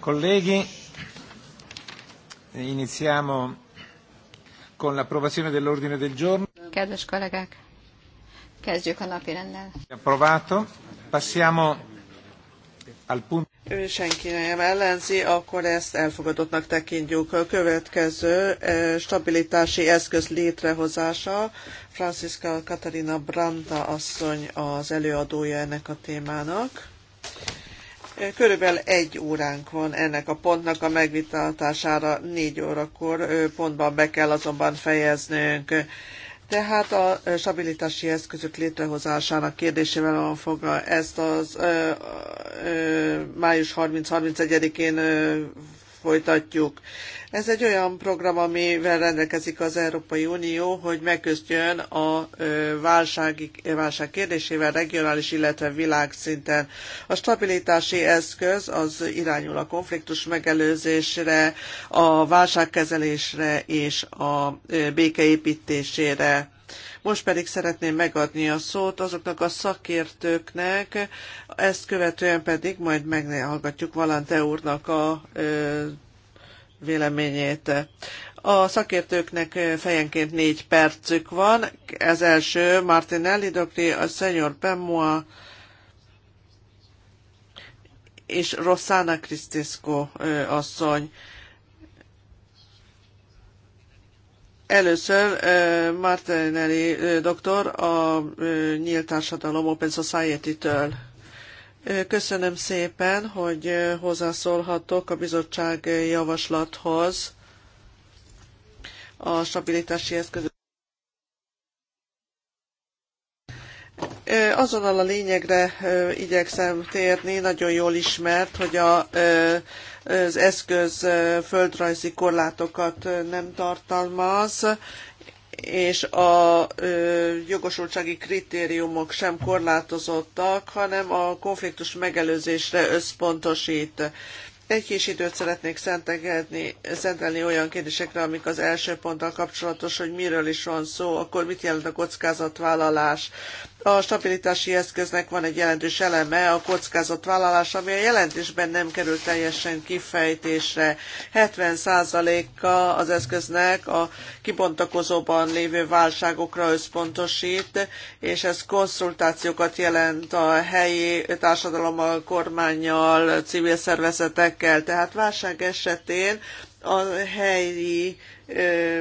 Colleghi, iniziamo con l'approvazione dell'ordine del giorno. Kedves kollégák, kezdjük a napi rendel. Approvato. Passiamo al punto. Ő Senki nem ellenzi, akkor ezt elfogadottnak tekintjük. A következő eh, stabilitási eszköz létrehozása. Franciska Katarina Branda asszony az előadója ennek a témának. Körülbelül egy óránk van ennek a pontnak a megvitatására, négy órakor pontban be kell azonban fejeznünk. Tehát a stabilitási eszközök létrehozásának kérdésével van fogva ezt az ö, ö, május 30-31-én folytatjuk. Ez egy olyan program, amivel rendelkezik az Európai Unió, hogy megküzdjön a válság, válság kérdésével regionális, illetve világszinten. A stabilitási eszköz az irányul a konfliktus megelőzésre, a válságkezelésre és a békeépítésére most pedig szeretném megadni a szót azoknak a szakértőknek, ezt követően pedig majd meghallgatjuk Valante úrnak a véleményét. A szakértőknek fejenként négy percük van. Ez első Martinelli Dokri, a Senior Bemua és Rossana Krisztiszko asszony. Először Martinelli doktor a Nyílt Társadalom Open Society-től. Köszönöm szépen, hogy hozzászólhatok a bizottság javaslathoz a stabilitási eszközök. Azonnal a lényegre igyekszem térni, nagyon jól ismert, hogy a az eszköz földrajzi korlátokat nem tartalmaz, és a ö, jogosultsági kritériumok sem korlátozottak, hanem a konfliktus megelőzésre összpontosít. Egy kis időt szeretnék szentelni, szentelni olyan kérdésekre, amik az első ponttal kapcsolatos, hogy miről is van szó, akkor mit jelent a kockázatvállalás, a stabilitási eszköznek van egy jelentős eleme, a kockázatvállalás, ami a jelentésben nem kerül teljesen kifejtésre. 70%-a az eszköznek a kibontakozóban lévő válságokra összpontosít, és ez konszultációkat jelent a helyi társadalommal, kormányjal, civil szervezetekkel. Tehát válság esetén a helyi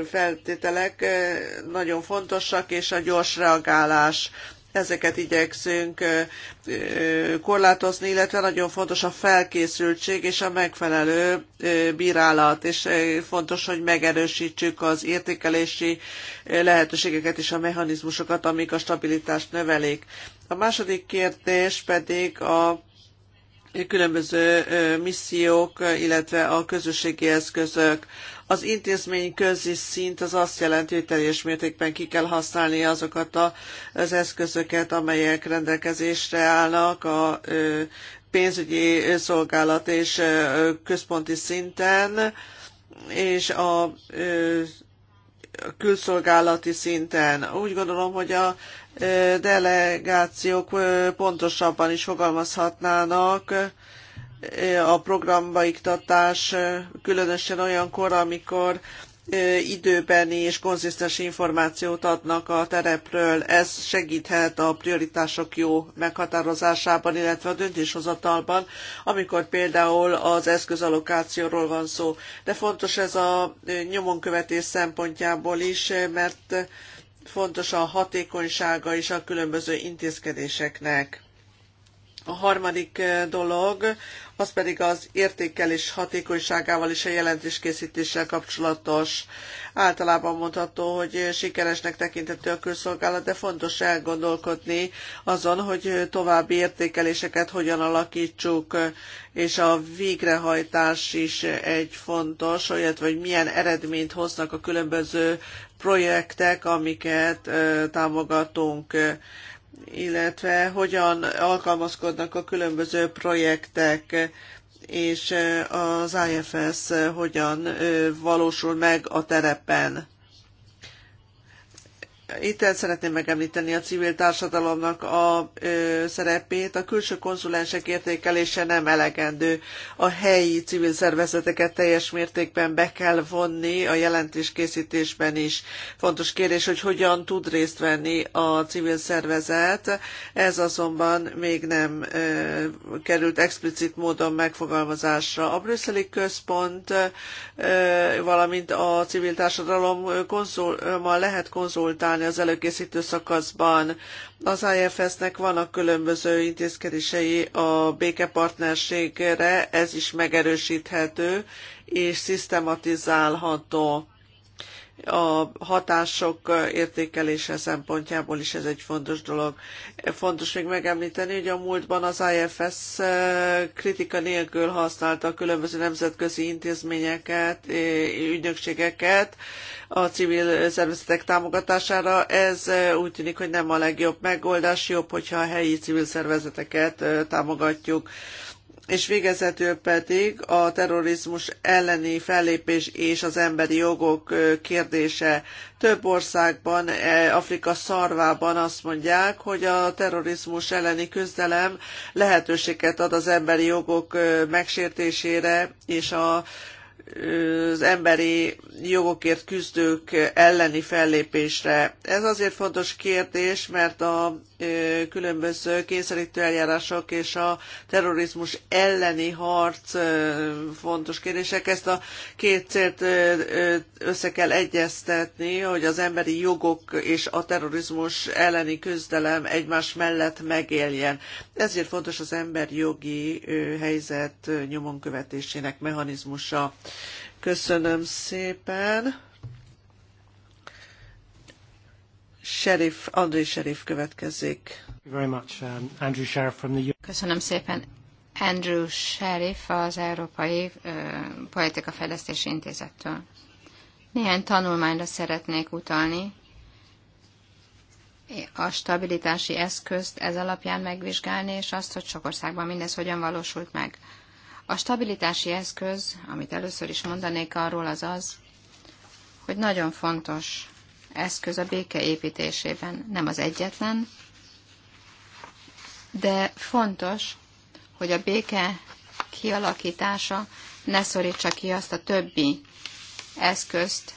feltételek nagyon fontosak, és a gyors reagálás. Ezeket igyekszünk korlátozni, illetve nagyon fontos a felkészültség és a megfelelő bírálat, és fontos, hogy megerősítsük az értékelési lehetőségeket és a mechanizmusokat, amik a stabilitást növelik. A második kérdés pedig a különböző missziók, illetve a közösségi eszközök. Az intézmény közi szint az azt jelenti, hogy teljes mértékben ki kell használni azokat a, az eszközöket, amelyek rendelkezésre állnak a pénzügyi szolgálat és központi szinten, és a külszolgálati szinten. Úgy gondolom, hogy a delegációk pontosabban is fogalmazhatnának, a programba iktatás, különösen olyankor, amikor időbeni és konzisztens információt adnak a terepről. Ez segíthet a prioritások jó meghatározásában, illetve a döntéshozatalban, amikor például az eszközallokációról van szó. De fontos ez a nyomonkövetés szempontjából is, mert fontos a hatékonysága is a különböző intézkedéseknek. A harmadik dolog az pedig az értékelés hatékonyságával és a jelentéskészítéssel kapcsolatos. Általában mondható, hogy sikeresnek tekintető a külszolgálat, de fontos elgondolkodni azon, hogy további értékeléseket hogyan alakítsuk, és a végrehajtás is egy fontos, olyat, hogy milyen eredményt hoznak a különböző projektek, amiket támogatunk illetve hogyan alkalmazkodnak a különböző projektek, és az IFS hogyan valósul meg a terepen. Itt el szeretném megemlíteni a civil társadalomnak a ö, szerepét. A külső konzulensek értékelése nem elegendő. A helyi civil szervezeteket teljes mértékben be kell vonni a jelentéskészítésben is. Fontos kérdés, hogy hogyan tud részt venni a civil szervezet. Ez azonban még nem ö, került explicit módon megfogalmazásra. A brüsszeli központ, ö, valamint a civil társadalom konzul, ma lehet konzultálni használni az előkészítő szakaszban. Az IFS-nek vannak különböző intézkedései a békepartnerségre, ez is megerősíthető és szisztematizálható a hatások értékelése szempontjából is ez egy fontos dolog. Fontos még megemlíteni, hogy a múltban az IFS eh, kritika nélkül használta a különböző nemzetközi intézményeket, eh, ügynökségeket a civil szervezetek támogatására. Ez eh, úgy tűnik, hogy nem a legjobb megoldás, jobb, hogyha a helyi civil szervezeteket támogatjuk és végezetül pedig a terrorizmus elleni fellépés és az emberi jogok kérdése. Több országban, e, Afrika szarvában azt mondják, hogy a terrorizmus elleni küzdelem lehetőséget ad az emberi jogok megsértésére és a az emberi jogokért küzdők elleni fellépésre. Ez azért fontos kérdés, mert a különböző kényszerítő eljárások és a terrorizmus elleni harc fontos kérdések. Ezt a két célt össze kell egyeztetni, hogy az emberi jogok és a terrorizmus elleni küzdelem egymás mellett megéljen. Ezért fontos az emberi jogi helyzet nyomon követésének mechanizmusa. Köszönöm szépen! Sheriff, Andrei Sheriff következik. Um, Köszönöm szépen. Andrew Sheriff az Európai Fejlesztési Intézettől. Néhány tanulmányra szeretnék utalni. A stabilitási eszközt ez alapján megvizsgálni, és azt, hogy sok országban mindez hogyan valósult meg. A stabilitási eszköz, amit először is mondanék arról, az az, hogy nagyon fontos eszköz a béke építésében. Nem az egyetlen, de fontos, hogy a béke kialakítása ne szorítsa ki azt a többi eszközt,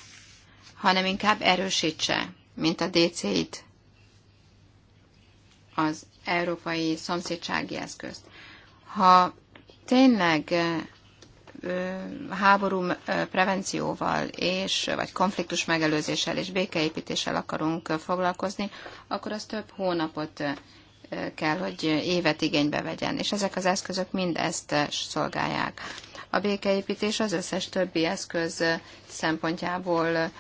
hanem inkább erősítse, mint a DC-t, az európai szomszédsági eszközt. Ha tényleg háború prevencióval és, vagy konfliktus megelőzéssel és békeépítéssel akarunk foglalkozni, akkor az több hónapot kell, hogy évet igénybe vegyen, és ezek az eszközök mind ezt szolgálják. A békeépítés az összes többi eszköz szempontjából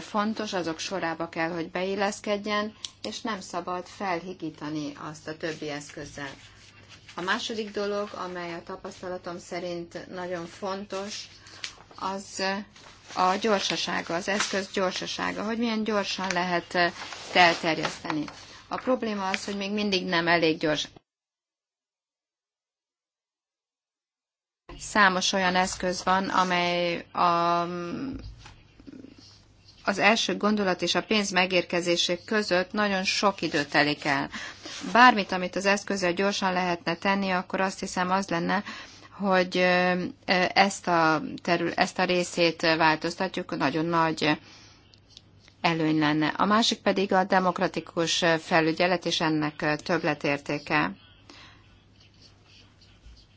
fontos, azok sorába kell, hogy beilleszkedjen, és nem szabad felhigítani azt a többi eszközzel. A második dolog, amely a tapasztalatom szerint nagyon fontos, az a gyorsasága, az eszköz gyorsasága, hogy milyen gyorsan lehet eh, elterjeszteni. A probléma az, hogy még mindig nem elég gyors. Számos olyan eszköz van, amely a az első gondolat és a pénz megérkezésé között nagyon sok idő telik el. Bármit, amit az eszközzel gyorsan lehetne tenni, akkor azt hiszem az lenne, hogy ezt a, terül, ezt a részét változtatjuk, nagyon nagy előny lenne. A másik pedig a demokratikus felügyelet és ennek többletértéke.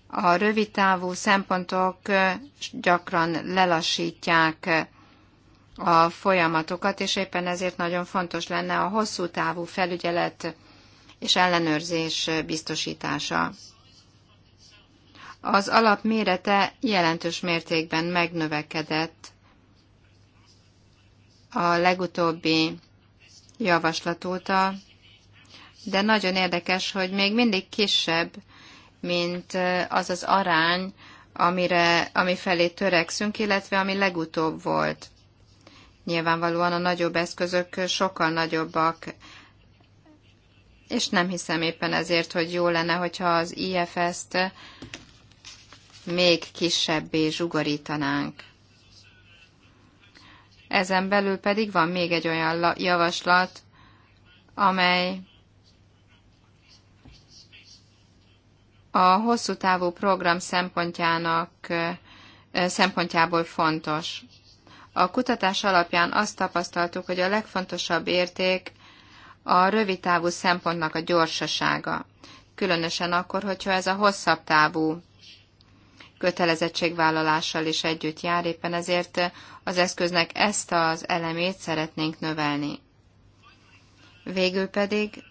A rövidtávú szempontok gyakran lelassítják a folyamatokat, és éppen ezért nagyon fontos lenne a hosszú távú felügyelet és ellenőrzés biztosítása. Az alap mérete jelentős mértékben megnövekedett a legutóbbi javaslat óta, de nagyon érdekes, hogy még mindig kisebb, mint az az arány, amire, ami felé törekszünk, illetve ami legutóbb volt. Nyilvánvalóan a nagyobb eszközök sokkal nagyobbak, és nem hiszem éppen ezért, hogy jó lenne, hogyha az IFS-t még kisebbé zsugorítanánk. Ezen belül pedig van még egy olyan javaslat, amely a hosszú távú program szempontjának szempontjából fontos. A kutatás alapján azt tapasztaltuk, hogy a legfontosabb érték a rövidtávú szempontnak a gyorsasága, különösen akkor, hogyha ez a hosszabb távú kötelezettségvállalással is együtt jár, éppen ezért az eszköznek ezt az elemét szeretnénk növelni. Végül pedig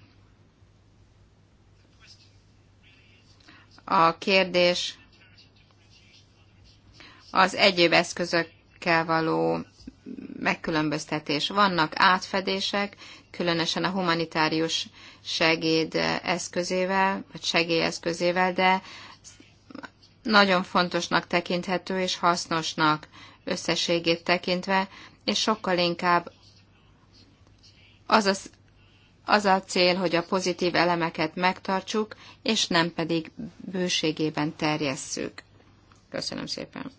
a kérdés az egyéb eszközök termékekkel való megkülönböztetés. Vannak átfedések, különösen a humanitárius segéd eszközével, vagy segélyeszközével, de nagyon fontosnak tekinthető és hasznosnak összességét tekintve, és sokkal inkább az a, az a cél, hogy a pozitív elemeket megtartsuk, és nem pedig bőségében terjesszük. Köszönöm szépen.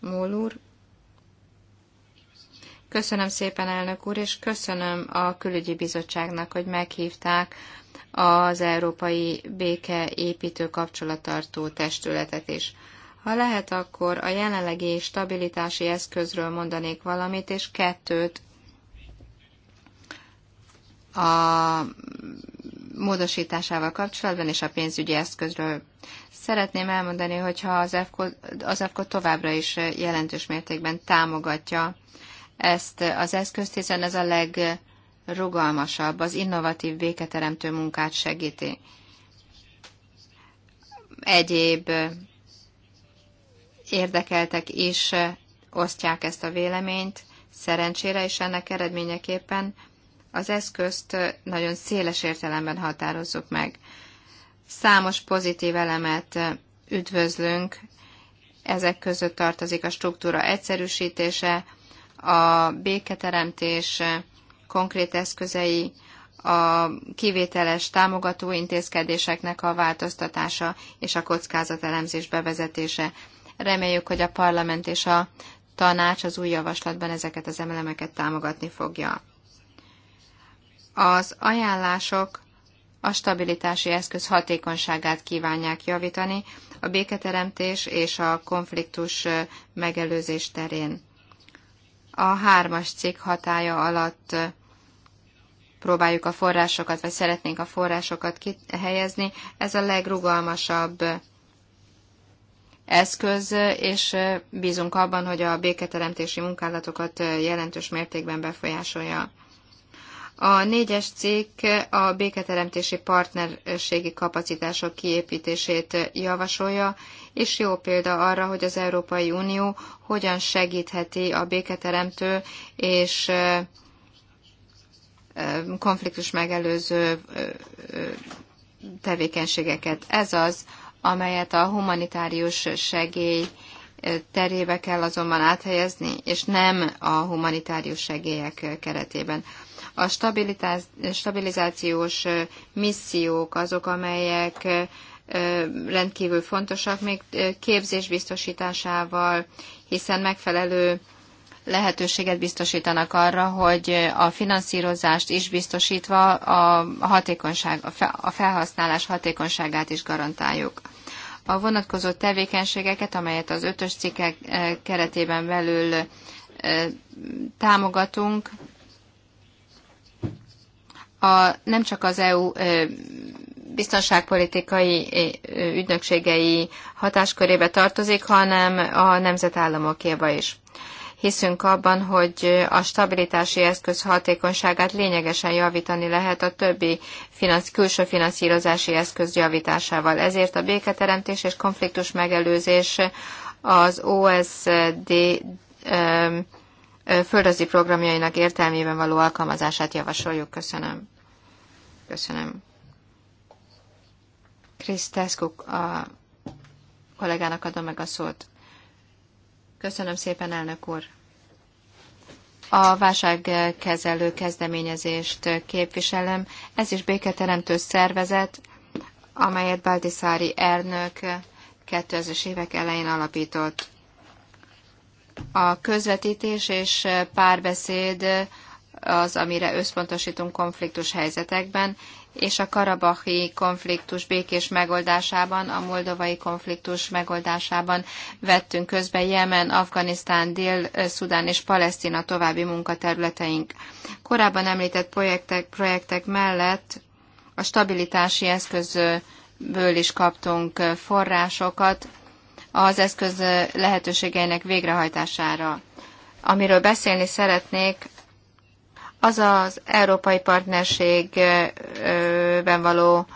Múl úr. Köszönöm szépen, elnök úr, és köszönöm a külügyi bizottságnak, hogy meghívták az Európai Béke Építő Kapcsolattartó Testületet is. Ha lehet, akkor a jelenlegi stabilitási eszközről mondanék valamit, és kettőt a módosításával kapcsolatban és a pénzügyi eszközről. Szeretném elmondani, hogyha az EFKO, az EFKO továbbra is jelentős mértékben támogatja ezt az eszközt, hiszen ez a legrugalmasabb, az innovatív béketeremtő munkát segíti. Egyéb érdekeltek is osztják ezt a véleményt, szerencsére is ennek eredményeképpen az eszközt nagyon széles értelemben határozzuk meg. Számos pozitív elemet üdvözlünk, ezek között tartozik a struktúra egyszerűsítése, a béketeremtés konkrét eszközei, a kivételes támogató intézkedéseknek a változtatása és a kockázatelemzés bevezetése. Reméljük, hogy a parlament és a tanács az új javaslatban ezeket az emelemeket támogatni fogja. Az ajánlások a stabilitási eszköz hatékonyságát kívánják javítani a béketeremtés és a konfliktus megelőzés terén a hármas cikk hatája alatt próbáljuk a forrásokat, vagy szeretnénk a forrásokat helyezni. Ez a legrugalmasabb eszköz, és bízunk abban, hogy a béketeremtési munkálatokat jelentős mértékben befolyásolja. A négyes cikk a béketeremtési partnerségi kapacitások kiépítését javasolja, és jó példa arra, hogy az Európai Unió hogyan segítheti a béketeremtő és konfliktus megelőző tevékenységeket. Ez az, amelyet a humanitárius segély terébe kell azonban áthelyezni, és nem a humanitárius segélyek keretében. A stabilizációs missziók azok, amelyek rendkívül fontosak, még képzés biztosításával, hiszen megfelelő lehetőséget biztosítanak arra, hogy a finanszírozást is biztosítva a, hatékonyság, a felhasználás hatékonyságát is garantáljuk. A vonatkozó tevékenységeket, amelyet az ötös cikkek keretében belül támogatunk, a, nem csak az EU biztonságpolitikai eh, ügynökségei hatáskörébe tartozik, hanem a nemzetállamokéba is. Hiszünk abban, hogy a stabilitási eszköz hatékonyságát lényegesen javítani lehet a többi finansz, külső finanszírozási eszköz javításával. Ezért a béketeremtés és konfliktus megelőzés az OSD eh, földrajzi programjainak értelmében való alkalmazását javasoljuk. Köszönöm. Köszönöm. Krisz Teszkuk a kollégának adom meg a szót. Köszönöm szépen, elnök úr. A válságkezelő kezdeményezést képviselem. Ez is béketeremtő szervezet, amelyet Baldiszári Ernök 2000-es évek elején alapított. A közvetítés és párbeszéd az, amire összpontosítunk konfliktus helyzetekben, és a karabahi konfliktus békés megoldásában, a moldovai konfliktus megoldásában vettünk közbe Jemen, Afganisztán, Dél-Szudán és Palesztina további munkaterületeink. Korábban említett projektek, projektek mellett a stabilitási eszközből is kaptunk forrásokat az eszköz lehetőségeinek végrehajtására. Amiről beszélni szeretnék, az az európai partnerségben való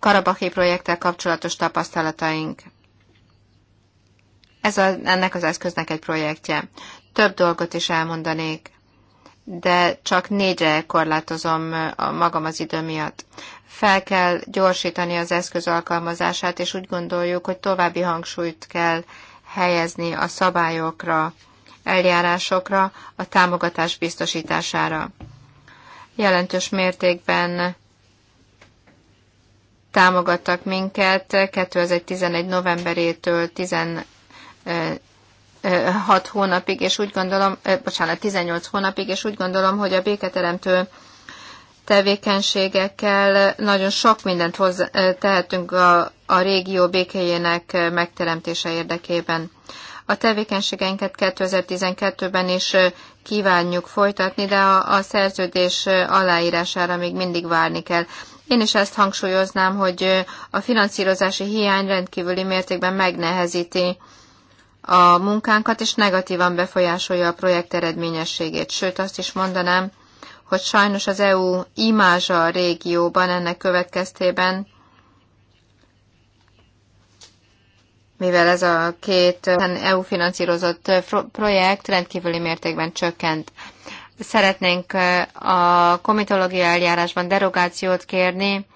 karabaki projekttel kapcsolatos tapasztalataink. Ez a, ennek az eszköznek egy projektje. Több dolgot is elmondanék, de csak négyre korlátozom a magam az idő miatt. Fel kell gyorsítani az eszköz alkalmazását, és úgy gondoljuk, hogy további hangsúlyt kell helyezni a szabályokra, eljárásokra, a támogatás biztosítására. Jelentős mértékben támogattak minket 2011. novemberétől 16 hónapig, és úgy gondolom, bocsánat, 18 hónapig, és úgy gondolom, hogy a béketeremtő tevékenységekkel nagyon sok mindent hozzá, tehetünk a, a régió békéjének megteremtése érdekében. A tevékenységeinket 2012-ben is kívánjuk folytatni, de a, a szerződés aláírására még mindig várni kell. Én is ezt hangsúlyoznám, hogy a finanszírozási hiány rendkívüli mértékben megnehezíti a munkánkat, és negatívan befolyásolja a projekt eredményességét. Sőt, azt is mondanám, hogy sajnos az EU imázsa a régióban ennek következtében mivel ez a két EU finanszírozott projekt rendkívüli mértékben csökkent. Szeretnénk a komitológia eljárásban derogációt kérni,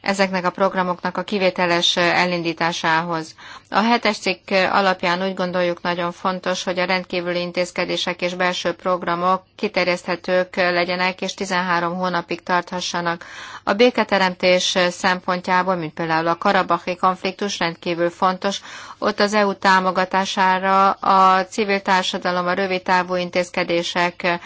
ezeknek a programoknak a kivételes elindításához. A hetes cikk alapján úgy gondoljuk nagyon fontos, hogy a rendkívüli intézkedések és belső programok kiterjeszthetők legyenek és 13 hónapig tarthassanak. A béketeremtés szempontjából, mint például a karabahi konfliktus rendkívül fontos, ott az EU támogatására a civil társadalom a rövid távú intézkedések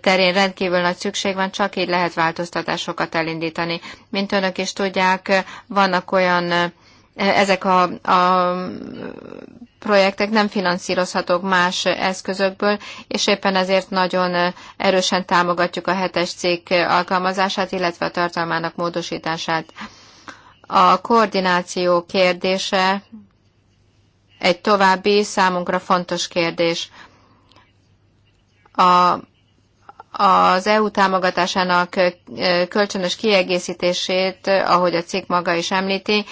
terén rendkívül nagy szükség van, csak így lehet változtatásokat elindítani. Mint önök is tudják, vannak olyan ezek a, a projektek nem finanszírozhatók más eszközökből, és éppen ezért nagyon erősen támogatjuk a hetes cikk alkalmazását, illetve a tartalmának módosítását. A koordináció kérdése egy további számunkra fontos kérdés. A az EU támogatásának kölcsönös kiegészítését, ahogy a cikk maga is említi,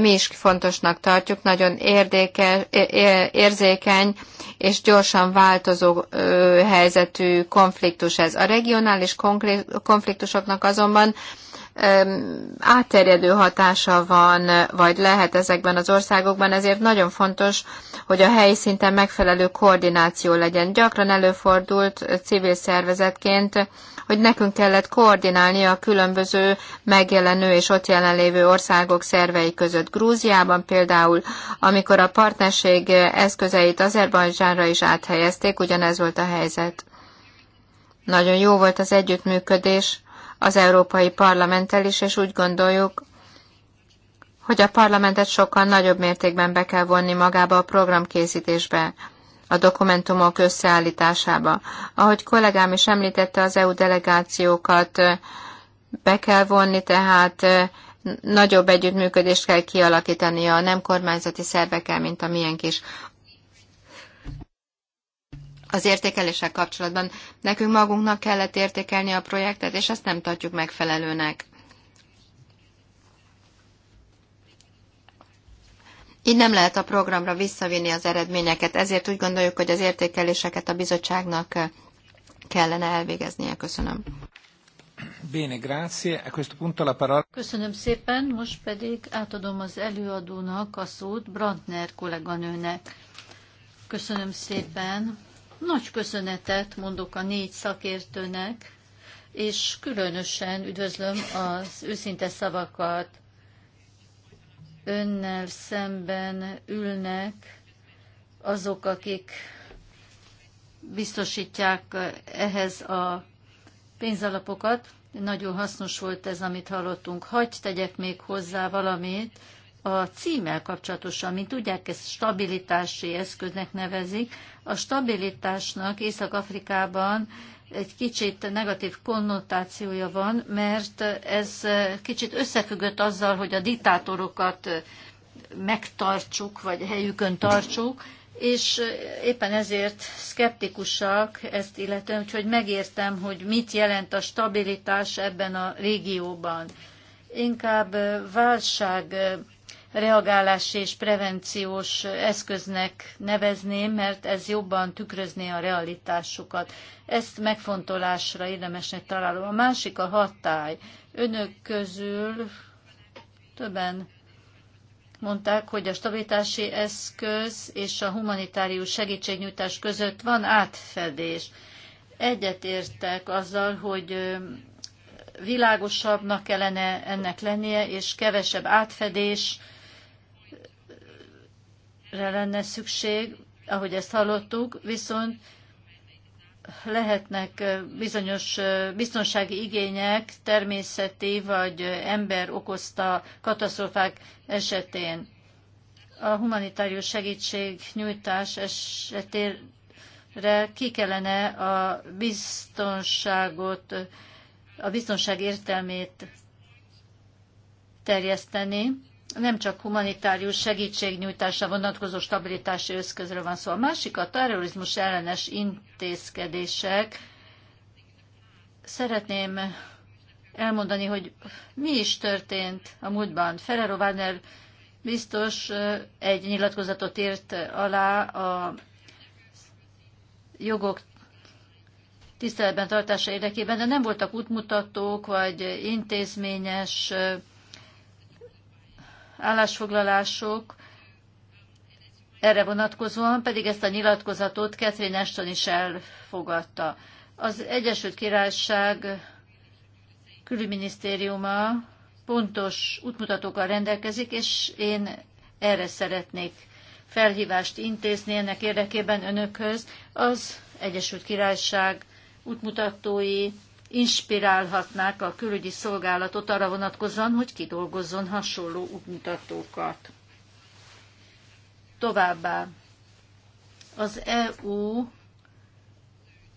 mi is fontosnak tartjuk, nagyon érdéke, érzékeny és gyorsan változó helyzetű konfliktus ez. A regionális konfliktusoknak azonban átterjedő hatása van, vagy lehet ezekben az országokban, ezért nagyon fontos, hogy a helyi szinten megfelelő koordináció legyen. Gyakran előfordult eh, civil szervezetként, hogy nekünk kellett koordinálni a különböző megjelenő és ott jelenlévő országok szervei között. Grúziában például, amikor a partnerség eh, eszközeit Azerbajdzsánra is áthelyezték, ugyanez volt a helyzet. Nagyon jó volt az együttműködés, az Európai Parlamenttel is, és úgy gondoljuk, hogy a parlamentet sokkal nagyobb mértékben be kell vonni magába a programkészítésbe, a dokumentumok összeállításába. Ahogy kollégám is említette, az EU delegációkat be kell vonni, tehát nagyobb együttműködést kell kialakítani a nem kormányzati szervekkel, mint a miénk is az értékeléssel kapcsolatban nekünk magunknak kellett értékelni a projektet, és ezt nem tartjuk megfelelőnek. Így nem lehet a programra visszavinni az eredményeket, ezért úgy gondoljuk, hogy az értékeléseket a bizottságnak kellene elvégeznie. Köszönöm. Bene, grazie. A questo punto la parola. Köszönöm szépen, most pedig átadom az előadónak a szót Brandner kolléganőnek. Köszönöm szépen. Nagy köszönetet mondok a négy szakértőnek, és különösen üdvözlöm az őszinte szavakat. Önnel szemben ülnek azok, akik biztosítják ehhez a pénzalapokat. Nagyon hasznos volt ez, amit hallottunk. Hagy tegyek még hozzá valamit, a címmel kapcsolatosan, mint tudják, ezt stabilitási eszköznek nevezik. A stabilitásnak Észak-Afrikában egy kicsit negatív konnotációja van, mert ez kicsit összefüggött azzal, hogy a diktátorokat megtartsuk, vagy helyükön tartsuk, és éppen ezért szkeptikusak ezt illetően, úgyhogy megértem, hogy mit jelent a stabilitás ebben a régióban. Inkább válság reagálási és prevenciós eszköznek nevezném, mert ez jobban tükrözné a realitásukat. Ezt megfontolásra érdemesnek találom. A másik a hatály. Önök közül többen mondták, hogy a stabilitási eszköz és a humanitárius segítségnyújtás között van átfedés. Egyetértek azzal, hogy világosabbnak kellene ennek lennie, és kevesebb átfedés lenne szükség, ahogy ezt hallottuk, viszont lehetnek bizonyos biztonsági igények természeti vagy ember okozta katasztrófák esetén. A humanitárius segítség nyújtás esetére ki kellene a biztonságot, a biztonság értelmét terjeszteni nem csak humanitárius segítségnyújtásra vonatkozó stabilitási összközről van szó. A másik a terrorizmus ellenes intézkedések. Szeretném elmondani, hogy mi is történt a múltban. Ferrero Wagner biztos egy nyilatkozatot írt alá a jogok tiszteletben tartása érdekében, de nem voltak útmutatók vagy intézményes állásfoglalások erre vonatkozóan, pedig ezt a nyilatkozatot Catherine Ashton is elfogadta. Az Egyesült Királyság külügyminisztériuma pontos útmutatókkal rendelkezik, és én erre szeretnék felhívást intézni ennek érdekében önökhöz. Az Egyesült Királyság útmutatói inspirálhatnák a külügyi szolgálatot arra vonatkozóan, hogy kidolgozzon hasonló útmutatókat. Továbbá az EU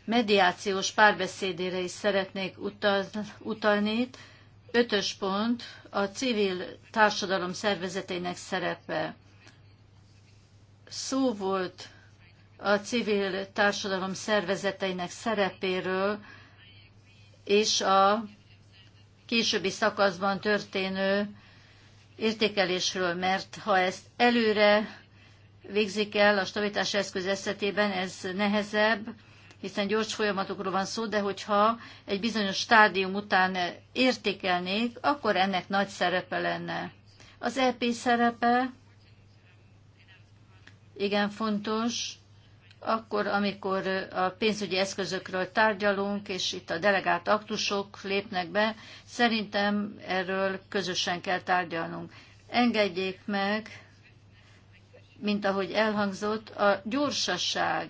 mediációs párbeszédére is szeretnék utalni. Ötös pont a civil társadalom szervezetének szerepe. Szó volt a civil társadalom szervezeteinek szerepéről, és a későbbi szakaszban történő értékelésről, mert ha ezt előre végzik el a stabilitási eszköz esetében, ez nehezebb, hiszen gyors folyamatokról van szó, de hogyha egy bizonyos stádium után értékelnék, akkor ennek nagy szerepe lenne. Az EP szerepe igen fontos, akkor, amikor a pénzügyi eszközökről tárgyalunk, és itt a delegált aktusok lépnek be, szerintem erről közösen kell tárgyalnunk. Engedjék meg, mint ahogy elhangzott, a gyorsaság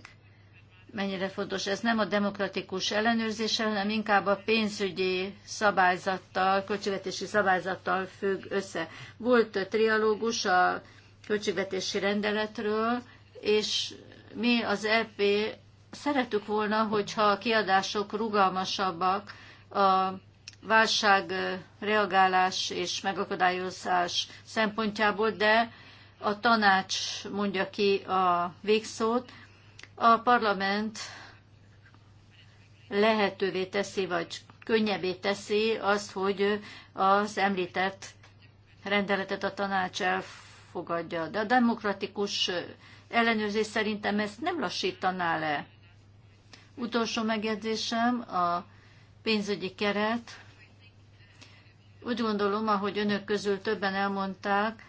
mennyire fontos. Ez nem a demokratikus ellenőrzéssel, hanem inkább a pénzügyi szabályzattal, költségvetési szabályzattal függ össze. Volt trialógus a költségvetési rendeletről, és mi az EP szeretük volna, hogyha a kiadások rugalmasabbak a válság reagálás és megakadályozás szempontjából, de a tanács mondja ki a végszót. A parlament lehetővé teszi, vagy könnyebbé teszi azt, hogy az említett rendeletet a tanács elfogadja. De a demokratikus ellenőrzés szerintem ezt nem lassítaná le. Utolsó megjegyzésem a pénzügyi keret. Úgy gondolom, ahogy önök közül többen elmondták,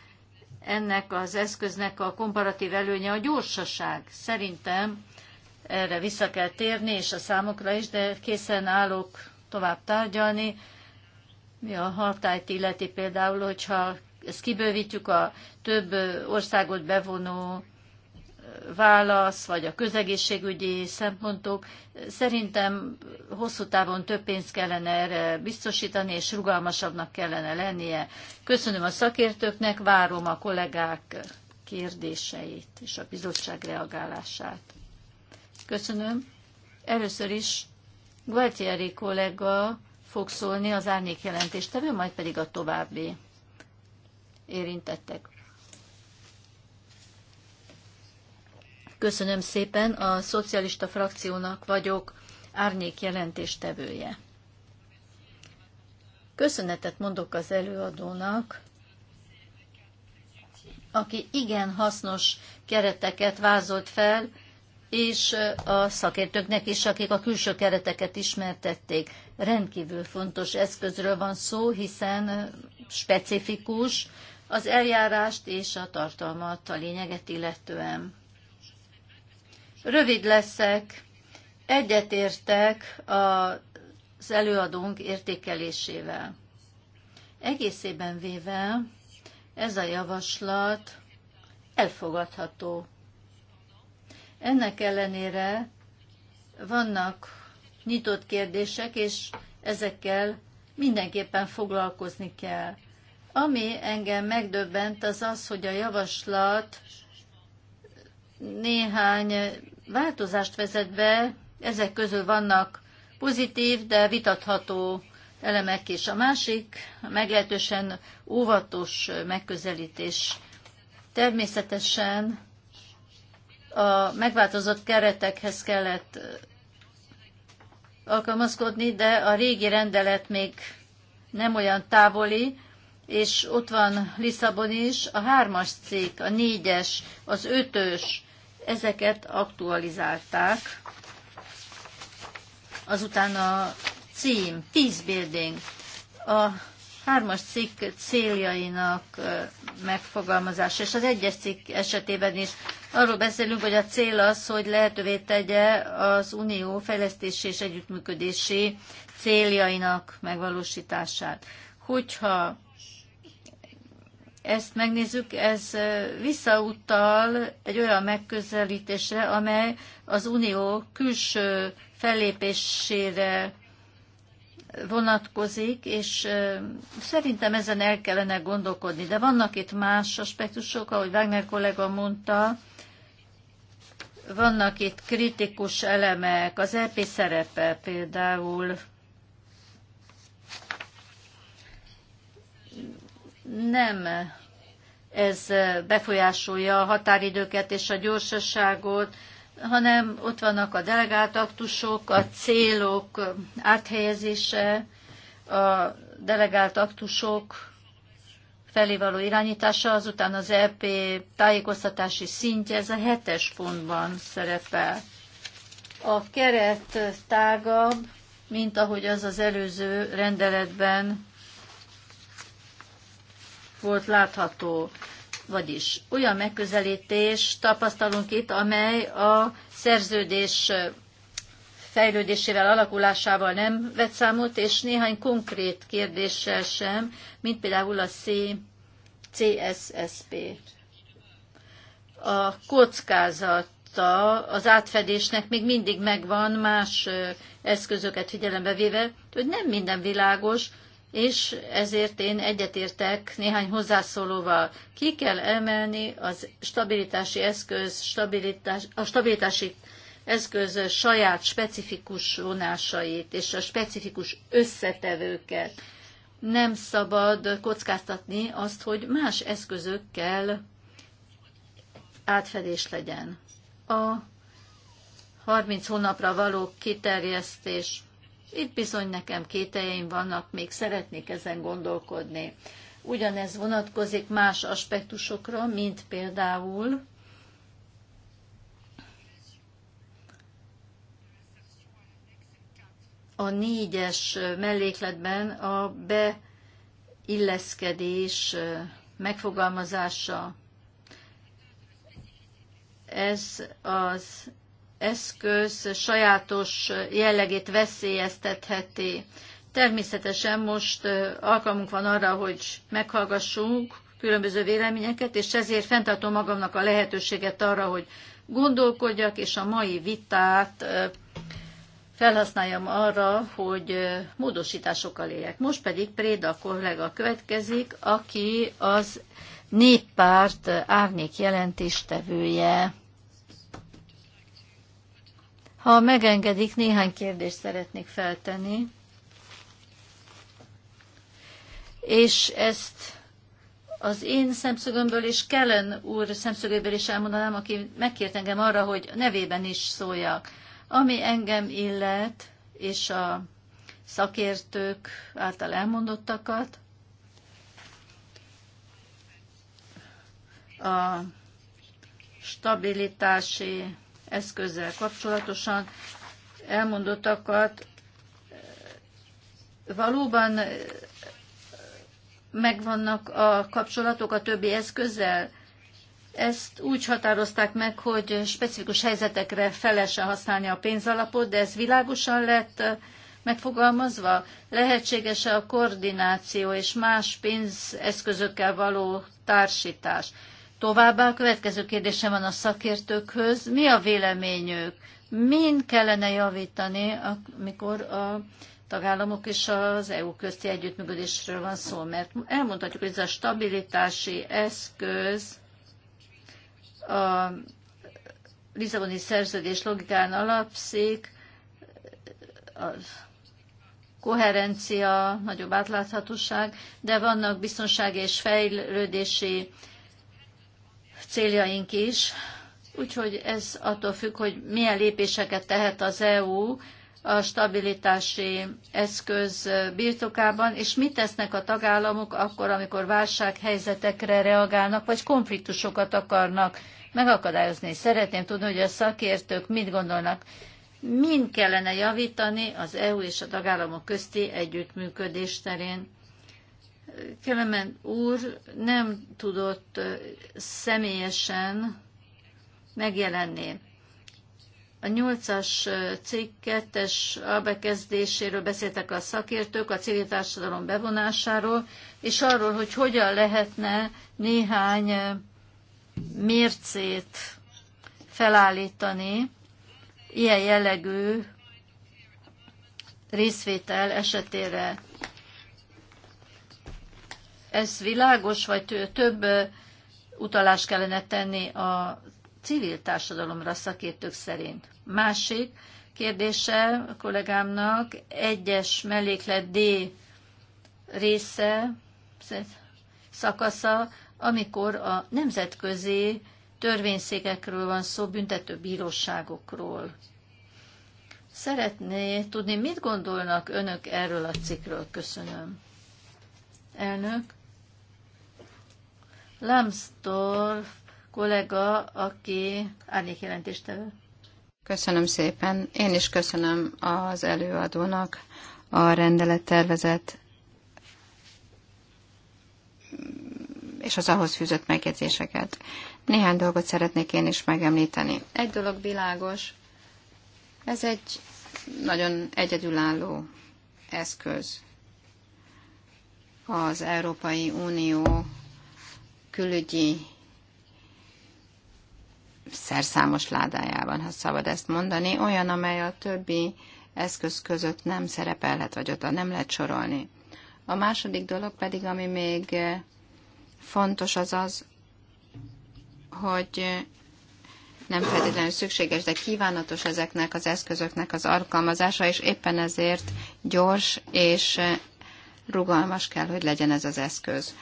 ennek az eszköznek a komparatív előnye a gyorsaság. Szerintem erre vissza kell térni, és a számokra is, de készen állok tovább tárgyalni. Mi a hatályt illeti például, hogyha ezt kibővítjük a több országot bevonó válasz, vagy a közegészségügyi szempontok. Szerintem hosszú távon több pénzt kellene erre biztosítani, és rugalmasabbnak kellene lennie. Köszönöm a szakértőknek, várom a kollégák kérdéseit és a bizottság reagálását. Köszönöm. Először is Gualtieri kollega fog szólni az árnyék jelentéstevő, majd pedig a további érintettek. Köszönöm szépen, a szocialista frakciónak vagyok árnyék jelentéstevője. Köszönetet mondok az előadónak, aki igen hasznos kereteket vázolt fel, és a szakértőknek is, akik a külső kereteket ismertették. Rendkívül fontos eszközről van szó, hiszen specifikus az eljárást és a tartalmat, a lényeget illetően. Rövid leszek, egyetértek az előadónk értékelésével. Egészében véve ez a javaslat elfogadható. Ennek ellenére vannak nyitott kérdések, és ezekkel mindenképpen foglalkozni kell. Ami engem megdöbbent, az az, hogy a javaslat néhány változást vezet be, ezek közül vannak pozitív, de vitatható elemek is. A másik meglehetősen óvatos megközelítés. Természetesen a megváltozott keretekhez kellett alkalmazkodni, de a régi rendelet még nem olyan távoli, és ott van Lisszabon is, a hármas cég, a négyes, az ötös, ezeket aktualizálták. Azután a cím, Peace Building. A hármas cikk céljainak megfogalmazása, és az egyes cikk esetében is arról beszélünk, hogy a cél az, hogy lehetővé tegye az unió fejlesztési és együttműködési céljainak megvalósítását. Hogyha ezt megnézzük, ez visszautal egy olyan megközelítésre, amely az unió külső fellépésére vonatkozik, és szerintem ezen el kellene gondolkodni. De vannak itt más aspektusok, ahogy Wagner kollega mondta, vannak itt kritikus elemek, az EP szerepe például nem ez befolyásolja a határidőket és a gyorsaságot, hanem ott vannak a delegált aktusok, a célok áthelyezése, a delegált aktusok felé való irányítása, azután az EP tájékoztatási szintje, ez a hetes pontban szerepel. A keret tágabb, mint ahogy az az előző rendeletben volt látható. Vagyis olyan megközelítés tapasztalunk itt, amely a szerződés fejlődésével, alakulásával nem vett számot, és néhány konkrét kérdéssel sem, mint például a C, CSSP. A kockázata az átfedésnek még mindig megvan más eszközöket figyelembe véve, hogy nem minden világos, és ezért én egyetértek néhány hozzászólóval. Ki kell emelni az stabilitási eszköz, stabilitás, a stabilitási eszköz saját specifikus vonásait és a specifikus összetevőket. Nem szabad kockáztatni azt, hogy más eszközökkel átfedés legyen. A 30 hónapra való kiterjesztés itt bizony nekem kételjeim vannak, még szeretnék ezen gondolkodni. Ugyanez vonatkozik más aspektusokra, mint például a négyes mellékletben a beilleszkedés megfogalmazása. Ez az eszköz sajátos jellegét veszélyeztetheti. Természetesen most alkalmunk van arra, hogy meghallgassunk különböző véleményeket, és ezért fenntartom magamnak a lehetőséget arra, hogy gondolkodjak, és a mai vitát felhasználjam arra, hogy módosításokkal éljek. Most pedig Préda kollega következik, aki az néppárt árnyék jelentéstevője. Ha megengedik, néhány kérdést szeretnék feltenni, és ezt az én szemszögömből és Kellen úr szemszögéből is elmondanám, aki megkért engem arra, hogy nevében is szóljak. Ami engem illet, és a szakértők által elmondottakat, a stabilitási eszközzel kapcsolatosan elmondottakat eh, valóban eh, megvannak a kapcsolatok a többi eszközzel? Ezt úgy határozták meg, hogy specifikus helyzetekre felesen használni a pénzalapot, de ez világosan lett eh, megfogalmazva? Lehetséges-e a koordináció és más pénzeszközökkel való társítás? Továbbá a következő kérdésem van a szakértőkhöz. Mi a véleményük? Min kellene javítani, amikor a tagállamok és az EU közti együttműködésről van szó? Mert elmondhatjuk, hogy ez a stabilitási eszköz a Lizaboni szerződés logikán alapszik, a koherencia, nagyobb átláthatóság, de vannak biztonsági és fejlődési céljaink is, úgyhogy ez attól függ, hogy milyen lépéseket tehet az EU a stabilitási eszköz birtokában, és mit tesznek a tagállamok akkor, amikor válsághelyzetekre reagálnak, vagy konfliktusokat akarnak megakadályozni. Szeretném tudni, hogy a szakértők mit gondolnak. Mind kellene javítani az EU és a tagállamok közti együttműködés terén? Kelemen úr nem tudott személyesen megjelenni. A nyolcas cikk kettes albekezdéséről beszéltek a szakértők, a civil társadalom bevonásáról, és arról, hogy hogyan lehetne néhány mércét felállítani ilyen jellegű részvétel esetére. Ez világos, vagy több utalást kellene tenni a civil társadalomra szakértők szerint? Másik kérdése a kollégámnak, egyes melléklet D része, szakasza, amikor a nemzetközi törvényszékekről van szó, büntető bíróságokról. Szeretné tudni, mit gondolnak önök erről a cikkről. Köszönöm. Elnök, Lambsdorff kollega, aki árnyék jelentéstevő. Köszönöm szépen. Én is köszönöm az előadónak a rendelettervezet és az ahhoz fűzött megjegyzéseket. Néhány dolgot szeretnék én is megemlíteni. Egy dolog világos, ez egy nagyon egyedülálló eszköz az Európai Unió külügyi szerszámos ládájában, ha szabad ezt mondani, olyan, amely a többi eszköz között nem szerepelhet, vagy oda nem lehet sorolni. A második dolog pedig, ami még fontos, az az, hogy nem feltétlenül szükséges, de kívánatos ezeknek az eszközöknek az alkalmazása, és éppen ezért gyors és rugalmas kell, hogy legyen ez az eszköz.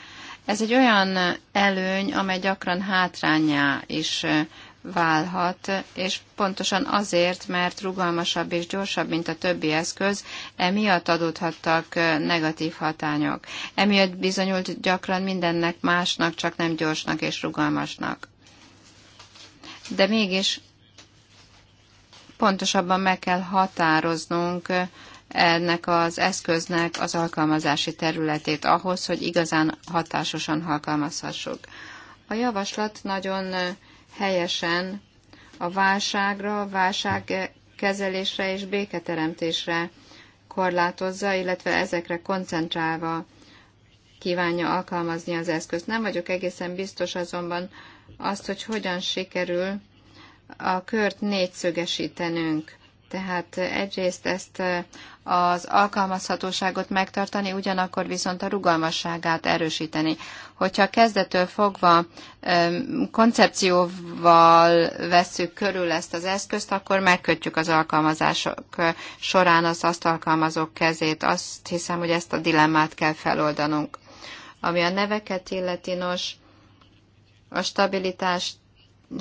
Ez egy olyan előny, amely gyakran hátrányá is válhat, és pontosan azért, mert rugalmasabb és gyorsabb, mint a többi eszköz, emiatt adódhattak negatív hatányok. Emiatt bizonyult gyakran mindennek másnak, csak nem gyorsnak és rugalmasnak. De mégis pontosabban meg kell határoznunk ennek az eszköznek az alkalmazási területét ahhoz, hogy igazán hatásosan alkalmazhassuk. A javaslat nagyon helyesen a válságra, válságkezelésre és béketeremtésre korlátozza, illetve ezekre koncentrálva kívánja alkalmazni az eszközt. Nem vagyok egészen biztos azonban azt, hogy hogyan sikerül a kört négyszögesítenünk. Tehát egyrészt ezt az alkalmazhatóságot megtartani, ugyanakkor viszont a rugalmasságát erősíteni. Hogyha kezdetől fogva koncepcióval vesszük körül ezt az eszközt, akkor megkötjük az alkalmazások során az azt alkalmazók kezét. Azt hiszem, hogy ezt a dilemmát kell feloldanunk. Ami a neveket illeti, nos, a stabilitást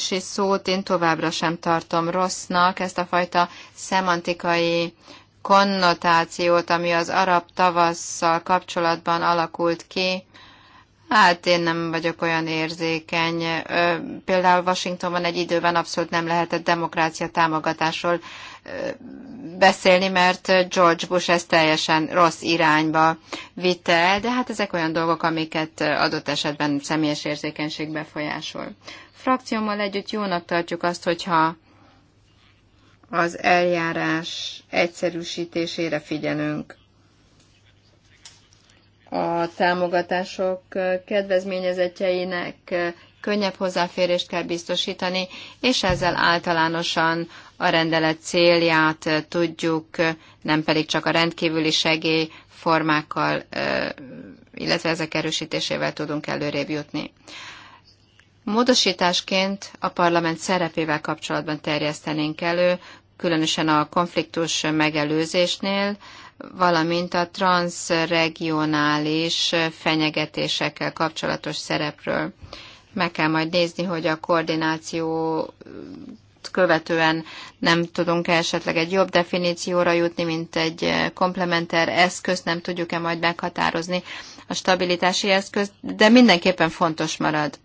és szót én továbbra sem tartom rossznak, ezt a fajta szemantikai konnotációt, ami az arab tavasszal kapcsolatban alakult ki, Hát én nem vagyok olyan érzékeny. Például Washingtonban egy időben abszolút nem lehetett demokrácia támogatásról beszélni, mert George Bush ezt teljesen rossz irányba vitte el, de hát ezek olyan dolgok, amiket adott esetben személyes érzékenység befolyásol. Frakciómmal együtt jónak tartjuk azt, hogyha az eljárás egyszerűsítésére figyelünk. A támogatások kedvezményezetjeinek könnyebb hozzáférést kell biztosítani, és ezzel általánosan a rendelet célját tudjuk, nem pedig csak a rendkívüli segély formákkal, illetve ezek erősítésével tudunk előrébb jutni. Módosításként a parlament szerepével kapcsolatban terjesztenénk elő, különösen a konfliktus megelőzésnél, valamint a transregionális fenyegetésekkel kapcsolatos szerepről. Meg kell majd nézni, hogy a koordináció követően nem tudunk -e esetleg egy jobb definícióra jutni, mint egy komplementer eszköz, nem tudjuk-e majd meghatározni a stabilitási eszköz, de mindenképpen fontos marad.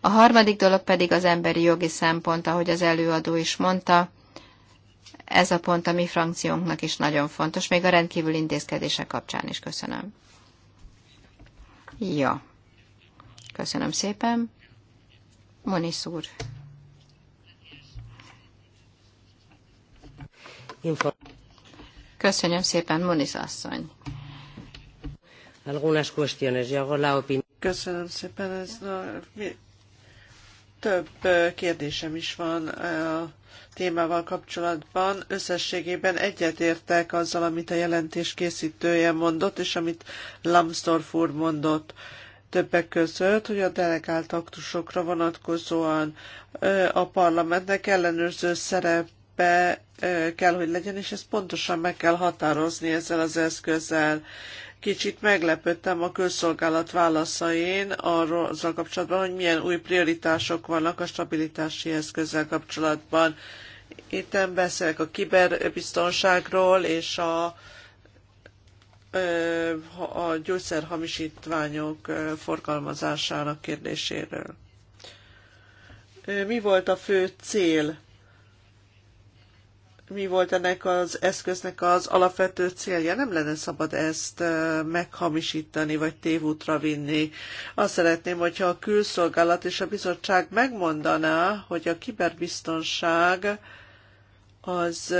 A harmadik dolog pedig az emberi jogi szempont, ahogy az előadó is mondta, ez a pont a mi frankciónknak is nagyon fontos, még a rendkívül intézkedése kapcsán is köszönöm. Ja. Köszönöm szépen. Monis úr. Köszönöm szépen, Monis asszony. Köszönöm szépen, ez a több kérdésem is van a témával kapcsolatban. Összességében egyetértek azzal, amit a jelentés készítője mondott, és amit Lambsdorff úr mondott többek között, hogy a delegált aktusokra vonatkozóan a parlamentnek ellenőrző szerepe kell, hogy legyen, és ezt pontosan meg kell határozni ezzel az eszközzel kicsit meglepődtem a közszolgálat válaszain arról azzal kapcsolatban, hogy milyen új prioritások vannak a stabilitási eszközzel kapcsolatban. Itt beszélek a kiberbiztonságról és a, a gyógyszerhamisítványok forgalmazásának kérdéséről. Mi volt a fő cél mi volt ennek az eszköznek az alapvető célja. Nem lenne szabad ezt meghamisítani, vagy tévútra vinni. Azt szeretném, hogyha a külszolgálat és a bizottság megmondaná, hogy a kiberbiztonság az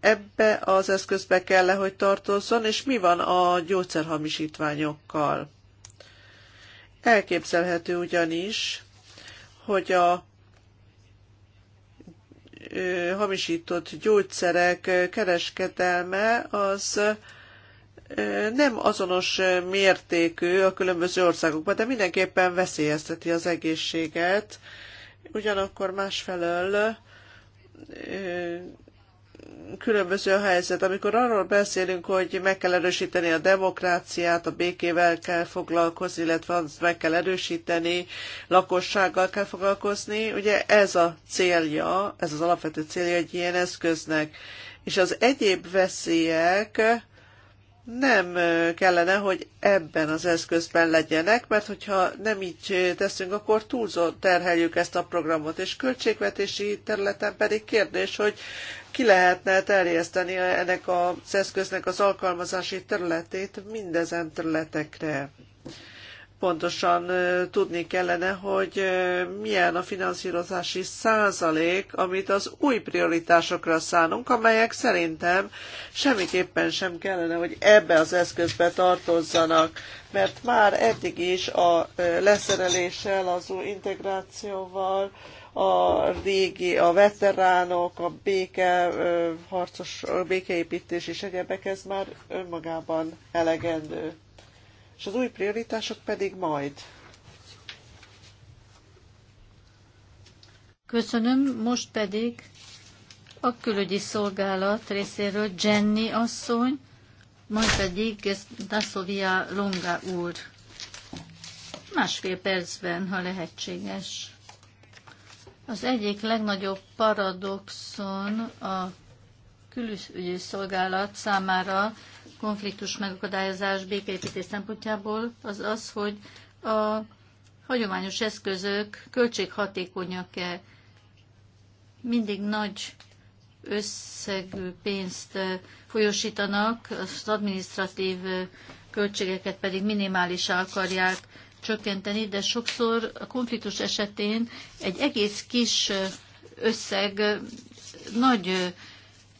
ebbe az eszközbe kell -e, hogy tartozzon, és mi van a gyógyszerhamisítványokkal. Elképzelhető ugyanis, hogy a hamisított gyógyszerek kereskedelme az nem azonos mértékű a különböző országokban, de mindenképpen veszélyezteti az egészséget. Ugyanakkor másfelől különböző a helyzet. Amikor arról beszélünk, hogy meg kell erősíteni a demokráciát, a békével kell foglalkozni, illetve azt meg kell erősíteni, lakossággal kell foglalkozni, ugye ez a célja, ez az alapvető célja egy ilyen eszköznek. És az egyéb veszélyek, nem kellene, hogy ebben az eszközben legyenek, mert hogyha nem így teszünk, akkor túlzó terheljük ezt a programot, és költségvetési területen pedig kérdés, hogy ki lehetne terjeszteni ennek az eszköznek az alkalmazási területét mindezen területekre pontosan tudni kellene, hogy milyen a finanszírozási százalék, amit az új prioritásokra szánunk, amelyek szerintem semmiképpen sem kellene, hogy ebbe az eszközbe tartozzanak, mert már eddig is a leszereléssel, az új integrációval, a régi, a veteránok, a béke, harcos, a békeépítés és egyebek, ez már önmagában elegendő és az új prioritások pedig majd. Köszönöm, most pedig a külügyi szolgálat részéről Jenny asszony, majd pedig Dasovia Longa úr. Másfél percben, ha lehetséges. Az egyik legnagyobb paradoxon a külügyi szolgálat számára konfliktus megakadályozás békeépítés szempontjából az az, hogy a hagyományos eszközök költséghatékonyak-e mindig nagy összegű pénzt folyosítanak, az adminisztratív költségeket pedig minimális akarják csökkenteni, de sokszor a konfliktus esetén egy egész kis összeg nagy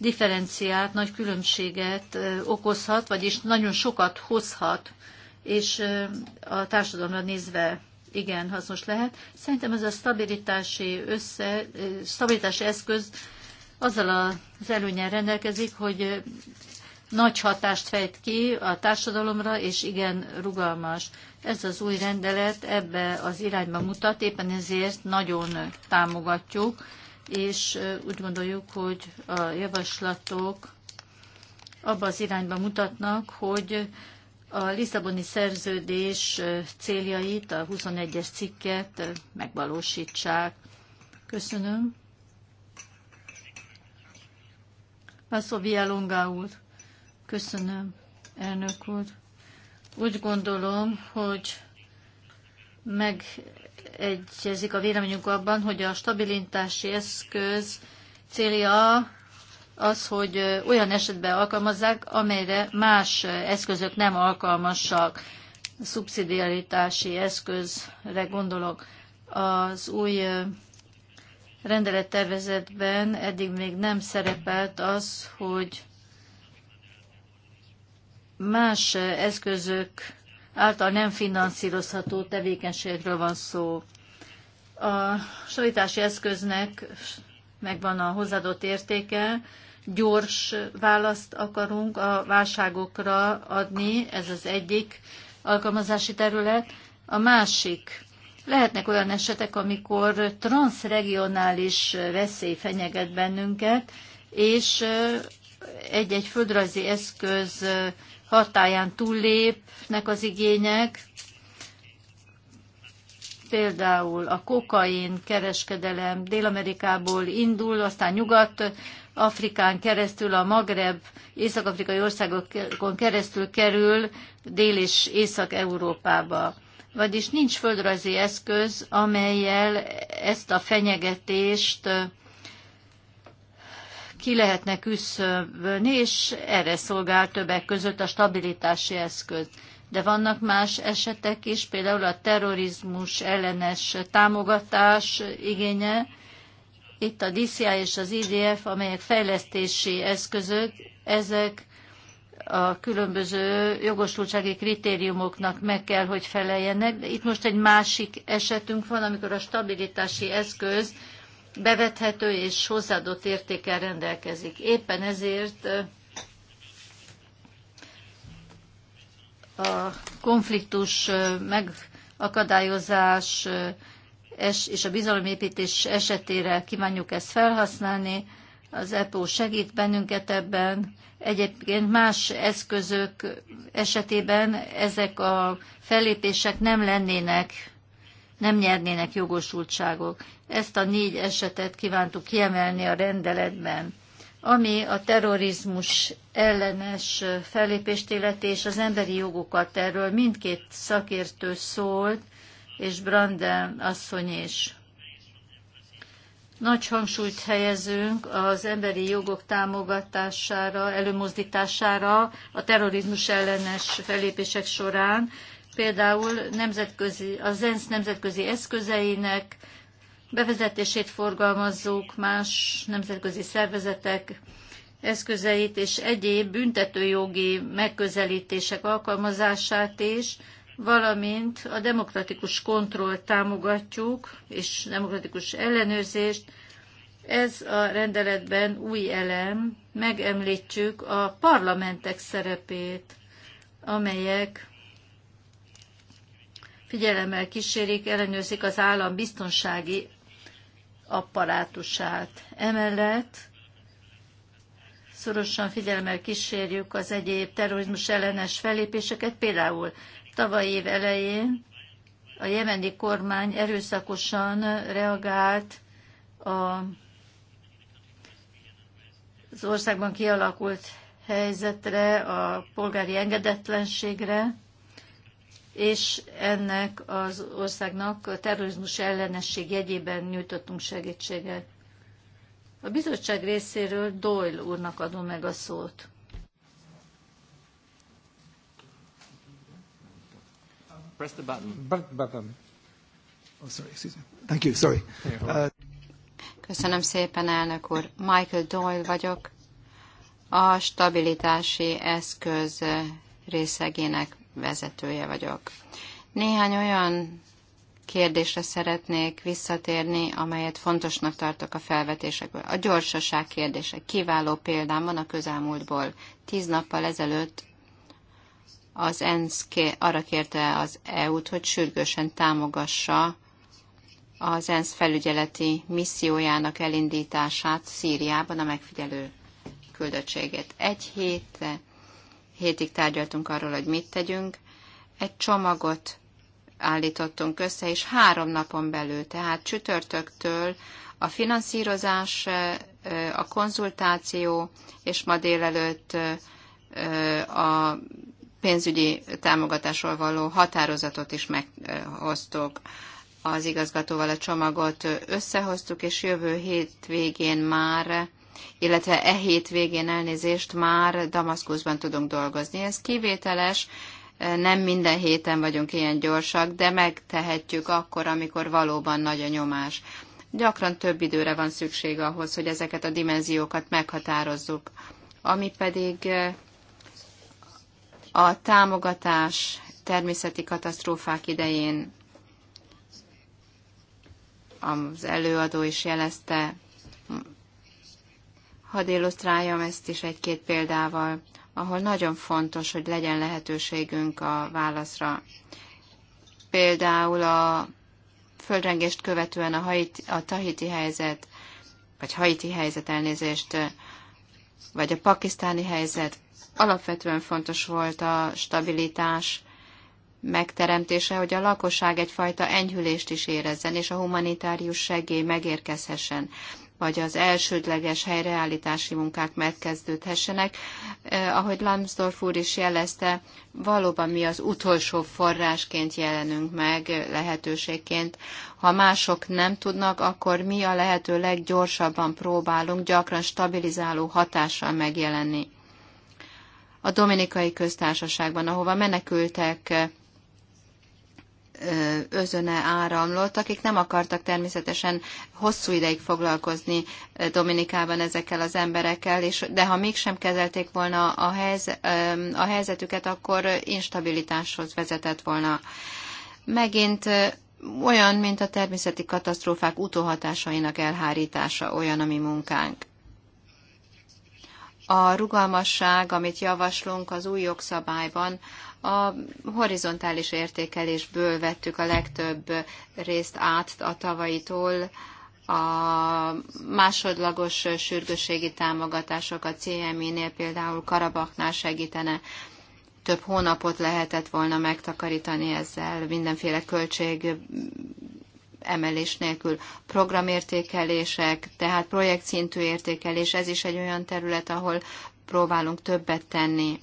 differenciát, nagy különbséget okozhat, vagyis nagyon sokat hozhat, és a társadalomra nézve igen hasznos lehet. Szerintem ez a stabilitási, össze, stabilitási eszköz azzal az előnyel rendelkezik, hogy nagy hatást fejt ki a társadalomra, és igen rugalmas. Ez az új rendelet ebbe az irányba mutat, éppen ezért nagyon támogatjuk és úgy gondoljuk, hogy a javaslatok abba az irányba mutatnak, hogy a Lisszaboni szerződés céljait, a 21-es cikket megvalósítsák. Köszönöm. Vasszovia Longa úr. Köszönöm, elnök úr. Úgy gondolom, hogy meg egyezik a véleményünk abban, hogy a stabilitási eszköz célja az, hogy olyan esetben alkalmazzák, amelyre más eszközök nem alkalmasak. Szubszidiaritási eszközre gondolok. Az új rendelettervezetben eddig még nem szerepelt az, hogy más eszközök által nem finanszírozható tevékenységről van szó. A sorítási eszköznek megvan a hozzáadott értéke, gyors választ akarunk a válságokra adni, ez az egyik alkalmazási terület. A másik, lehetnek olyan esetek, amikor transregionális veszély fenyeget bennünket, és egy-egy földrajzi eszköz hatáján túllépnek az igények, például a kokain kereskedelem Dél-Amerikából indul, aztán nyugat, Afrikán keresztül, a Magreb, észak-afrikai országokon keresztül kerül Dél- és Észak-Európába. Vagyis nincs földrajzi eszköz, amelyel ezt a fenyegetést ki lehetne küszöbölni, és erre szolgál többek között a stabilitási eszköz. De vannak más esetek is, például a terrorizmus ellenes támogatás igénye, itt a DCI és az IDF, amelyek fejlesztési eszközök, ezek a különböző jogosultsági kritériumoknak meg kell, hogy feleljenek. De itt most egy másik esetünk van, amikor a stabilitási eszköz bevethető és hozzáadott értékkel rendelkezik. Éppen ezért a konfliktus megakadályozás és a bizalomépítés esetére kívánjuk ezt felhasználni. Az EPO segít bennünket ebben. Egyébként más eszközök esetében ezek a fellépések nem lennének nem nyernének jogosultságok. Ezt a négy esetet kívántuk kiemelni a rendeletben ami a terrorizmus ellenes fellépést illeti, és az emberi jogokat erről mindkét szakértő szólt, és Branden asszony is. Nagy hangsúlyt helyezünk az emberi jogok támogatására, előmozdítására a terrorizmus ellenes fellépések során, például nemzetközi, az ENSZ nemzetközi eszközeinek bevezetését forgalmazzuk, más nemzetközi szervezetek eszközeit és egyéb büntetőjogi megközelítések alkalmazását is, valamint a demokratikus kontrollt támogatjuk, és demokratikus ellenőrzést. Ez a rendeletben új elem, megemlítjük a parlamentek szerepét, amelyek figyelemmel kísérik, ellenőrzik az állam biztonsági apparátusát. Emellett szorosan figyelemmel kísérjük az egyéb terrorizmus ellenes fellépéseket, például tavaly év elején a jemeni kormány erőszakosan reagált a, az országban kialakult helyzetre, a polgári engedetlenségre, és ennek az országnak a terrorizmus ellenesség jegyében nyújtottunk segítséget. A bizottság részéről Doyle úrnak adom meg a szót. Press the button. button. Oh, sorry, excuse me. Thank you, sorry. Uh... Köszönöm szépen, elnök úr. Michael Doyle vagyok, a stabilitási eszköz részegének vezetője vagyok. Néhány olyan kérdésre szeretnék visszatérni, amelyet fontosnak tartok a felvetésekből. A gyorsaság kérdése. Kiváló példám van a közelmúltból. Tíz nappal ezelőtt az ENSZ arra kérte az EU-t, hogy sürgősen támogassa az ENSZ felügyeleti missziójának elindítását Szíriában a megfigyelő küldöttségét. Egy hétre hétig tárgyaltunk arról, hogy mit tegyünk. Egy csomagot állítottunk össze, és három napon belül, tehát csütörtöktől a finanszírozás, a konzultáció, és ma délelőtt a pénzügyi támogatásról való határozatot is meghoztuk. Az igazgatóval a csomagot összehoztuk, és jövő hét végén már illetve e hétvégén elnézést már Damaszkuszban tudunk dolgozni. Ez kivételes, nem minden héten vagyunk ilyen gyorsak, de megtehetjük akkor, amikor valóban nagy a nyomás. Gyakran több időre van szükség ahhoz, hogy ezeket a dimenziókat meghatározzuk. Ami pedig eh, a támogatás természeti katasztrófák idején az előadó is jelezte, Hadd illusztráljam ezt is egy-két példával, ahol nagyon fontos, hogy legyen lehetőségünk a válaszra. Például a földrengést követően a, haiti, a tahiti helyzet, vagy haiti helyzet elnézést, vagy a pakisztáni helyzet, alapvetően fontos volt a stabilitás megteremtése, hogy a lakosság egyfajta enyhülést is érezzen, és a humanitárius segély megérkezhessen vagy az elsődleges helyreállítási munkák megkezdődhessenek. Eh, ahogy Lambsdorff úr is jelezte, valóban mi az utolsó forrásként jelenünk meg eh, lehetőségként. Ha mások nem tudnak, akkor mi a lehető leggyorsabban próbálunk gyakran stabilizáló hatással megjelenni. A Dominikai Köztársaságban, ahova menekültek eh, özöne áramlott, akik nem akartak természetesen hosszú ideig foglalkozni Dominikában ezekkel az emberekkel, és, de ha mégsem kezelték volna a, helyz, a helyzetüket, akkor instabilitáshoz vezetett volna. Megint olyan, mint a természeti katasztrófák utóhatásainak elhárítása, olyan a mi munkánk. A rugalmasság, amit javaslunk az új jogszabályban, a horizontális értékelésből vettük a legtöbb részt át a tavalyitól, a másodlagos sürgősségi támogatások a CMI-nél például Karabaknál segítene. Több hónapot lehetett volna megtakarítani ezzel mindenféle költség emelés nélkül. Programértékelések, tehát projektszintű értékelés, ez is egy olyan terület, ahol próbálunk többet tenni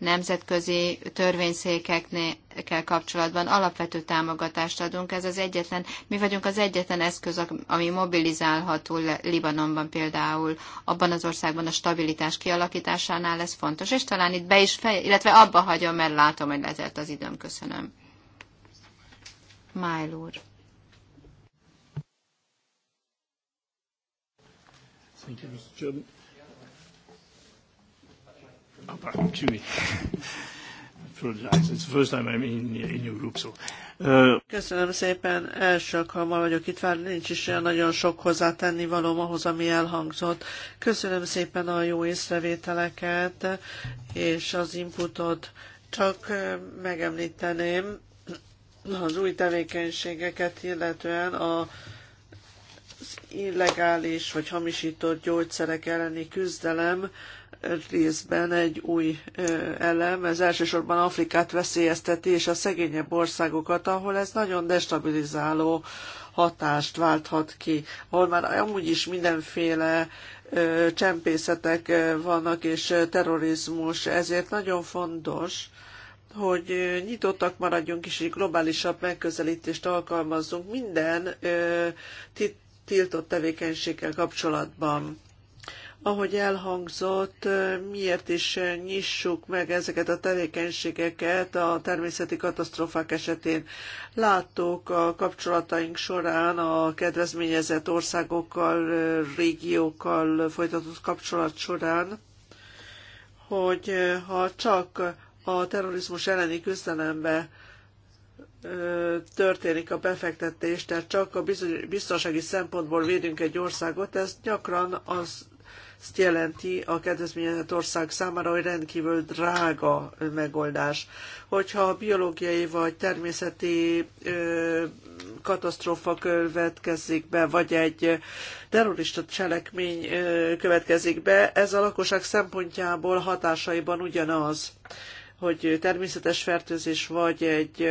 nemzetközi törvényszékekkel kapcsolatban alapvető támogatást adunk. Ez az egyetlen, mi vagyunk az egyetlen eszköz, ami mobilizálható Libanonban például, abban az országban a stabilitás kialakításánál ez fontos, és talán itt be is, fej, illetve abba hagyom, mert látom, hogy letelt az időm. Köszönöm. Májl úr. Thank you, Mr. Chairman pardon, me. Köszönöm szépen, Első alkalommal vagyok itt, vár nincs is olyan nagyon sok hozzátenni valóm ahhoz, ami elhangzott. Köszönöm szépen a jó észrevételeket és az inputot. Csak megemlíteném az új tevékenységeket, illetően a illegális vagy hamisított gyógyszerek elleni küzdelem, részben egy új elem, ez elsősorban Afrikát veszélyezteti, és a szegényebb országokat, ahol ez nagyon destabilizáló hatást válthat ki, ahol már amúgy is mindenféle csempészetek vannak, és terrorizmus, ezért nagyon fontos, hogy nyitottak maradjunk, és egy globálisabb megközelítést alkalmazzunk minden tiltott tevékenységgel kapcsolatban ahogy elhangzott, miért is nyissuk meg ezeket a tevékenységeket a természeti katasztrófák esetén. Láttuk a kapcsolataink során a kedvezményezett országokkal, régiókkal folytatott kapcsolat során, hogy ha csak a terrorizmus elleni küzdelembe történik a befektetés, tehát csak a biztonsági szempontból védünk egy országot, ez gyakran az ezt jelenti a kedvezményezett ország számára, hogy rendkívül drága megoldás. Hogyha biológiai vagy természeti ö, katasztrófa következik be, vagy egy terrorista cselekmény ö, következik be, ez a lakosság szempontjából hatásaiban ugyanaz hogy természetes fertőzés vagy egy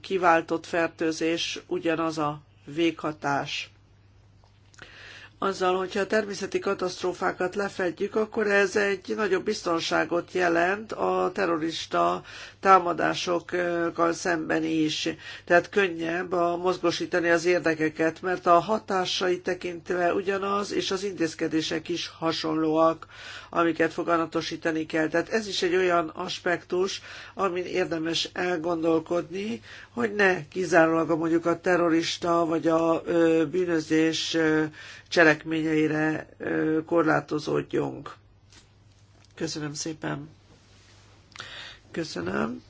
kiváltott fertőzés ugyanaz a véghatás azzal, hogyha a természeti katasztrófákat lefedjük, akkor ez egy nagyobb biztonságot jelent a terrorista támadásokkal szemben is. Tehát könnyebb a mozgosítani az érdekeket, mert a hatásai tekintve ugyanaz, és az intézkedések is hasonlóak amiket foganatosítani kell. Tehát ez is egy olyan aspektus, amin érdemes elgondolkodni, hogy ne kizárólag a mondjuk a terrorista vagy a bűnözés cselekményeire korlátozódjunk. Köszönöm szépen. Köszönöm.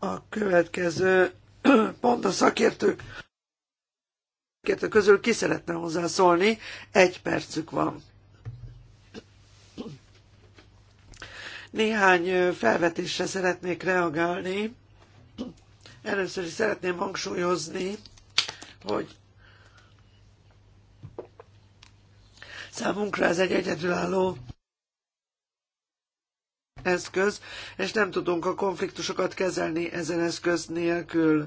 A következő pont a szakértők kettő közül ki szeretne hozzászólni, egy percük van. Néhány felvetésre szeretnék reagálni. Először is szeretném hangsúlyozni, hogy számunkra ez egy egyedülálló eszköz, és nem tudunk a konfliktusokat kezelni ezen eszköz nélkül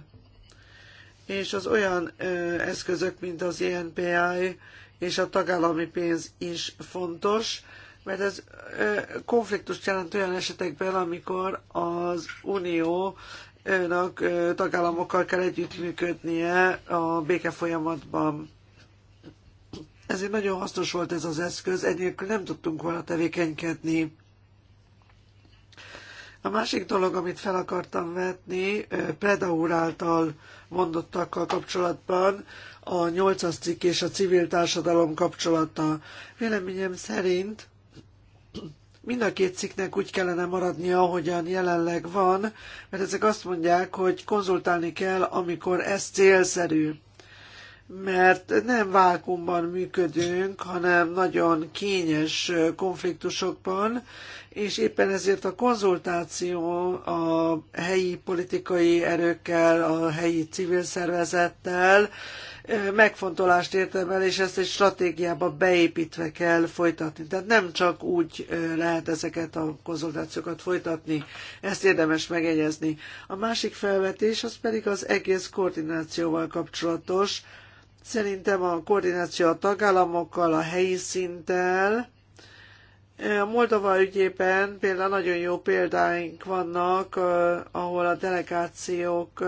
és az olyan eszközök, mint az INPI e és a tagállami pénz is fontos, mert ez konfliktust jelent olyan esetekben, amikor az Unió önök tagállamokkal kell együttműködnie a béke folyamatban. Ezért nagyon hasznos volt ez az eszköz, Egyébként nem tudtunk volna tevékenykedni. A másik dolog, amit fel akartam vetni, Preda úr által mondottakkal kapcsolatban, a 8 cikk és a civil társadalom kapcsolata. Véleményem szerint mind a két cikknek úgy kellene maradnia, ahogyan jelenleg van, mert ezek azt mondják, hogy konzultálni kell, amikor ez célszerű mert nem vákumban működünk, hanem nagyon kényes konfliktusokban, és éppen ezért a konzultáció a helyi politikai erőkkel, a helyi civil szervezettel megfontolást értemel, és ezt egy stratégiába beépítve kell folytatni. Tehát nem csak úgy lehet ezeket a konzultációkat folytatni, ezt érdemes megegyezni. A másik felvetés az pedig az egész koordinációval kapcsolatos, Szerintem a koordináció a tagállamokkal, a helyi szinttel, a Moldova ügyében például nagyon jó példáink vannak, ahol a delegációk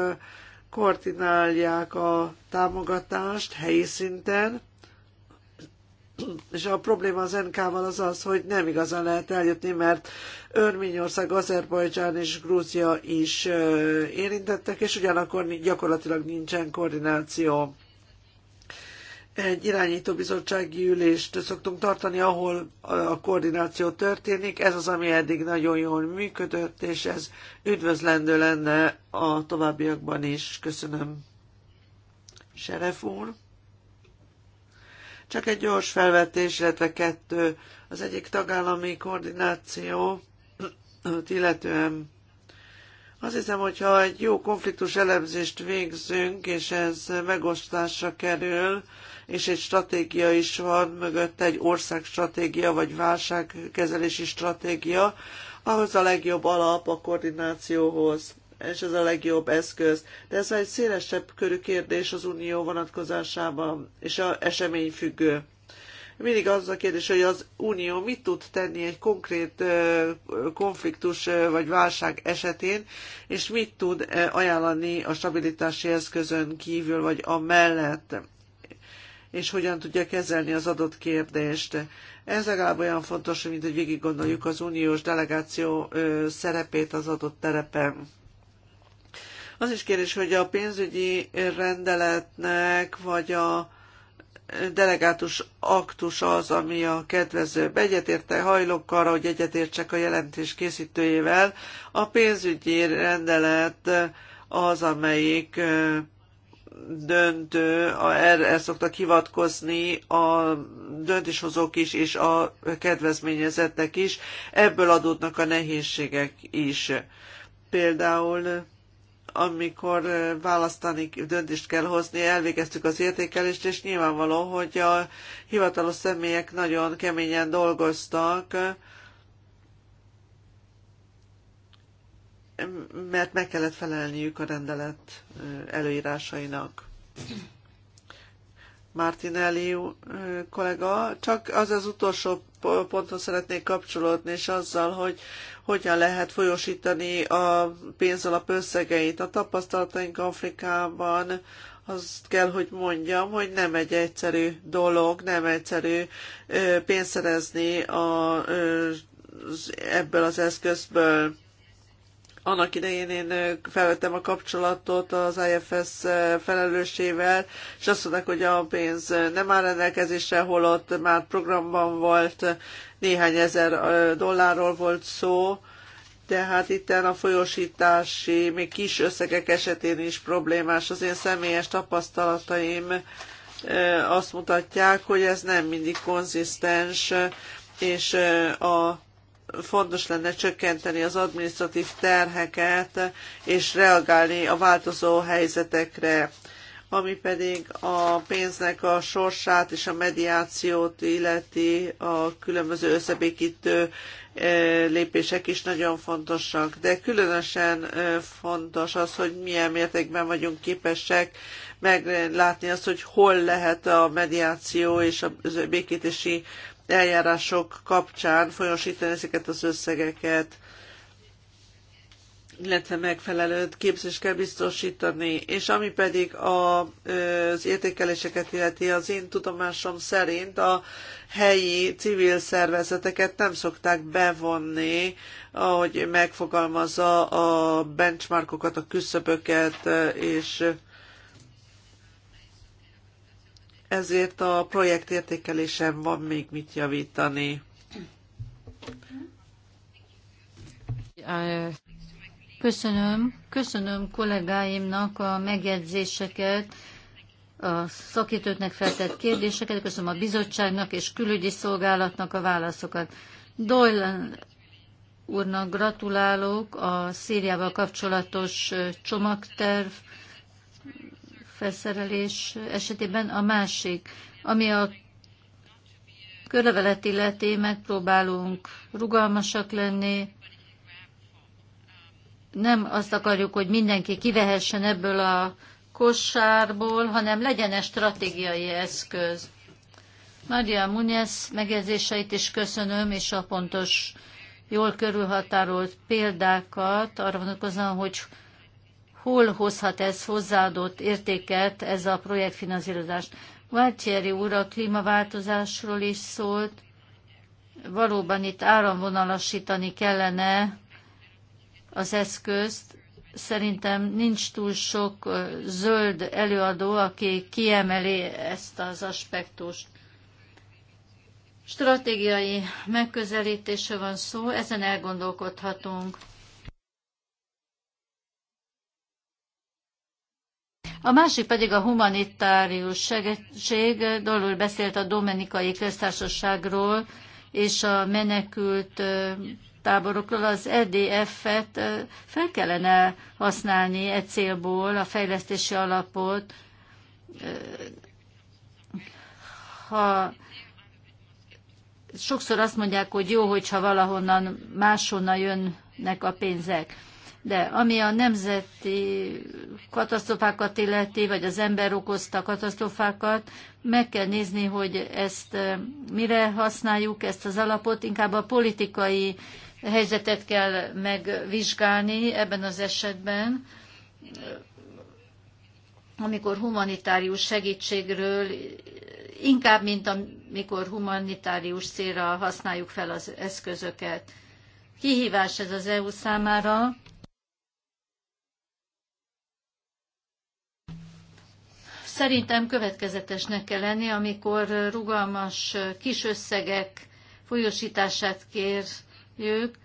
koordinálják a támogatást helyi szinten, és a probléma az NK-val az az, hogy nem igazán lehet eljutni, mert Örményország, Azerbajdzsán és Grúzia is érintettek, és ugyanakkor gyakorlatilag nincsen koordináció egy irányító bizottsági ülést szoktunk tartani, ahol a koordináció történik. Ez az, ami eddig nagyon jól működött, és ez üdvözlendő lenne a továbbiakban is. Köszönöm. Seref úr. Csak egy gyors felvetés, illetve kettő. Az egyik tagállami koordináció, illetően azt hiszem, hogyha egy jó konfliktus elemzést végzünk, és ez megosztásra kerül, és egy stratégia is van mögött, egy országstratégia vagy válságkezelési stratégia, ahhoz a legjobb alap a koordinációhoz és ez a legjobb eszköz. De ez egy szélesebb körű kérdés az unió vonatkozásában, és a esemény függő. Mindig az a kérdés, hogy az unió mit tud tenni egy konkrét konfliktus vagy válság esetén, és mit tud ajánlani a stabilitási eszközön kívül vagy a mellett és hogyan tudja kezelni az adott kérdést. Ez legalább olyan fontos, mint hogy végig gondoljuk az uniós delegáció szerepét az adott terepen. Az is kérdés, hogy a pénzügyi rendeletnek, vagy a delegátus aktus az, ami a kedvezőbb. Egyetérte hajlok arra, hogy egyetértsek a jelentés készítőjével. A pénzügyi rendelet az, amelyik döntő, erre szoktak hivatkozni a döntéshozók is, és a kedvezményezettek is, ebből adódnak a nehézségek is. Például amikor választani döntést kell hozni, elvégeztük az értékelést, és nyilvánvaló, hogy a hivatalos személyek nagyon keményen dolgoztak, mert meg kellett felelniük a rendelet előírásainak. Martinelli kollega, csak az az utolsó ponton szeretnék kapcsolódni, és azzal, hogy hogyan lehet folyosítani a pénzalap összegeit. A tapasztalataink Afrikában azt kell, hogy mondjam, hogy nem egy egyszerű dolog, nem egyszerű pénzt szerezni a, ebből az eszközből annak idején én felvettem a kapcsolatot az IFS felelősével, és azt mondták, hogy a pénz nem áll rendelkezésre, holott már programban volt, néhány ezer dollárról volt szó, de hát itt a folyosítási, még kis összegek esetén is problémás. Az én személyes tapasztalataim azt mutatják, hogy ez nem mindig konzisztens, és a fontos lenne csökkenteni az administratív terheket, és reagálni a változó helyzetekre ami pedig a pénznek a sorsát és a mediációt illeti, a különböző összebékítő eh, lépések is nagyon fontosak. De különösen eh, fontos az, hogy milyen mértékben vagyunk képesek meglátni azt, hogy hol lehet a mediáció és a békítési eljárások kapcsán folyosítani ezeket az összegeket, illetve megfelelő képzést kell biztosítani. És ami pedig a, az értékeléseket illeti, az én tudomásom szerint a helyi civil szervezeteket nem szokták bevonni, ahogy megfogalmazza a benchmarkokat, a küszöböket, és ezért a projekt értékelésen van még mit javítani. Köszönöm. Köszönöm kollégáimnak a megjegyzéseket, a szakítőknek feltett kérdéseket, köszönöm a bizottságnak és külügyi szolgálatnak a válaszokat. Doyle úrnak gratulálok a Szíriával kapcsolatos csomagterv felszerelés esetében, a másik, ami a körlevelet illeti, megpróbálunk rugalmasak lenni, nem azt akarjuk, hogy mindenki kivehessen ebből a kosárból, hanem legyen egy stratégiai eszköz. Maria Munyesz megjegyzéseit is köszönöm, és a pontos, jól körülhatárolt példákat arra vonatkozóan, hogy hol hozhat ez hozzáadott értéket, ez a projektfinanszírozás. Váltjeri úr a klímaváltozásról is szólt. Valóban itt áramvonalasítani kellene az eszközt. Szerintem nincs túl sok zöld előadó, aki kiemeli ezt az aspektust. Stratégiai megközelítése van szó, ezen elgondolkodhatunk. A másik pedig a humanitárius segítség. Dalul beszélt a Dominikai Köztársaságról és a menekült táborokról. Az EDF-et fel kellene használni e célból, a fejlesztési alapot. Ha sokszor azt mondják, hogy jó, hogyha valahonnan máshonnan jönnek a pénzek. De ami a nemzeti katasztrofákat illeti, vagy az ember okozta katasztrofákat, meg kell nézni, hogy ezt eh, mire használjuk, ezt az alapot, inkább a politikai helyzetet kell megvizsgálni ebben az esetben, amikor humanitárius segítségről, inkább, mint amikor humanitárius célra használjuk fel az eszközöket. Kihívás ez az EU számára, Szerintem következetesnek kell lenni, amikor rugalmas kis összegek folyosítását kérjük.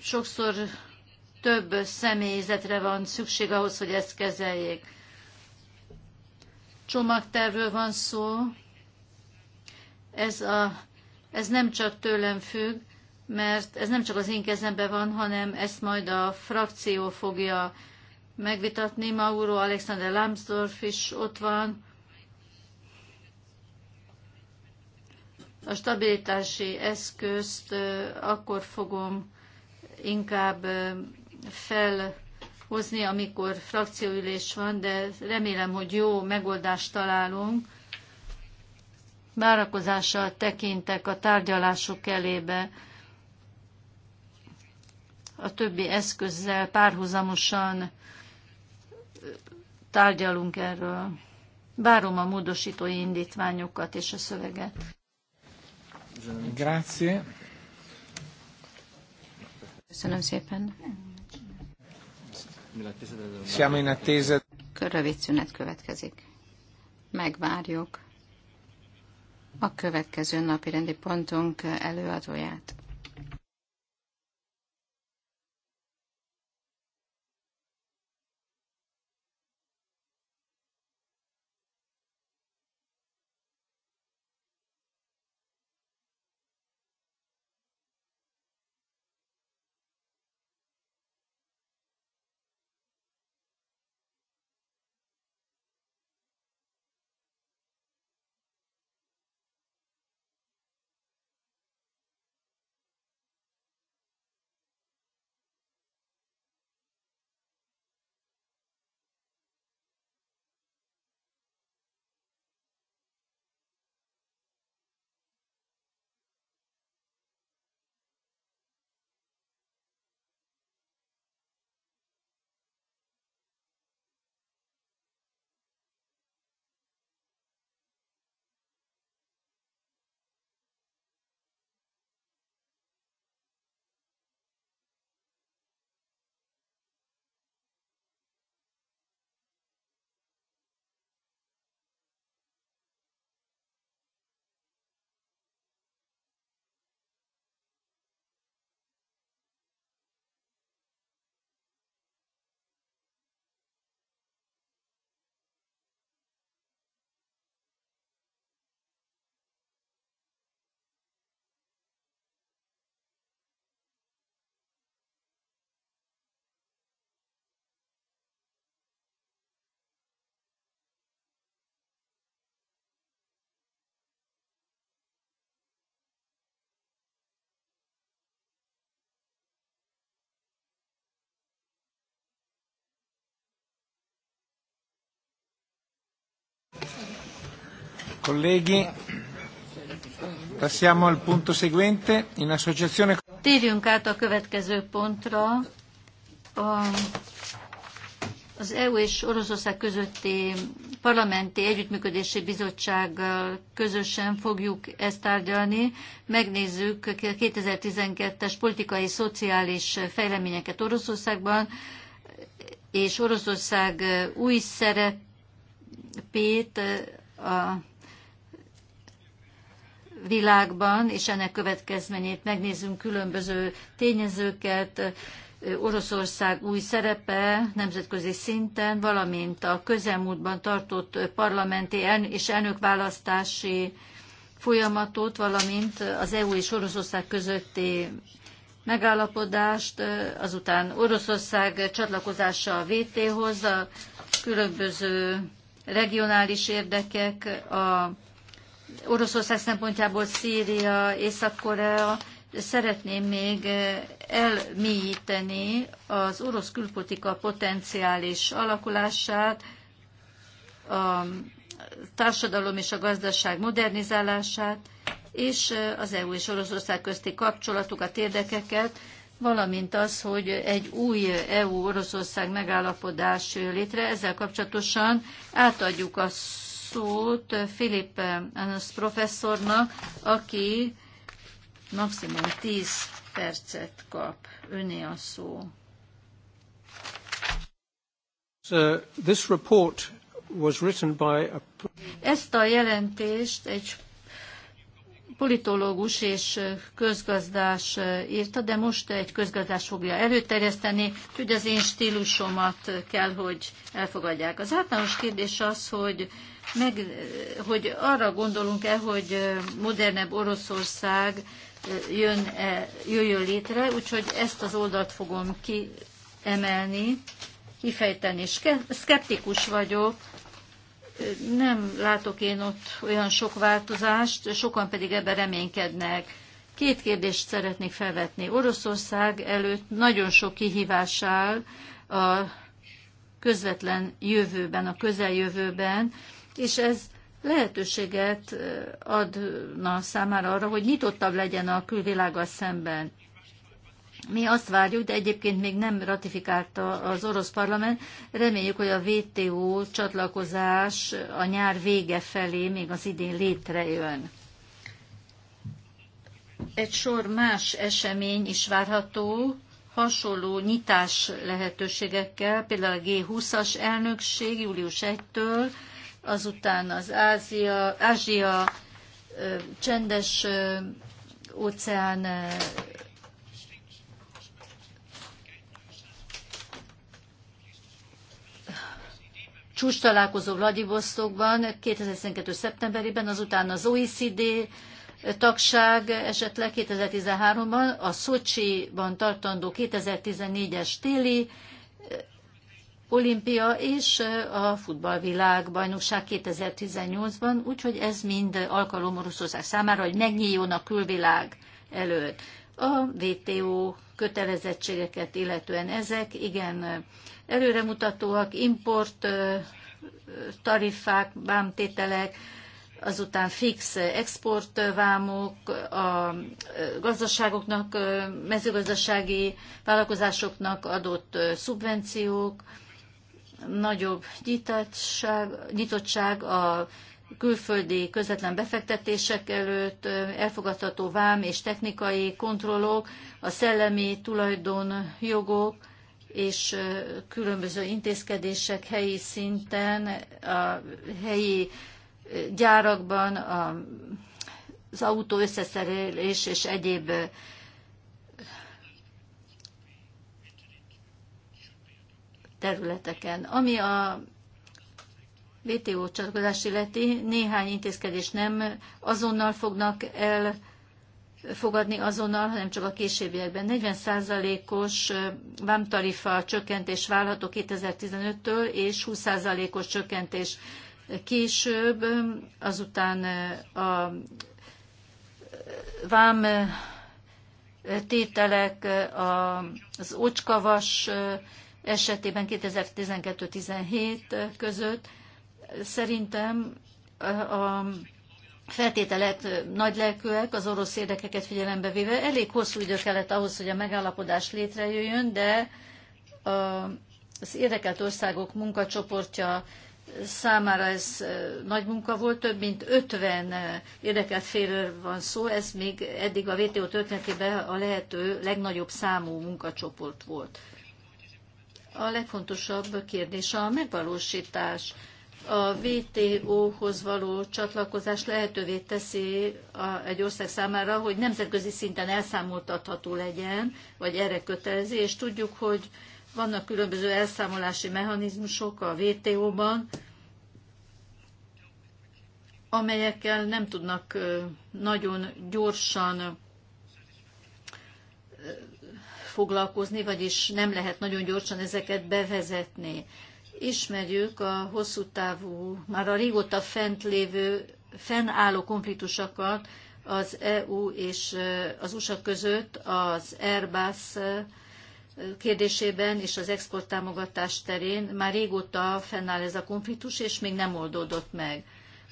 Sokszor több személyzetre van szükség ahhoz, hogy ezt kezeljék. Csomagtervről van szó, ez, a, ez nem csak tőlem függ, mert ez nem csak az én kezemben van, hanem ezt majd a frakció fogja megvitatni. Mauro Alexander Lambsdorff is ott van. A stabilitási eszközt akkor fogom inkább felhozni, amikor frakcióülés van, de remélem, hogy jó megoldást találunk. Várakozással tekintek a tárgyalások elébe a többi eszközzel párhuzamosan tárgyalunk erről. Várom a módosítói indítványokat és a szöveget. Grazie. Köszönöm szépen. Siamo in attesa. Rövid szünet következik. Megvárjuk a következő napi rendi pontunk előadóját. Colleghi, passiamo al punto seguente. In associazione... Térjünk át a következő pontra. A, az EU és Oroszország közötti parlamenti együttműködési bizottsággal közösen fogjuk ezt tárgyalni. Megnézzük a 2012-es politikai, szociális fejleményeket Oroszországban, és Oroszország új szerepét a világban, és ennek következményét megnézzünk különböző tényezőket, Oroszország új szerepe nemzetközi szinten, valamint a közelmúltban tartott parlamenti és elnökválasztási folyamatot, valamint az EU és Oroszország közötti megállapodást, azután Oroszország csatlakozása a VT-hoz, a különböző regionális érdekek, a Oroszország szempontjából Szíria, Észak-Korea, szeretném még eh, elmélyíteni az orosz külpolitika potenciális alakulását, a társadalom és a gazdaság modernizálását, és eh, az EU és Oroszország közti kapcsolatokat, érdekeket, valamint az, hogy egy új EU-Oroszország megállapodás létre. Ezzel kapcsolatosan átadjuk a szót Filip professzornak, aki maximum 10 percet kap. Öné a szó. So, this report was written by a... Ezt a jelentést egy politológus és közgazdás írta, de most egy közgazdás fogja előterjeszteni, hogy az én stílusomat kell, hogy elfogadják. Az általános kérdés az, hogy meg, hogy arra gondolunk el, hogy modernebb Oroszország jön -e, jöjjön létre, úgyhogy ezt az oldalt fogom kiemelni, kifejteni. Skeptikus vagyok, nem látok én ott olyan sok változást, sokan pedig ebben reménykednek. Két kérdést szeretnék felvetni. Oroszország előtt nagyon sok kihívás áll a közvetlen jövőben, a közeljövőben, és ez lehetőséget adna számára arra, hogy nyitottabb legyen a külvilággal szemben. Mi azt várjuk, de egyébként még nem ratifikálta az orosz parlament. Reméljük, hogy a WTO csatlakozás a nyár vége felé még az idén létrejön. Egy sor más esemény is várható, hasonló nyitás lehetőségekkel, például a G20-as elnökség július 1-től, azután az Ázia, Ázsia csendes óceán csúcs találkozó Vladivostokban 2012. szeptemberében, azután az OECD tagság esetleg 2013-ban, a Szocsiban tartandó 2014-es téli olimpia és a futballvilág bajnokság 2018-ban, úgyhogy ez mind alkalom Oroszország számára, hogy megnyíljon a külvilág előtt. A WTO kötelezettségeket illetően ezek igen előremutatóak, import tarifák, bámtételek, azután fix exportvámok, a gazdaságoknak, mezőgazdasági vállalkozásoknak adott szubvenciók, nagyobb nyitottság, nyitottság a külföldi közvetlen befektetések előtt, elfogadható vám és technikai kontrollok, a szellemi tulajdonjogok és különböző intézkedések helyi szinten, a helyi gyárakban, az autó összeszerelés és egyéb területeken. Ami a WTO csatlakozás illeti, néhány intézkedés nem azonnal fognak el fogadni azonnal, hanem csak a későbbiekben. 40%-os vámtarifa csökkentés várható 2015-től, és 20%-os csökkentés később, azután a vám tételek, az ocskavas esetében 2012-17 között. Szerintem a feltételek nagy lelkűek, az orosz érdekeket figyelembe véve. Elég hosszú idő kellett ahhoz, hogy a megállapodás létrejöjjön, de az érdekelt országok munkacsoportja számára ez nagy munka volt, több mint 50 érdekelt félről van szó, ez még eddig a WTO történetében a lehető legnagyobb számú munkacsoport volt a legfontosabb kérdés a megvalósítás. A WTO-hoz való csatlakozás lehetővé teszi a, egy ország számára, hogy nemzetközi szinten elszámoltatható legyen, vagy erre kötelezi, és tudjuk, hogy vannak különböző elszámolási mechanizmusok a WTO-ban, amelyekkel nem tudnak nagyon gyorsan foglalkozni, vagyis nem lehet nagyon gyorsan ezeket bevezetni. Ismerjük a hosszú távú, már a régóta fent lévő, fennálló konfliktusokat az EU és eh, az USA között az Airbus eh, kérdésében és az exporttámogatás terén már régóta fennáll ez a konfliktus, és még nem oldódott meg.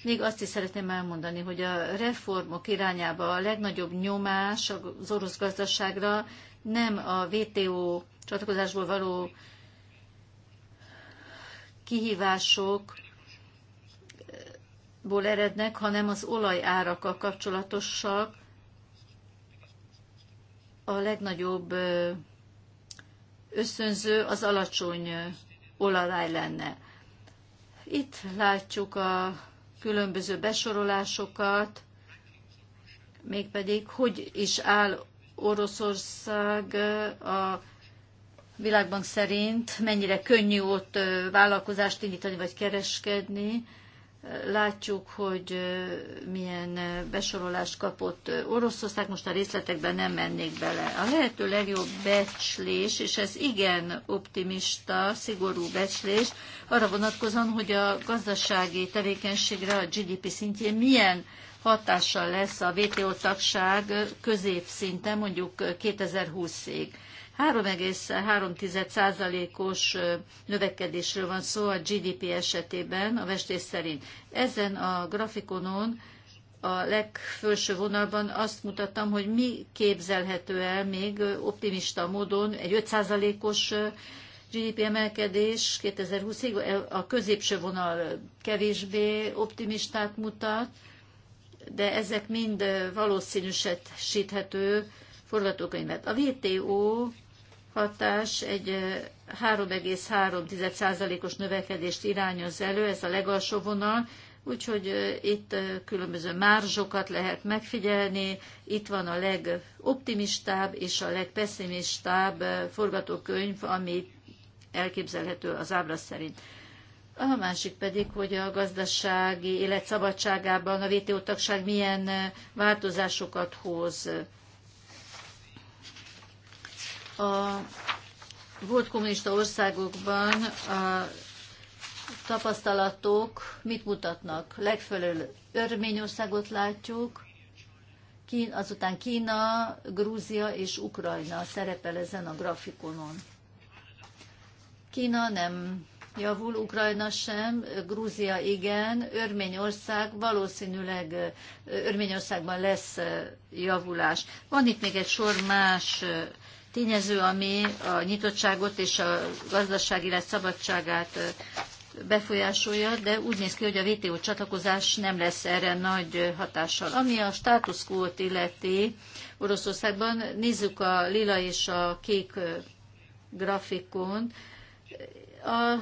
Még azt is szeretném elmondani, hogy a reformok irányába a legnagyobb nyomás az orosz gazdaságra nem a WTO csatlakozásból való kihívásokból erednek, hanem az olajárakkal kapcsolatosak a legnagyobb összönző az alacsony olaj lenne. Itt látjuk a különböző besorolásokat, mégpedig hogy is áll Oroszország a világban szerint mennyire könnyű ott vállalkozást indítani vagy kereskedni. Látjuk, hogy milyen besorolást kapott Oroszország, most a részletekben nem mennék bele. A lehető legjobb becslés, és ez igen optimista, szigorú becslés, arra vonatkozóan, hogy a gazdasági tevékenységre a GDP szintjén milyen hatással lesz a WTO tagság középszinten, mondjuk 2020-ig. 3,3%-os növekedésről van szó a GDP esetében, a vestés szerint. Ezen a grafikonon a legfőső vonalban azt mutattam, hogy mi képzelhető el még optimista módon egy 5%-os GDP emelkedés 2020-ig, a középső vonal kevésbé optimistát mutat, de ezek mind valószínűsíthető forgatókönyvet. A VTO hatás egy 3,3%-os növekedést irányoz elő, ez a legalsó vonal, úgyhogy itt különböző márzsokat lehet megfigyelni, itt van a legoptimistább és a legpesszimistább forgatókönyv, ami elképzelhető az ábra szerint a másik pedig, hogy a gazdasági élet szabadságában a WTO tagság milyen változásokat hoz. A volt kommunista országokban a tapasztalatok mit mutatnak? Legfelől Örményországot látjuk, Kín, azután Kína, Grúzia és Ukrajna szerepel ezen a grafikonon. Kína nem javul, Ukrajna sem, Grúzia igen, Örményország valószínűleg Örményországban lesz javulás. Van itt még egy sor más tényező, ami a nyitottságot és a gazdasági szabadságát befolyásolja, de úgy néz ki, hogy a VTO csatlakozás nem lesz erre nagy hatással. Ami a státuszkót illeti Oroszországban, nézzük a lila és a kék grafikon. A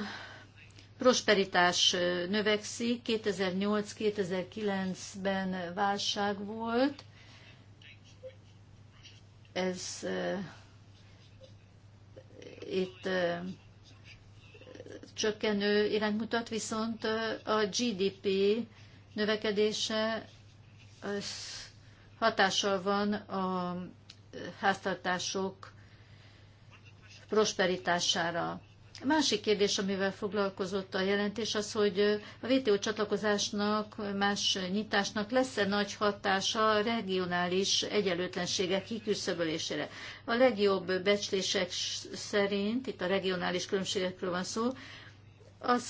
prosperitás növekszik. 2008-2009-ben válság volt. Ez itt csökkenő irányt mutat, viszont a GDP növekedése az hatással van a háztartások prosperitására. Másik kérdés, amivel foglalkozott a jelentés, az, hogy a WTO csatlakozásnak, más nyitásnak lesz-e nagy hatása a regionális egyenlőtlenségek kiküszöbölésére. A legjobb becslések szerint, itt a regionális különbségekről van szó, az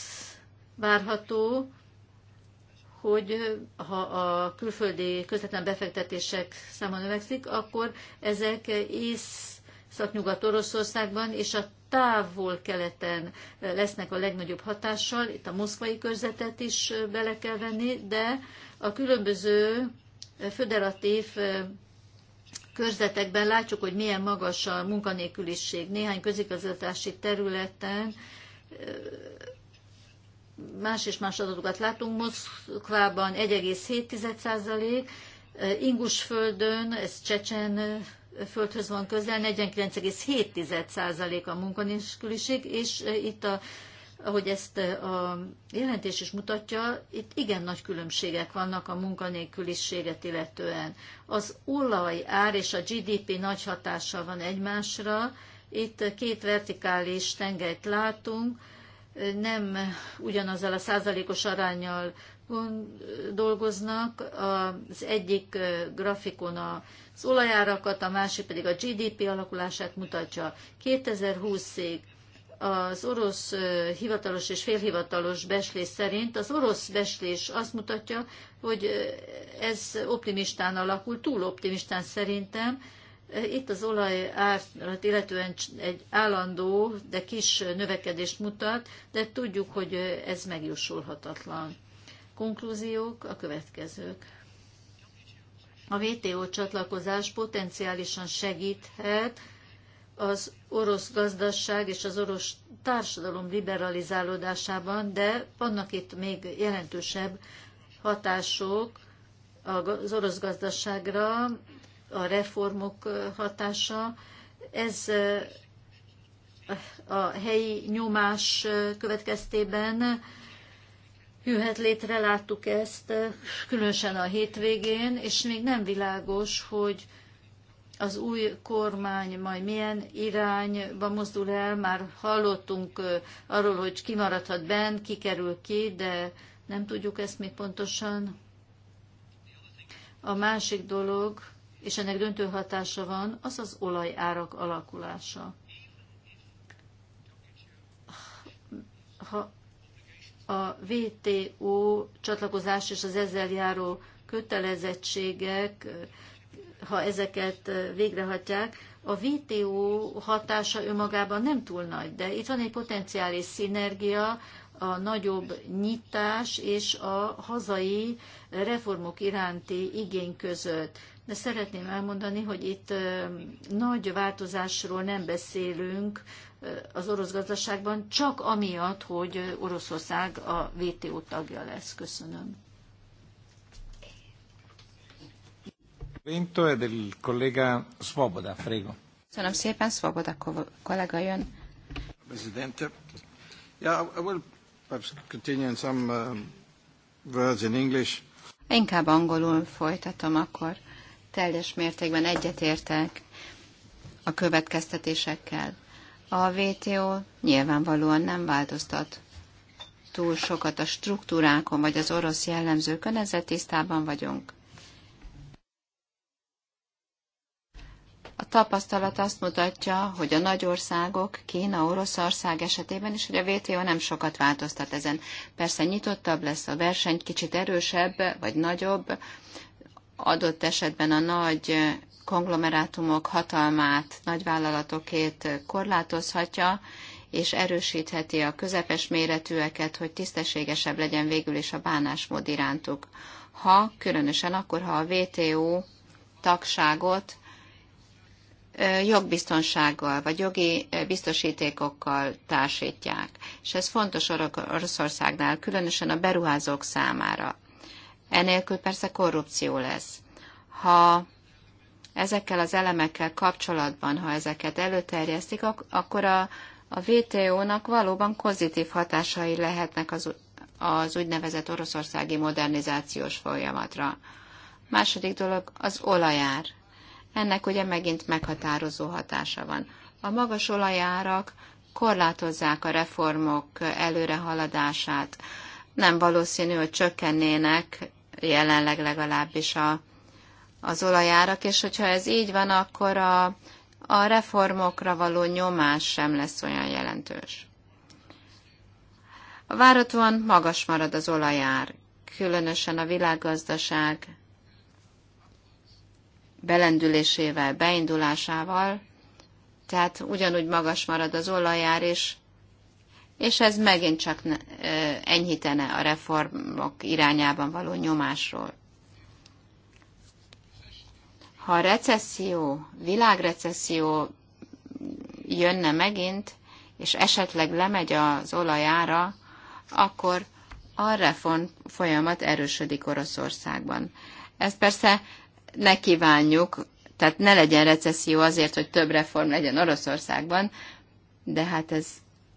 várható, hogy ha a külföldi közvetlen befektetések száma növekszik, akkor ezek ész Szaknyugat-Oroszországban és a távol-keleten lesznek a legnagyobb hatással, itt a moszkvai körzetet is bele kell venni, de a különböző föderatív körzetekben látjuk, hogy milyen magas a munkanélküliség. Néhány közigazgatási területen más és más adatokat látunk. Moszkvában 1,7 százalék, Ingusföldön, ez Csecsen földhöz van közel, 49,7% a munkanélküliség, és itt a ahogy ezt a jelentés is mutatja, itt igen nagy különbségek vannak a munkanélküliséget illetően. Az olaj ár és a GDP nagy hatással van egymásra. Itt két vertikális tengelyt látunk, nem ugyanazzal a százalékos arányjal dolgoznak. Az egyik grafikon az olajárakat, a másik pedig a GDP alakulását mutatja. 2020-ig az orosz hivatalos és félhivatalos beslés szerint az orosz beslés azt mutatja, hogy ez optimistán alakul, túl optimistán szerintem. Itt az olaj árat illetően egy állandó, de kis növekedést mutat, de tudjuk, hogy ez megjósolhatatlan. Konklúziók a következők. A WTO csatlakozás potenciálisan segíthet az orosz gazdaság és az orosz társadalom liberalizálódásában, de vannak itt még jelentősebb hatások az orosz gazdaságra, a reformok hatása. Ez eh, a helyi nyomás eh, következtében jöhet létre, láttuk ezt, eh, különösen a hétvégén, és még nem világos, hogy az új kormány majd milyen irányba mozdul el. Már hallottunk eh, arról, hogy kimaradhat benn, kikerül ki, de nem tudjuk ezt még pontosan. A másik dolog, és ennek döntő hatása van, az az olajárak alakulása. Ha a VTO csatlakozás és az ezzel járó kötelezettségek, ha ezeket végrehajtják, a VTO hatása önmagában nem túl nagy, de itt van egy potenciális szinergia, a nagyobb nyitás és a hazai reformok iránti igény között. De szeretném elmondani, hogy itt nagy változásról nem beszélünk az orosz gazdaságban, csak amiatt, hogy Oroszország a WTO tagja lesz. Köszönöm. Köszönöm szépen, Svoboda kollega jön. Uh, Inkább angolul folytatom akkor. Teljes mértékben egyetértek a következtetésekkel a WTO nyilvánvalóan nem változtat túl sokat a struktúrákon vagy az orosz jellemzőkön, ezzel tisztában vagyunk. A tapasztalat azt mutatja, hogy a nagy országok, Kína, Oroszország esetében is, hogy a WTO nem sokat változtat ezen. Persze nyitottabb lesz a verseny, kicsit erősebb vagy nagyobb, adott esetben a nagy konglomerátumok hatalmát, nagyvállalatokét korlátozhatja, és erősítheti a közepes méretűeket, hogy tisztességesebb legyen végül is a bánásmód irántuk. Ha, különösen akkor, ha a WTO tagságot jogbiztonsággal vagy jogi biztosítékokkal társítják. És ez fontos Oroszországnál, különösen a beruházók számára. Enélkül persze korrupció lesz. Ha ezekkel az elemekkel kapcsolatban, ha ezeket előterjesztik, akkor a, a VTO-nak valóban pozitív hatásai lehetnek az, az úgynevezett oroszországi modernizációs folyamatra. Második dolog az olajár. Ennek ugye megint meghatározó hatása van. A magas olajárak korlátozzák a reformok előrehaladását. Nem valószínű, hogy csökkennének jelenleg legalábbis a, az olajárak, és hogyha ez így van, akkor a, a reformokra való nyomás sem lesz olyan jelentős. Váratlan magas marad az olajár, különösen a világgazdaság belendülésével, beindulásával, tehát ugyanúgy magas marad az olajár, és, és ez megint csak enyhítene a reformok irányában való nyomásról. Ha a recesszió, világrecesszió jönne megint, és esetleg lemegy az olajára, akkor a reform folyamat erősödik Oroszországban. Ezt persze ne kívánjuk, tehát ne legyen recesszió azért, hogy több reform legyen Oroszországban, de hát ez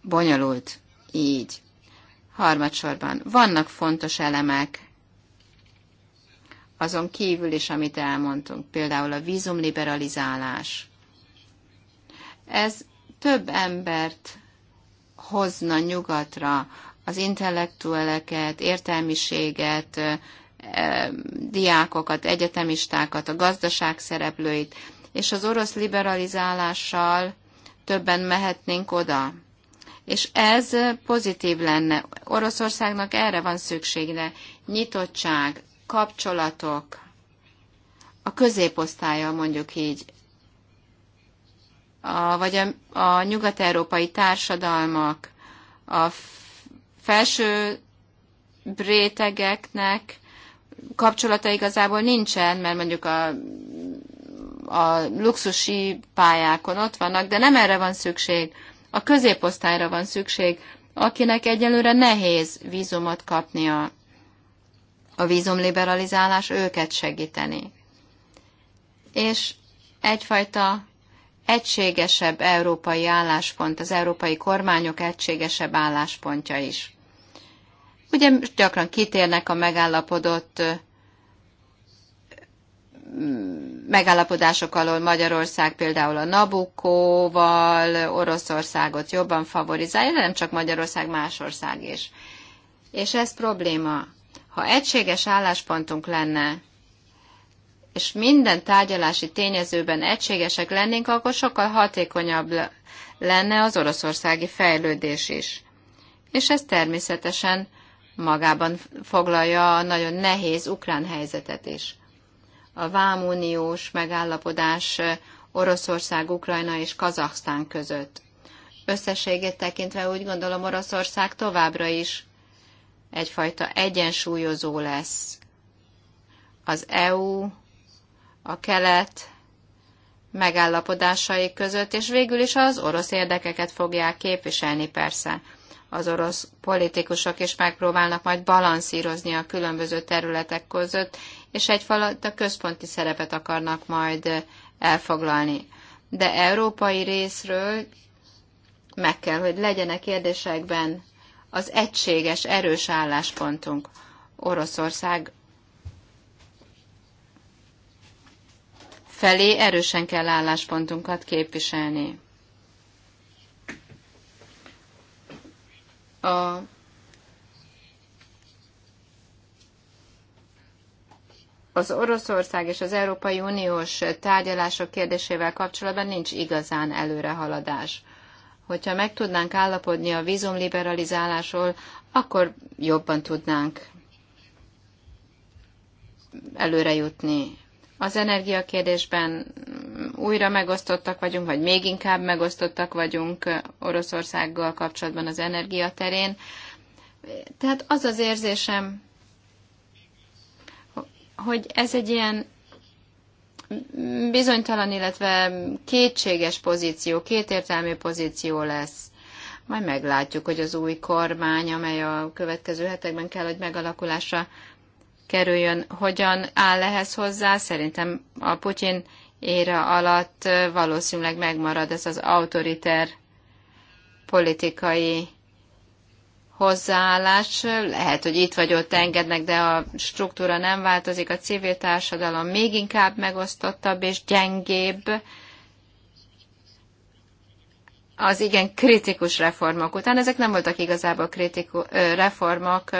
bonyolult így. Harmadsorban vannak fontos elemek azon kívül is, amit elmondtunk, például a vízumliberalizálás. Ez több embert hozna nyugatra, az intellektueleket, értelmiséget, diákokat, egyetemistákat, a gazdaság szereplőit, és az orosz liberalizálással többen mehetnénk oda. És ez pozitív lenne. Oroszországnak erre van szüksége. Nyitottság, kapcsolatok, a középosztálya mondjuk így, a, vagy a, a nyugat-európai társadalmak, a felső rétegeknek kapcsolata igazából nincsen, mert mondjuk a, a luxusi pályákon ott vannak, de nem erre van szükség. A középosztályra van szükség, akinek egyelőre nehéz vízumot kapnia a vízumliberalizálás őket segíteni. És egyfajta egységesebb európai álláspont, az európai kormányok egységesebb álláspontja is. Ugye gyakran kitérnek a megállapodott megállapodások alól Magyarország például a Nabukóval Oroszországot jobban favorizálja, de nem csak Magyarország, más ország is. És ez probléma. Ha egységes álláspontunk lenne, és minden tárgyalási tényezőben egységesek lennénk, akkor sokkal hatékonyabb lenne az oroszországi fejlődés is. És ez természetesen magában foglalja a nagyon nehéz ukrán helyzetet is. A vámuniós megállapodás Oroszország, Ukrajna és Kazaksztán között. Összességét tekintve úgy gondolom Oroszország továbbra is egyfajta egyensúlyozó lesz. Az EU, a kelet megállapodásai között, és végül is az orosz érdekeket fogják képviselni persze. Az orosz politikusok is megpróbálnak majd balanszírozni a különböző területek között, és egyfajta központi szerepet akarnak majd elfoglalni. De európai részről meg kell, hogy legyenek kérdésekben az egységes, erős álláspontunk. Oroszország felé erősen kell álláspontunkat képviselni. A az Oroszország és az Európai Uniós tárgyalások kérdésével kapcsolatban nincs igazán előrehaladás hogyha meg tudnánk állapodni a vízumliberalizálásról, akkor jobban tudnánk előre jutni. Az energiakérdésben újra megosztottak vagyunk, vagy még inkább megosztottak vagyunk Oroszországgal kapcsolatban az energiaterén. Tehát az az érzésem, hogy ez egy ilyen bizonytalan, illetve kétséges pozíció, kétértelmű pozíció lesz. Majd meglátjuk, hogy az új kormány, amely a következő hetekben kell, hogy megalakulásra kerüljön, hogyan áll ehhez hozzá. Szerintem a Putyin éra alatt valószínűleg megmarad ez az autoriter politikai hozzáállás. Lehet, hogy itt vagy ott engednek, de a struktúra nem változik, a civil társadalom még inkább megosztottabb és gyengébb az igen kritikus reformok után. Ezek nem voltak igazából kritiku, reformok.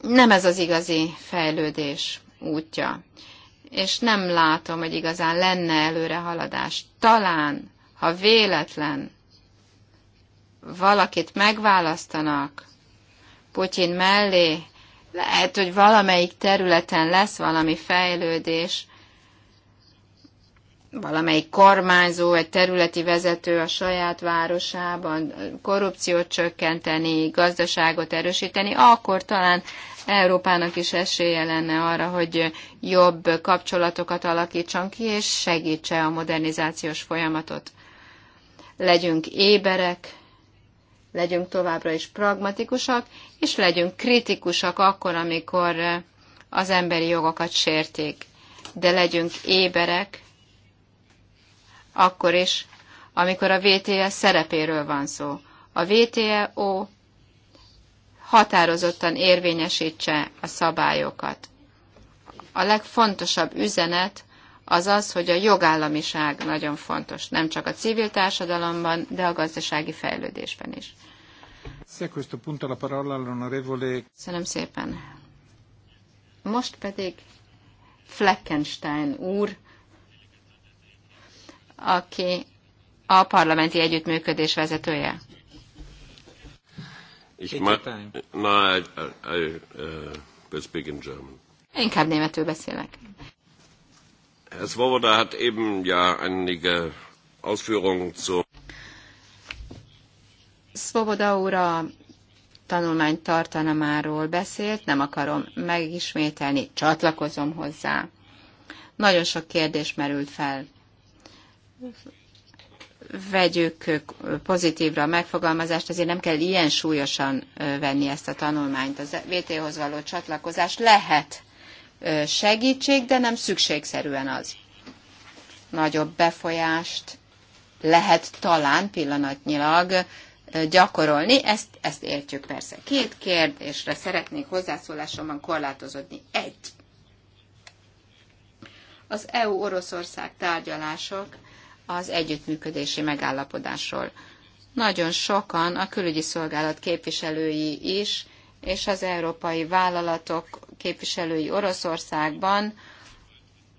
Nem ez az igazi fejlődés útja. És nem látom, hogy igazán lenne előre haladás. Talán, ha véletlen valakit megválasztanak Putyin mellé, lehet, hogy valamelyik területen lesz valami fejlődés, valamelyik kormányzó, egy területi vezető a saját városában korrupciót csökkenteni, gazdaságot erősíteni, akkor talán Európának is esélye lenne arra, hogy jobb kapcsolatokat alakítson ki, és segítse a modernizációs folyamatot. Legyünk éberek, legyünk továbbra is pragmatikusak, és legyünk kritikusak akkor, amikor az emberi jogokat sértik. De legyünk éberek, akkor is, amikor a VTE szerepéről van szó. A VTO határozottan érvényesítse a szabályokat. A legfontosabb üzenet az az, hogy a jogállamiság nagyon fontos, nem csak a civil társadalomban, de a gazdasági fejlődésben is. Köszönöm szépen. Most pedig Fleckenstein úr, aki a parlamenti együttműködés vezetője. Ich ma, na, I, I, uh, in German. Inkább németül beszélek. Herr Swoboda hat eben ja einige Ausführungen zu. Swoboda úr a tanulmány tartalmáról beszélt, nem akarom megismételni, csatlakozom hozzá. Nagyon sok kérdés merült fel. Vegyük pozitívra a megfogalmazást, azért nem kell ilyen súlyosan venni ezt a tanulmányt. Az VT-hoz való csatlakozás lehet segítség, de nem szükségszerűen az. Nagyobb befolyást lehet talán pillanatnyilag gyakorolni, ezt, ezt értjük persze. Két kérdésre szeretnék hozzászólásomban korlátozódni. Egy. Az EU-Oroszország tárgyalások az együttműködési megállapodásról. Nagyon sokan, a külügyi szolgálat képviselői is, és az európai vállalatok képviselői Oroszországban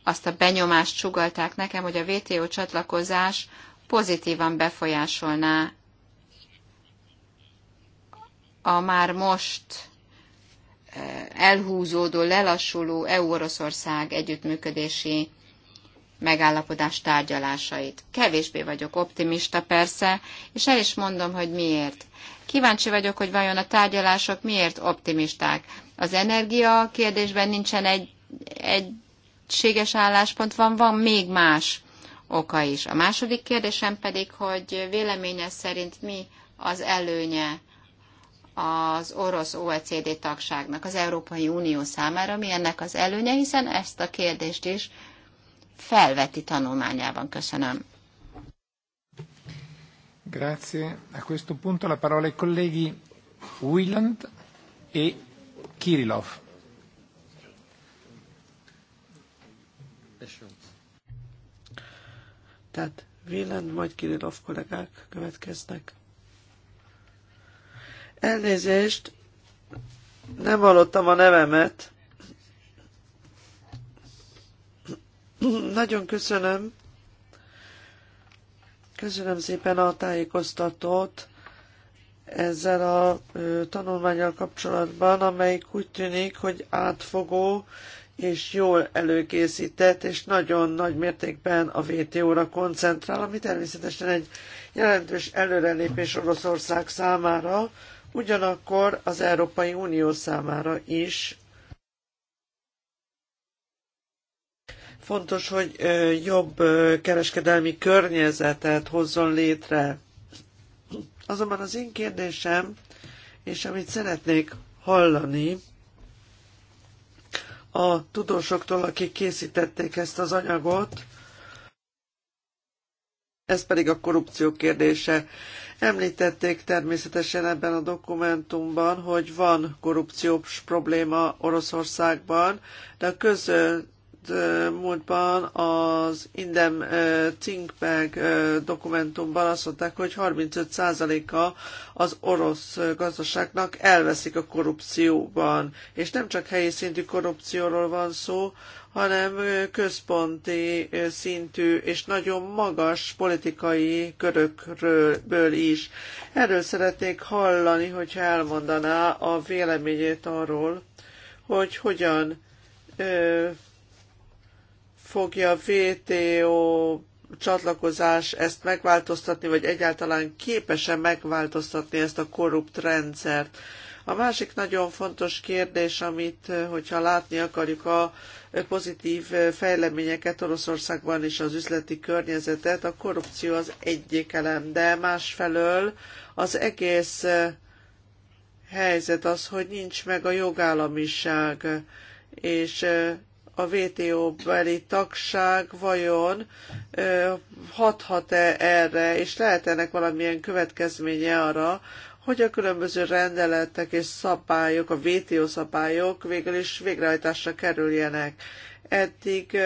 azt a benyomást sugalták nekem, hogy a WTO csatlakozás pozitívan befolyásolná a már most eh, elhúzódó, lelassuló EU-Oroszország együttműködési megállapodás tárgyalásait. Kevésbé vagyok optimista persze, és el is mondom, hogy miért. Kíváncsi vagyok, hogy vajon a tárgyalások miért optimisták. Az energia kérdésben nincsen egy, egységes álláspont, van, van még más oka is. A második kérdésem pedig, hogy véleménye szerint mi az előnye az orosz OECD tagságnak az Európai Unió számára, mi ennek az előnye, hiszen ezt a kérdést is felveti tanulmányában. Köszönöm. Grazie. A questo punto la parola ai colleghi Wieland e Kirillov. Tehát Wieland, majd kollégák következnek. Elnézést, nem hallottam a nevemet. Nagyon köszönöm. Köszönöm szépen a tájékoztatót ezzel a tanulmányal kapcsolatban, amelyik úgy tűnik, hogy átfogó és jól előkészített, és nagyon nagy mértékben a WTO-ra koncentrál, ami természetesen egy jelentős előrelépés Oroszország számára, ugyanakkor az Európai Unió számára is fontos, hogy jobb kereskedelmi környezetet hozzon létre. Azonban az én kérdésem, és amit szeretnék hallani a tudósoktól, akik készítették ezt az anyagot, ez pedig a korrupció kérdése. Említették természetesen ebben a dokumentumban, hogy van korrupciós probléma Oroszországban, de a közön elmúlt múltban az Indem Thinkpag dokumentumban azt mondták, hogy 35%-a az orosz gazdaságnak elveszik a korrupcióban. És nem csak helyi szintű korrupcióról van szó, hanem központi szintű és nagyon magas politikai körökről is. Erről szeretnék hallani, hogyha elmondaná a véleményét arról, hogy hogyan fogja VTO csatlakozás ezt megváltoztatni, vagy egyáltalán képes-e megváltoztatni ezt a korrupt rendszert. A másik nagyon fontos kérdés, amit, hogyha látni akarjuk a pozitív fejleményeket Oroszországban és az üzleti környezetet, a korrupció az egyik elem, de másfelől az egész helyzet az, hogy nincs meg a jogállamiság, és a WTO beli tagság vajon hathat-e erre, és lehet ennek valamilyen következménye arra, hogy a különböző rendeletek és szabályok, a WTO szabályok végül is végrehajtásra kerüljenek. Eddig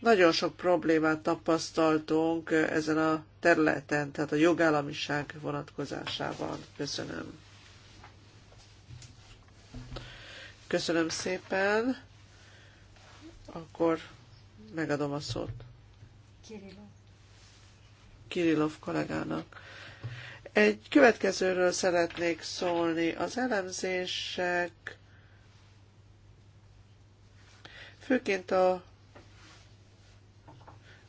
nagyon sok problémát tapasztaltunk ezen a területen, tehát a jogállamiság vonatkozásában. Köszönöm. Köszönöm szépen. Akkor megadom a szót. Kirillov. kollégának. Egy következőről szeretnék szólni. Az elemzések főként a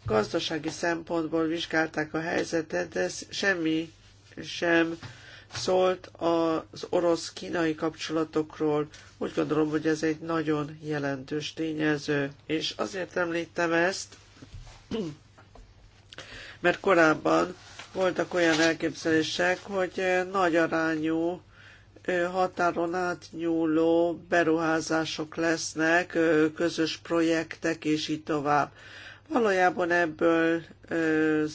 gazdasági szempontból vizsgálták a helyzetet, de ez semmi sem szólt az orosz-kínai kapcsolatokról. Úgy gondolom, hogy ez egy nagyon jelentős tényező, és azért említem ezt, mert korábban voltak olyan elképzelések, hogy nagy arányú határon átnyúló beruházások lesznek, közös projektek és így tovább. Valójában ebből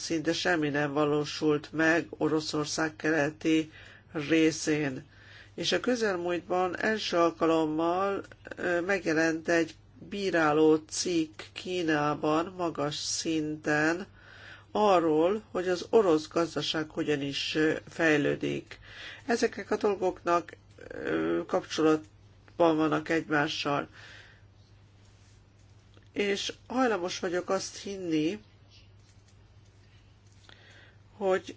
szinte semmi nem valósult meg Oroszország keleti részén. És a közelmúltban első alkalommal megjelent egy bíráló cikk Kínában magas szinten arról, hogy az orosz gazdaság hogyan is fejlődik. Ezeknek a dolgoknak kapcsolatban vannak egymással. És hajlamos vagyok azt hinni, hogy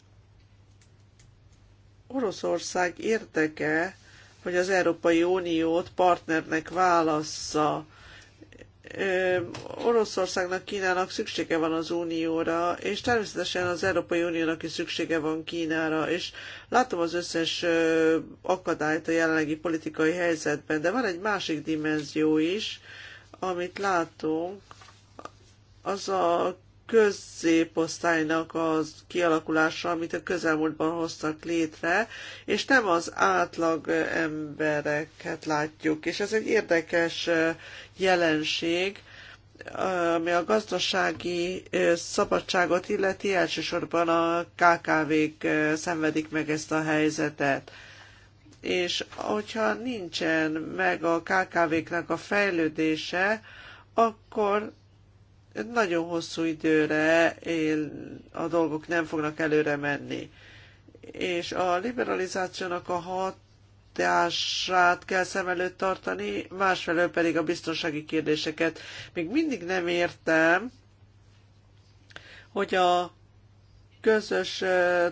Oroszország érdeke, hogy az Európai Uniót partnernek válassza. Oroszországnak, Kínának szüksége van az Unióra, és természetesen az Európai Uniónak is szüksége van Kínára, és látom az összes akadályt a jelenlegi politikai helyzetben, de van egy másik dimenzió is, amit látunk, az a középosztálynak az kialakulása, amit a közelmúltban hoztak létre, és nem az átlag embereket látjuk. És ez egy érdekes jelenség, ami a gazdasági szabadságot illeti, elsősorban a KKV-k szenvedik meg ezt a helyzetet. És hogyha nincsen meg a KKV-knak a fejlődése, akkor nagyon hosszú időre él, a dolgok nem fognak előre menni. És a liberalizációnak a hat hatását kell szem előtt tartani, másfelől pedig a biztonsági kérdéseket. Még mindig nem értem, hogy a közös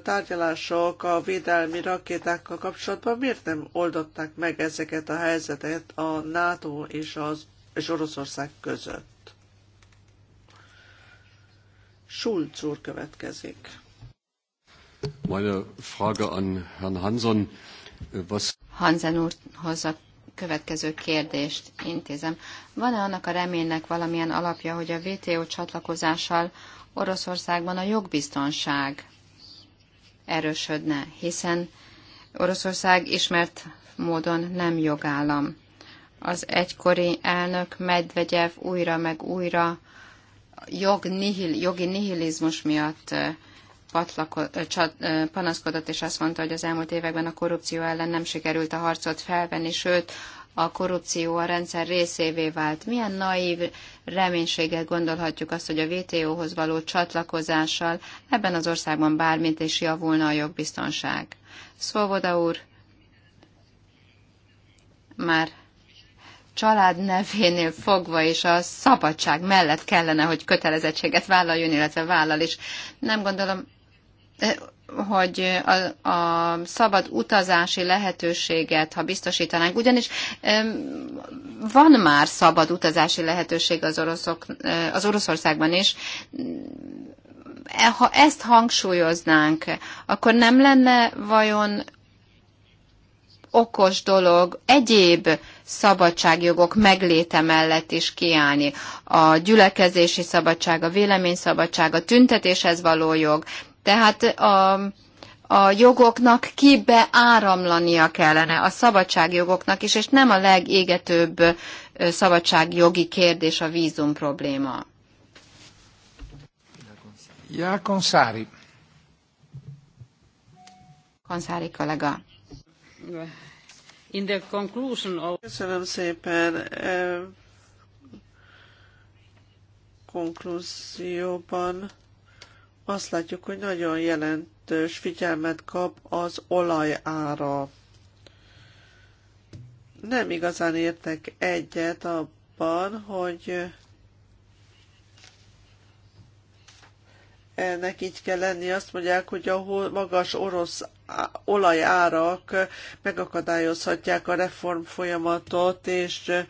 tárgyalások a védelmi rakétákkal kapcsolatban miért nem oldották meg ezeket a helyzetet a NATO és, az, és Oroszország között. Schulz úr következik. Meine Frage an Herrn Was... Hansen úrhoz a következő kérdést intézem. Van-e annak a reménynek valamilyen alapja, hogy a WTO csatlakozással Oroszországban a jogbiztonság erősödne, hiszen Oroszország ismert módon nem jogállam. Az egykori elnök Medvegyev újra meg újra jog nihil, jogi nihilizmus miatt patlako, csat, panaszkodott, és azt mondta, hogy az elmúlt években a korrupció ellen nem sikerült a harcot felvenni, sőt, a korrupció a rendszer részévé vált. Milyen naív reménységgel gondolhatjuk azt, hogy a WTO-hoz való csatlakozással ebben az országban bármit is javulna a jogbiztonság. Szóvoda úr, már család nevénél fogva és a szabadság mellett kellene, hogy kötelezettséget vállaljon, illetve vállal is. Nem gondolom, eh, hogy a, a szabad utazási lehetőséget, ha biztosítanánk, ugyanis van már szabad utazási lehetőség az, oroszok, eh, az Oroszországban is, eh, ha ezt hangsúlyoznánk, akkor nem lenne vajon okos dolog egyéb szabadságjogok megléte mellett is kiállni. A gyülekezési szabadság, a véleményszabadság, a tüntetéshez való jog. Tehát a, a jogoknak kibeáramlania kellene, a szabadságjogoknak is, és nem a legégetőbb szabadságjogi kérdés a vízum probléma. Ja, Konszári. Konszári kollega. In the conclusion of... Köszönöm szépen. Konklúzióban azt látjuk, hogy nagyon jelentős figyelmet kap az olajára. Nem igazán értek egyet abban, hogy ennek így kell lenni. Azt mondják, hogy a magas orosz olajárak megakadályozhatják a reform folyamatot, és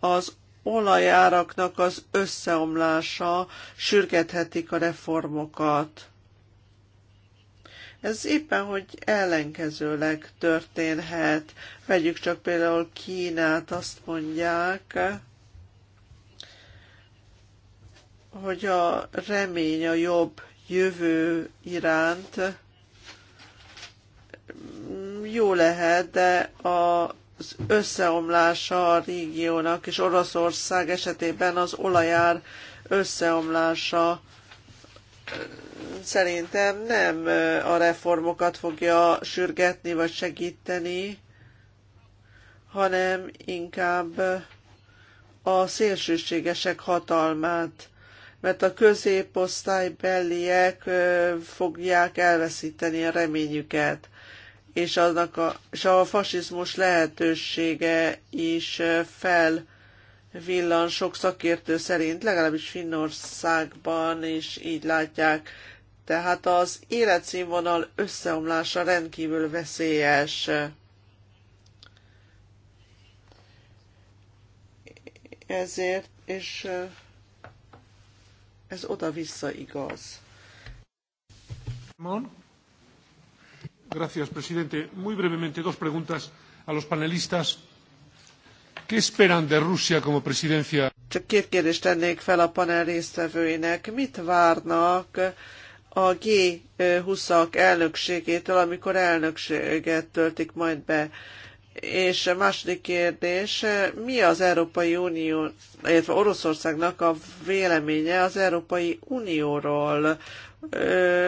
az olajáraknak az összeomlása sürgethetik a reformokat. Ez éppen, hogy ellenkezőleg történhet. Vegyük csak például Kínát, azt mondják, hogy a remény a jobb jövő iránt jó lehet, de az összeomlása a régiónak, és Oroszország esetében az olajár összeomlása szerintem nem a reformokat fogja sürgetni vagy segíteni, hanem inkább a szélsőségesek hatalmát, mert a középosztálybeliek fogják elveszíteni a reményüket és, annak a, és a fasizmus lehetősége is felvillan sok szakértő szerint, legalábbis Finnországban is így látják. Tehát az életszínvonal összeomlása rendkívül veszélyes. Ezért, és ez oda-vissza igaz. Mon? señor presidente. Muy brevemente, dos preguntas a los panelistas. ¿Qué esperan de Rusia como presidencia? Csak két kérdést tennék fel a panel résztvevőinek. Mit várnak a g 20 elnökségétől, amikor elnökséget töltik majd be? És a második kérdés, mi az Európai Unió, illetve Oroszországnak a véleménye az Európai Unióról?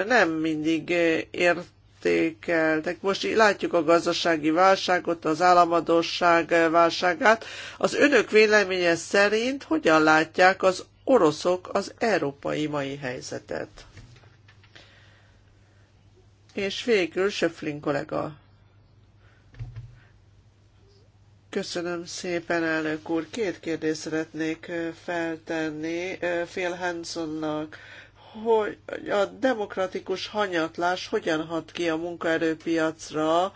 Nem mindig ért értékeltek. Most látjuk a gazdasági válságot, az államadosság válságát. Az önök véleménye szerint hogyan látják az oroszok az európai mai helyzetet? És végül Söflin kollega. Köszönöm szépen, elnök úr. Két kérdést szeretnék feltenni Phil Hansonnak hogy a demokratikus hanyatlás hogyan hat ki a munkaerőpiacra,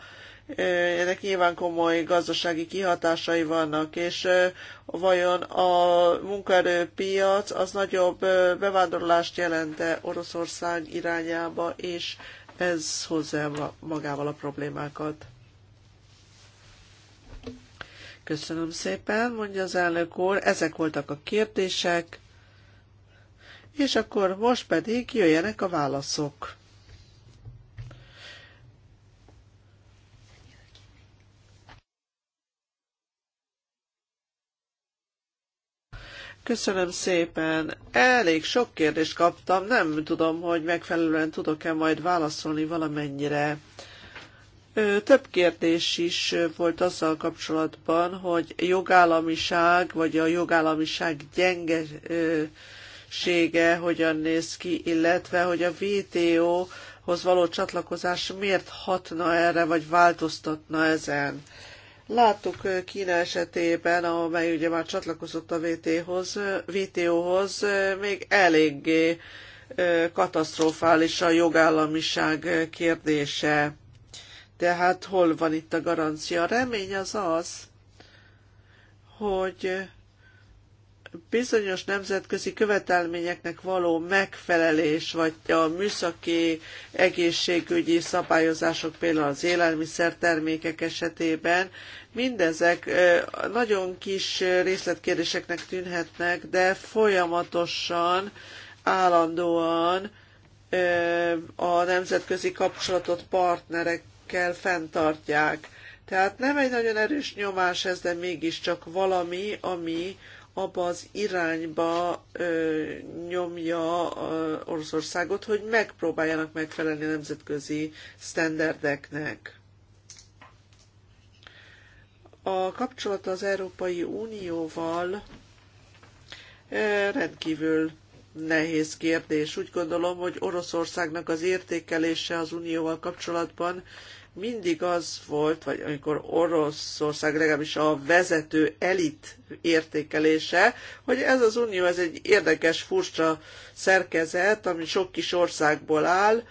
eh, ennek nyilván komoly gazdasági kihatásai vannak, és eh, vajon a munkaerőpiac az nagyobb eh, bevándorlást jelente Oroszország irányába, és ez hozzá magával a problémákat. Köszönöm szépen, mondja az elnök úr. Ezek voltak a kérdések. És akkor most pedig jöjjenek a válaszok. Köszönöm szépen. Elég sok kérdést kaptam, nem tudom, hogy megfelelően tudok-e majd válaszolni valamennyire. Több kérdés is volt azzal kapcsolatban, hogy jogállamiság, vagy a jogállamiság gyenge szüksége hogyan néz ki, illetve hogy a VTO-hoz való csatlakozás miért hatna erre, vagy változtatna ezen. Láttuk Kína esetében, amely ugye már csatlakozott a vto hoz VTO-hoz, még eléggé katasztrofális a jogállamiság kérdése. Tehát hol van itt a garancia? A remény az az, hogy bizonyos nemzetközi követelményeknek való megfelelés, vagy a műszaki egészségügyi szabályozások, például az élelmiszertermékek esetében, mindezek nagyon kis részletkérdéseknek tűnhetnek, de folyamatosan, állandóan a nemzetközi kapcsolatot partnerekkel fenntartják. Tehát nem egy nagyon erős nyomás ez, de mégiscsak valami, ami abba az irányba ö, nyomja ö, Oroszországot, hogy megpróbáljanak megfelelni a nemzetközi sztenderdeknek. A kapcsolat az Európai Unióval ö, rendkívül nehéz kérdés. Úgy gondolom, hogy Oroszországnak az értékelése az Unióval kapcsolatban mindig az volt, vagy amikor Oroszország legalábbis a vezető elit értékelése, hogy ez az unió, ez egy érdekes, furcsa szerkezet, ami sok kis országból áll,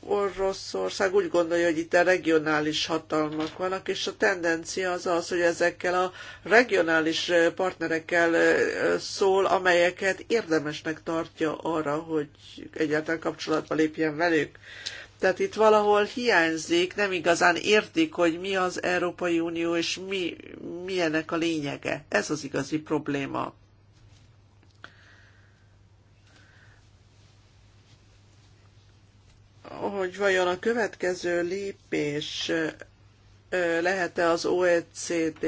Oroszország úgy gondolja, hogy itt a regionális hatalmak vannak, és a tendencia az az, hogy ezekkel a regionális partnerekkel szól, amelyeket érdemesnek tartja arra, hogy egyáltalán kapcsolatba lépjen velük. Tehát itt valahol hiányzik, nem igazán értik, hogy mi az Európai Unió, és mi, milyenek a lényege. Ez az igazi probléma. Hogy vajon a következő lépés lehet-e az OECD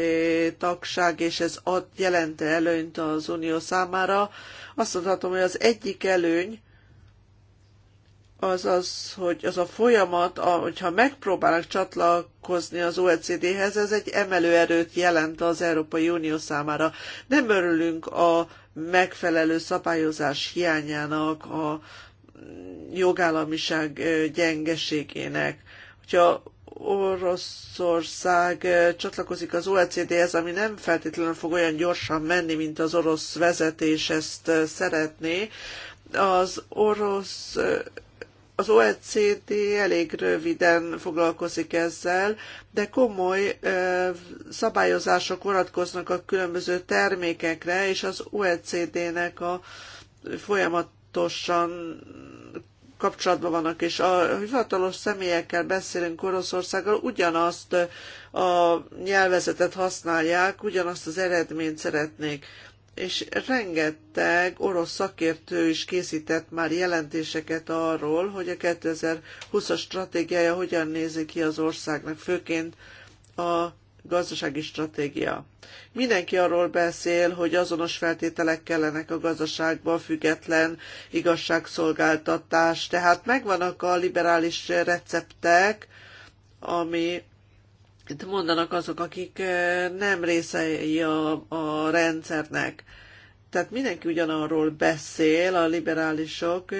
tagság, és ez ad jelente előnyt az Unió számára? Azt mondhatom, hogy az egyik előny, az az, hogy az a folyamat, hogyha megpróbálnak csatlakozni az OECD-hez, ez egy emelőerőt jelent az Európai Unió számára. Nem örülünk a megfelelő szabályozás hiányának, a jogállamiság gyengeségének. Hogyha Oroszország csatlakozik az OECD-hez, ami nem feltétlenül fog olyan gyorsan menni, mint az orosz vezetés ezt szeretné, az orosz az OECD elég röviden foglalkozik ezzel, de komoly szabályozások vonatkoznak a különböző termékekre, és az OECD-nek a folyamatosan kapcsolatban vannak, és a hivatalos személyekkel beszélünk Oroszországgal, ugyanazt a nyelvezetet használják, ugyanazt az eredményt szeretnék és rengeteg orosz szakértő is készített már jelentéseket arról, hogy a 2020-as stratégiája hogyan nézi ki az országnak, főként a gazdasági stratégia. Mindenki arról beszél, hogy azonos feltételek kellenek a gazdaságban, független igazságszolgáltatás, tehát megvannak a liberális receptek, ami mondanak azok, akik eh, nem részei a, a rendszernek. Tehát mindenki ugyanarról beszél, a liberálisok,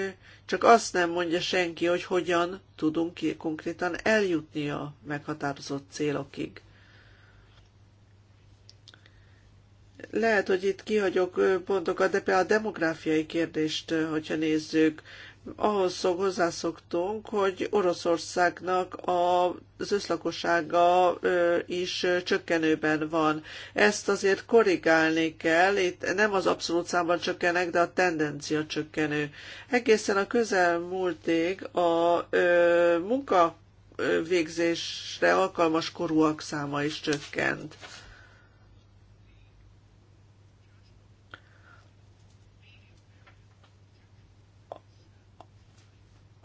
csak azt nem mondja senki, hogy hogyan tudunk konkrétan eljutni a meghatározott célokig. Lehet, hogy itt kihagyok eh, pontokat, de például a demográfiai kérdést, eh, hogyha nézzük, ahhoz hozzászoktunk, hogy Oroszországnak az összlakossága is csökkenőben van. Ezt azért korrigálni kell, itt nem az abszolút számban csökkenek, de a tendencia csökkenő. Egészen a közelmúltig a munka végzésre alkalmas korúak száma is csökkent.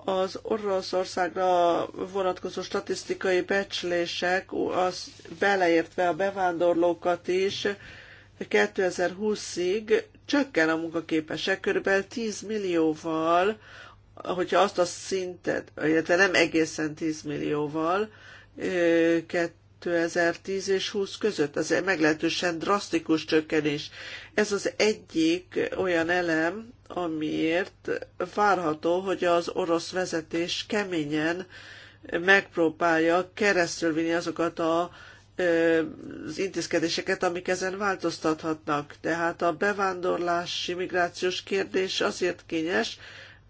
az Oroszországra vonatkozó statisztikai becslések, az beleértve a bevándorlókat is, 2020-ig csökken a munkaképesek körülbelül 10 millióval, hogyha azt a szintet, illetve nem egészen 10 millióval, 2010 és 20 között. Ez meglehetősen drasztikus csökkenés. Ez az egyik olyan elem, amiért várható, hogy az orosz vezetés keményen megpróbálja keresztülvinni azokat a az intézkedéseket, amik ezen változtathatnak. Tehát a bevándorlási migrációs kérdés azért kényes,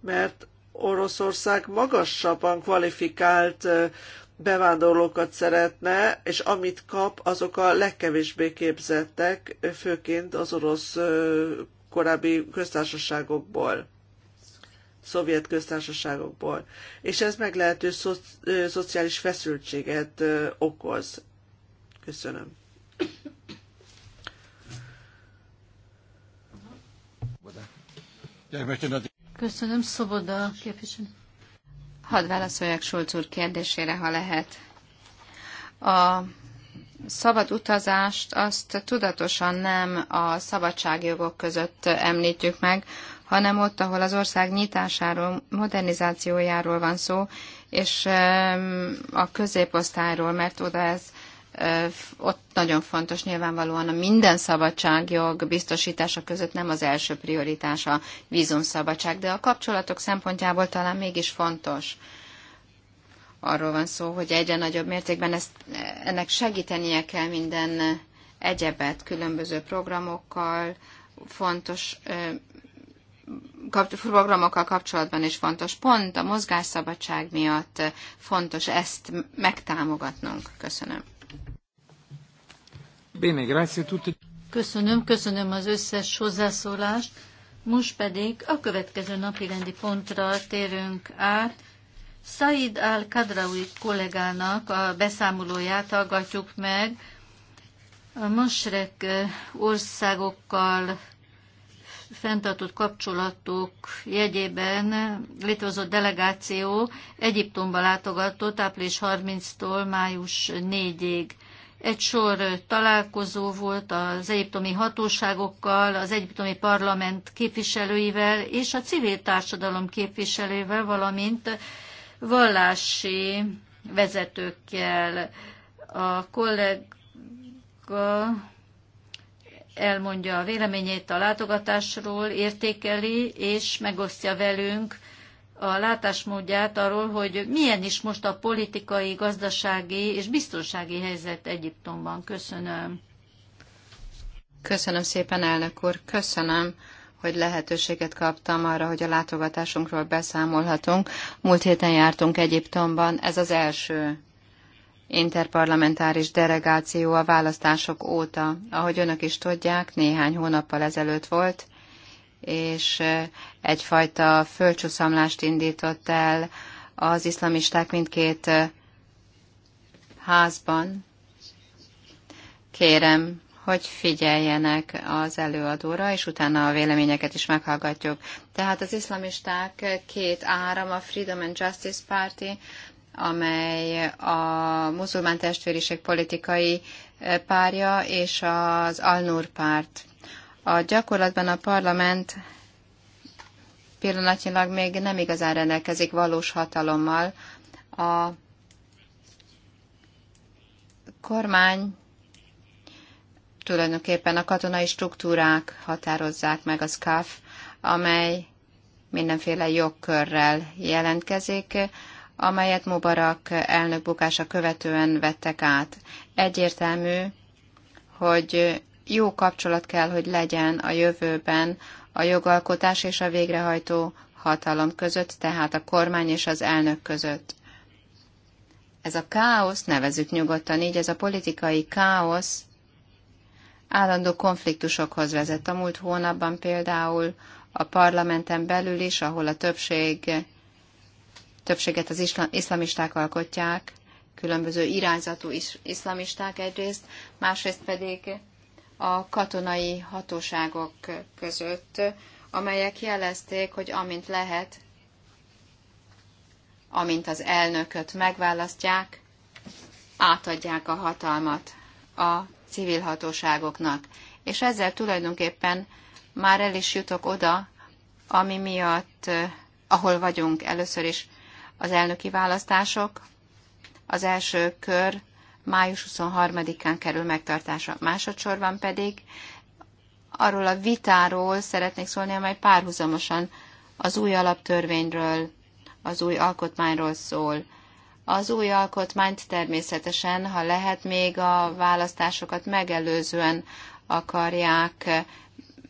mert Oroszország magasabban kvalifikált bevándorlókat szeretne, és amit kap, azok a legkevésbé képzettek, főként az orosz korábbi köztársaságokból szovjet köztársaságokból, és ez meglehető szo- szociális feszültséget okoz. Köszönöm. Köszönöm, Szoboda képviselő. Hadd válaszoljak Solc úr kérdésére, ha lehet. A szabad utazást azt tudatosan nem a szabadságjogok között említjük meg, hanem ott, ahol az ország nyitásáról, modernizációjáról van szó, és a középosztályról, mert oda ez ott nagyon fontos nyilvánvalóan a minden szabadságjog biztosítása között nem az első prioritás a vízumszabadság, de a kapcsolatok szempontjából talán mégis fontos arról van szó, hogy egyre nagyobb mértékben ezt, ennek segítenie kell minden egyebet különböző programokkal, fontos programokkal kapcsolatban is fontos. Pont a mozgásszabadság miatt fontos ezt megtámogatnunk. Köszönöm. Bene, grazie tutti. Köszönöm, köszönöm az összes hozzászólást. Most pedig a következő napi rendi pontra térünk át. Said al-Kadrawi kollégának a beszámolóját hallgatjuk meg. A Mosrek országokkal fenntartott kapcsolatok jegyében létrehozott delegáció Egyiptomba látogatott április 30-tól május 4-ig. Egy sor találkozó volt az egyiptomi hatóságokkal, az egyiptomi parlament képviselőivel és a civil társadalom képviselőivel, valamint vallási vezetőkkel. A kollega elmondja a véleményét a látogatásról, értékeli, és megosztja velünk a látásmódját arról, hogy milyen is most a politikai, gazdasági és biztonsági helyzet Egyiptomban. Köszönöm. Köszönöm szépen, elnök úr. Köszönöm hogy lehetőséget kaptam arra, hogy a látogatásunkról beszámolhatunk. Múlt héten jártunk Egyiptomban, ez az első interparlamentáris delegáció a választások óta. Ahogy önök is tudják, néhány hónappal ezelőtt volt, és eh, egyfajta földcsúszamlást indított el az iszlamisták mindkét eh, házban. Kérem, hogy figyeljenek az előadóra, és utána a véleményeket is meghallgatjuk. Tehát az iszlamisták két áram, a Freedom and Justice Party, amely a muzulmán testvériség politikai eh, párja, és az Al-Nur párt. A gyakorlatban a parlament pillanatnyilag még nem igazán rendelkezik valós hatalommal. A kormány tulajdonképpen a katonai struktúrák határozzák meg a SCAF, amely mindenféle jogkörrel jelentkezik, amelyet Mubarak elnök bukása követően vettek át. Egyértelmű, hogy jó kapcsolat kell, hogy legyen a jövőben a jogalkotás és a végrehajtó hatalom között, tehát a kormány és az elnök között. Ez a káosz, nevezük nyugodtan így, ez a politikai káosz állandó konfliktusokhoz vezet. A múlt hónapban például a parlamenten belül is, ahol a többség, többséget az iszlam, iszlamisták alkotják, különböző irányzatú is, iszlamisták egyrészt, másrészt pedig a katonai hatóságok között, amelyek jelezték, hogy amint lehet, amint az elnököt megválasztják, átadják a hatalmat a civil hatóságoknak. És ezzel tulajdonképpen már el is jutok oda, ami miatt, eh, ahol vagyunk először is az elnöki választások, az első kör május 23-án kerül megtartása. Másodszorban pedig arról a vitáról szeretnék szólni, amely párhuzamosan az új alaptörvényről, az új alkotmányról szól, az új alkotmányt természetesen, ha lehet, még a választásokat megelőzően akarják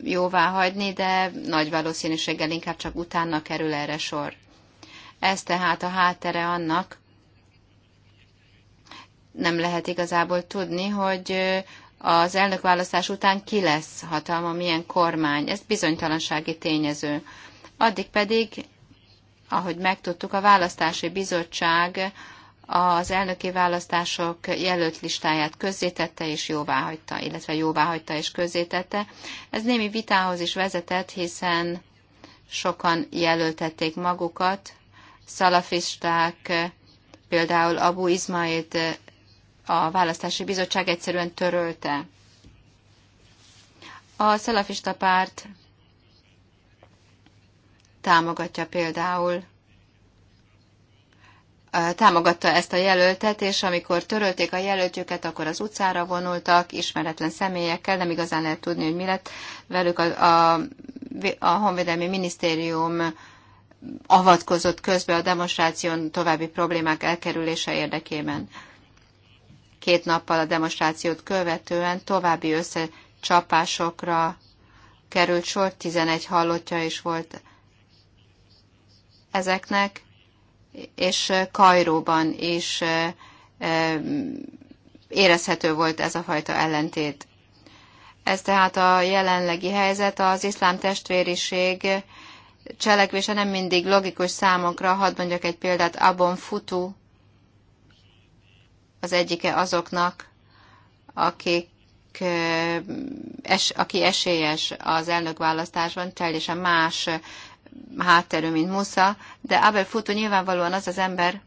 jóvá hagyni, de nagy valószínűséggel inkább csak utána kerül erre sor. Ez tehát a háttere annak, nem lehet igazából tudni, hogy az elnökválasztás után ki lesz hatalma, milyen kormány. Ez bizonytalansági tényező. Addig pedig ahogy megtudtuk, a választási bizottság az elnöki választások jelölt listáját közzétette és jóváhagyta, illetve jóváhagyta és közzétette. Ez némi vitához is vezetett, hiszen sokan jelöltették magukat, szalafisták, például Abu Izmaid a választási bizottság egyszerűen törölte. A szalafista párt támogatja például támogatta ezt a jelöltet, és amikor törölték a jelöltjüket, akkor az utcára vonultak, ismeretlen személyekkel, nem igazán lehet tudni, hogy mi lett velük. A, a, a Honvédelmi Minisztérium avatkozott közbe a demonstráción további problémák elkerülése érdekében. Két nappal a demonstrációt követően további összecsapásokra került sor, 11 hallottja is volt ezeknek, és Kajróban is érezhető volt ez a fajta ellentét. Ez tehát a jelenlegi helyzet, az iszlám testvériség cselekvése nem mindig logikus számokra. Hadd mondjak egy példát, Abon Futu az egyike azoknak, akik es, aki esélyes az elnökválasztásban, teljesen más hátterű, mint Musa, de Abel Futu nyilvánvalóan az az ember,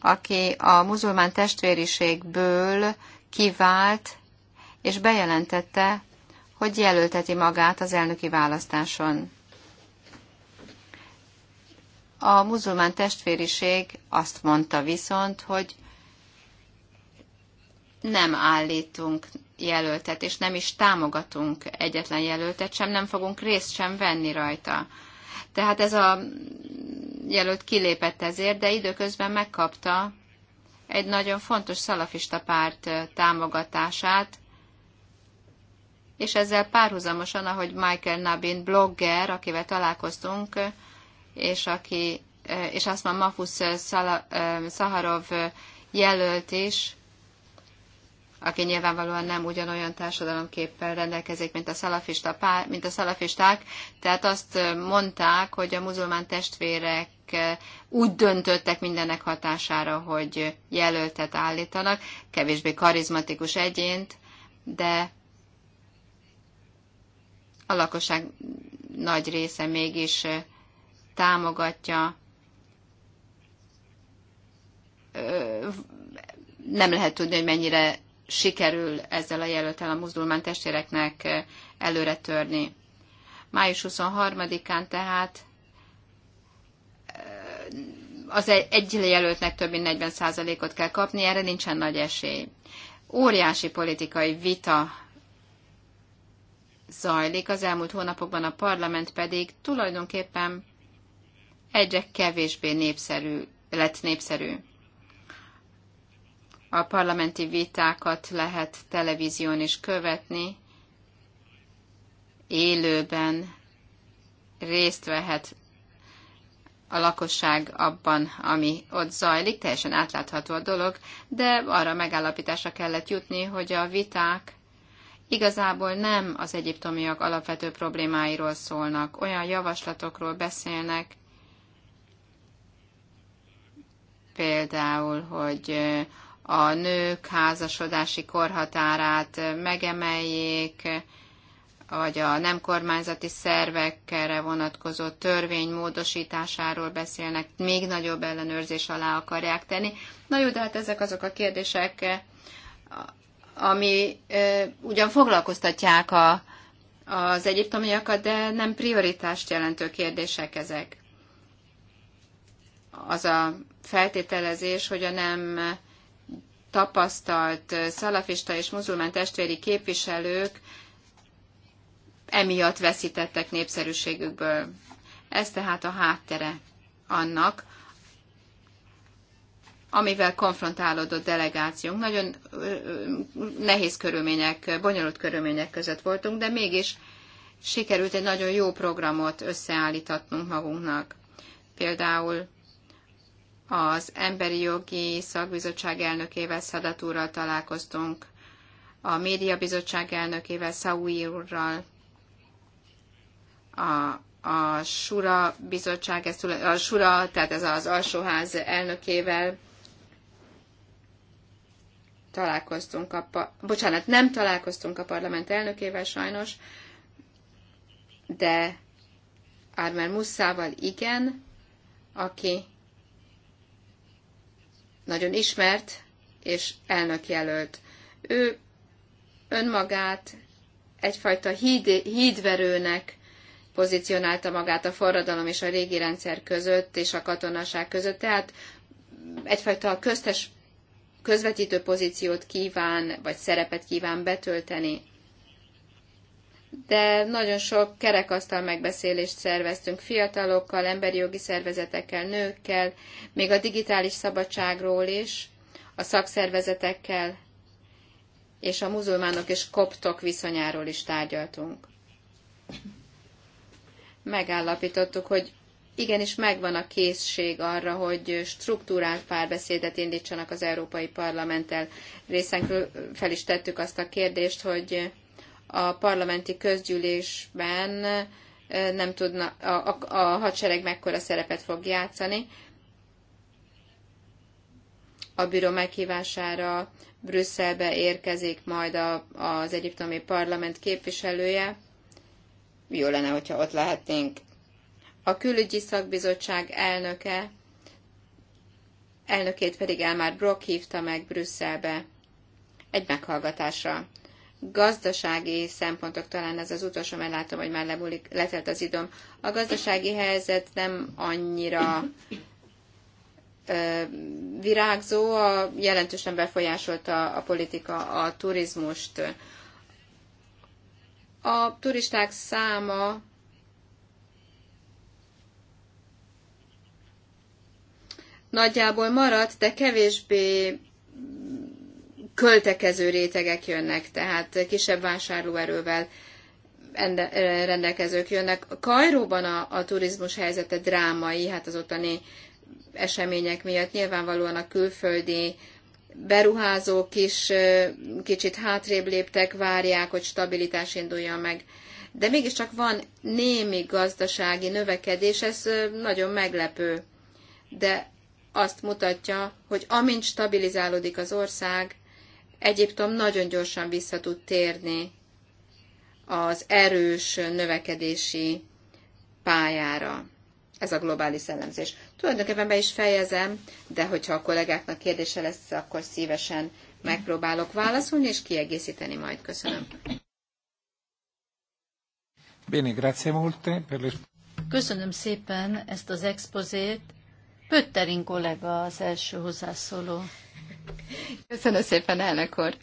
aki a muzulmán testvériségből kivált, és bejelentette, hogy jelölteti magát az elnöki választáson. A muzulmán testvériség azt mondta viszont, hogy nem állítunk jelöltet, és nem is támogatunk egyetlen jelöltet, sem nem fogunk részt sem venni rajta. Tehát ez a jelölt kilépett ezért, de időközben megkapta egy nagyon fontos szalafista párt támogatását, és ezzel párhuzamosan, ahogy Michael Nabin blogger, akivel találkoztunk, és aki és azt már Mafusz Szaharov jelölt is, aki nyilvánvalóan nem ugyanolyan társadalomképpel rendelkezik, mint a, szalafista, mint a szalafisták. Tehát azt mondták, hogy a muzulmán testvérek úgy döntöttek mindennek hatására, hogy jelöltet állítanak, kevésbé karizmatikus egyént, de a lakosság nagy része mégis támogatja nem lehet tudni, hogy mennyire sikerül ezzel a jelöltel a muzulmán testvéreknek eh, előre törni. Május 23-án tehát eh, az egy, jelöltnek több mint 40%-ot kell kapni, erre nincsen nagy esély. Óriási politikai vita zajlik az elmúlt hónapokban, a parlament pedig tulajdonképpen egyre kevésbé népszerű, lett népszerű. A parlamenti vitákat lehet televízión is követni, élőben részt vehet a lakosság abban, ami ott zajlik, teljesen átlátható a dolog, de arra megállapításra kellett jutni, hogy a viták igazából nem az egyiptomiak alapvető problémáiról szólnak, olyan javaslatokról beszélnek, például, hogy a nők házasodási korhatárát megemeljék, vagy a nem kormányzati szervekre vonatkozó törvény módosításáról beszélnek, még nagyobb ellenőrzés alá akarják tenni. Na jó, de hát ezek azok a kérdések, ami e, ugyan foglalkoztatják a, az egyiptomiakat, de nem prioritást jelentő kérdések ezek. Az a feltételezés, hogy a nem tapasztalt szalafista és muzulmán testvéri képviselők emiatt veszítettek népszerűségükből. Ez tehát a háttere annak, amivel konfrontálódott delegációnk. Nagyon nehéz körülmények, bonyolult körülmények között voltunk, de mégis sikerült egy nagyon jó programot összeállítatnunk magunknak. Például az Emberi Jogi Szakbizottság elnökével, Szadat úrral találkoztunk, a Médiabizottság elnökével, Szaui úrral, a, a Sura bizottság, ez, a Sura, tehát ez az alsóház elnökével találkoztunk a, bocsánat, nem találkoztunk a parlament elnökével sajnos, de Ármer Musszával igen, aki nagyon ismert és elnökjelölt. Ő önmagát egyfajta híd, hídverőnek pozícionálta magát a forradalom és a régi rendszer között és a katonaság között, tehát egyfajta köztes közvetítő pozíciót kíván, vagy szerepet kíván betölteni de nagyon sok kerekasztal megbeszélést szerveztünk fiatalokkal, emberi jogi szervezetekkel, nőkkel, még a digitális szabadságról is, a szakszervezetekkel, és a muzulmánok és koptok viszonyáról is tárgyaltunk. Megállapítottuk, hogy igenis megvan a készség arra, hogy struktúrált párbeszédet indítsanak az Európai Parlamenttel. Részenkről fel is tettük azt a kérdést, hogy a parlamenti közgyűlésben nem tudna, a, a, a hadsereg mekkora szerepet fog játszani. A bíró meghívására Brüsszelbe érkezik majd a, az egyiptomi parlament képviselője. Jó lenne, hogyha ott lehetnénk. A külügyi szakbizottság elnöke, elnökét pedig Elmar Brock hívta meg Brüsszelbe egy meghallgatásra gazdasági szempontok, talán ez az utolsó, mert látom, hogy már lebulik, letelt az időm. A gazdasági helyzet nem annyira virágzó, a, jelentősen befolyásolta a politika a turizmust. A turisták száma nagyjából maradt, de kevésbé költekező rétegek jönnek, tehát kisebb vásárlóerővel rendelkezők jönnek. Kajróban a, a turizmus helyzete drámai, hát az ottani események miatt nyilvánvalóan a külföldi beruházók is kicsit hátrébb léptek, várják, hogy stabilitás induljon meg. De mégiscsak van némi gazdasági növekedés, ez nagyon meglepő. De azt mutatja, hogy amint stabilizálódik az ország, Egyiptom nagyon gyorsan vissza tud térni az erős növekedési pályára. Ez a globális szellemzés. Tulajdonképpen be is fejezem, de hogyha a kollégáknak kérdése lesz, akkor szívesen megpróbálok válaszolni és kiegészíteni majd. Köszönöm. Bene, grazie molte per le... Köszönöm szépen ezt az expozét. Pötterin kollega az első hozzászóló. Köszönöm szépen, elnök úr.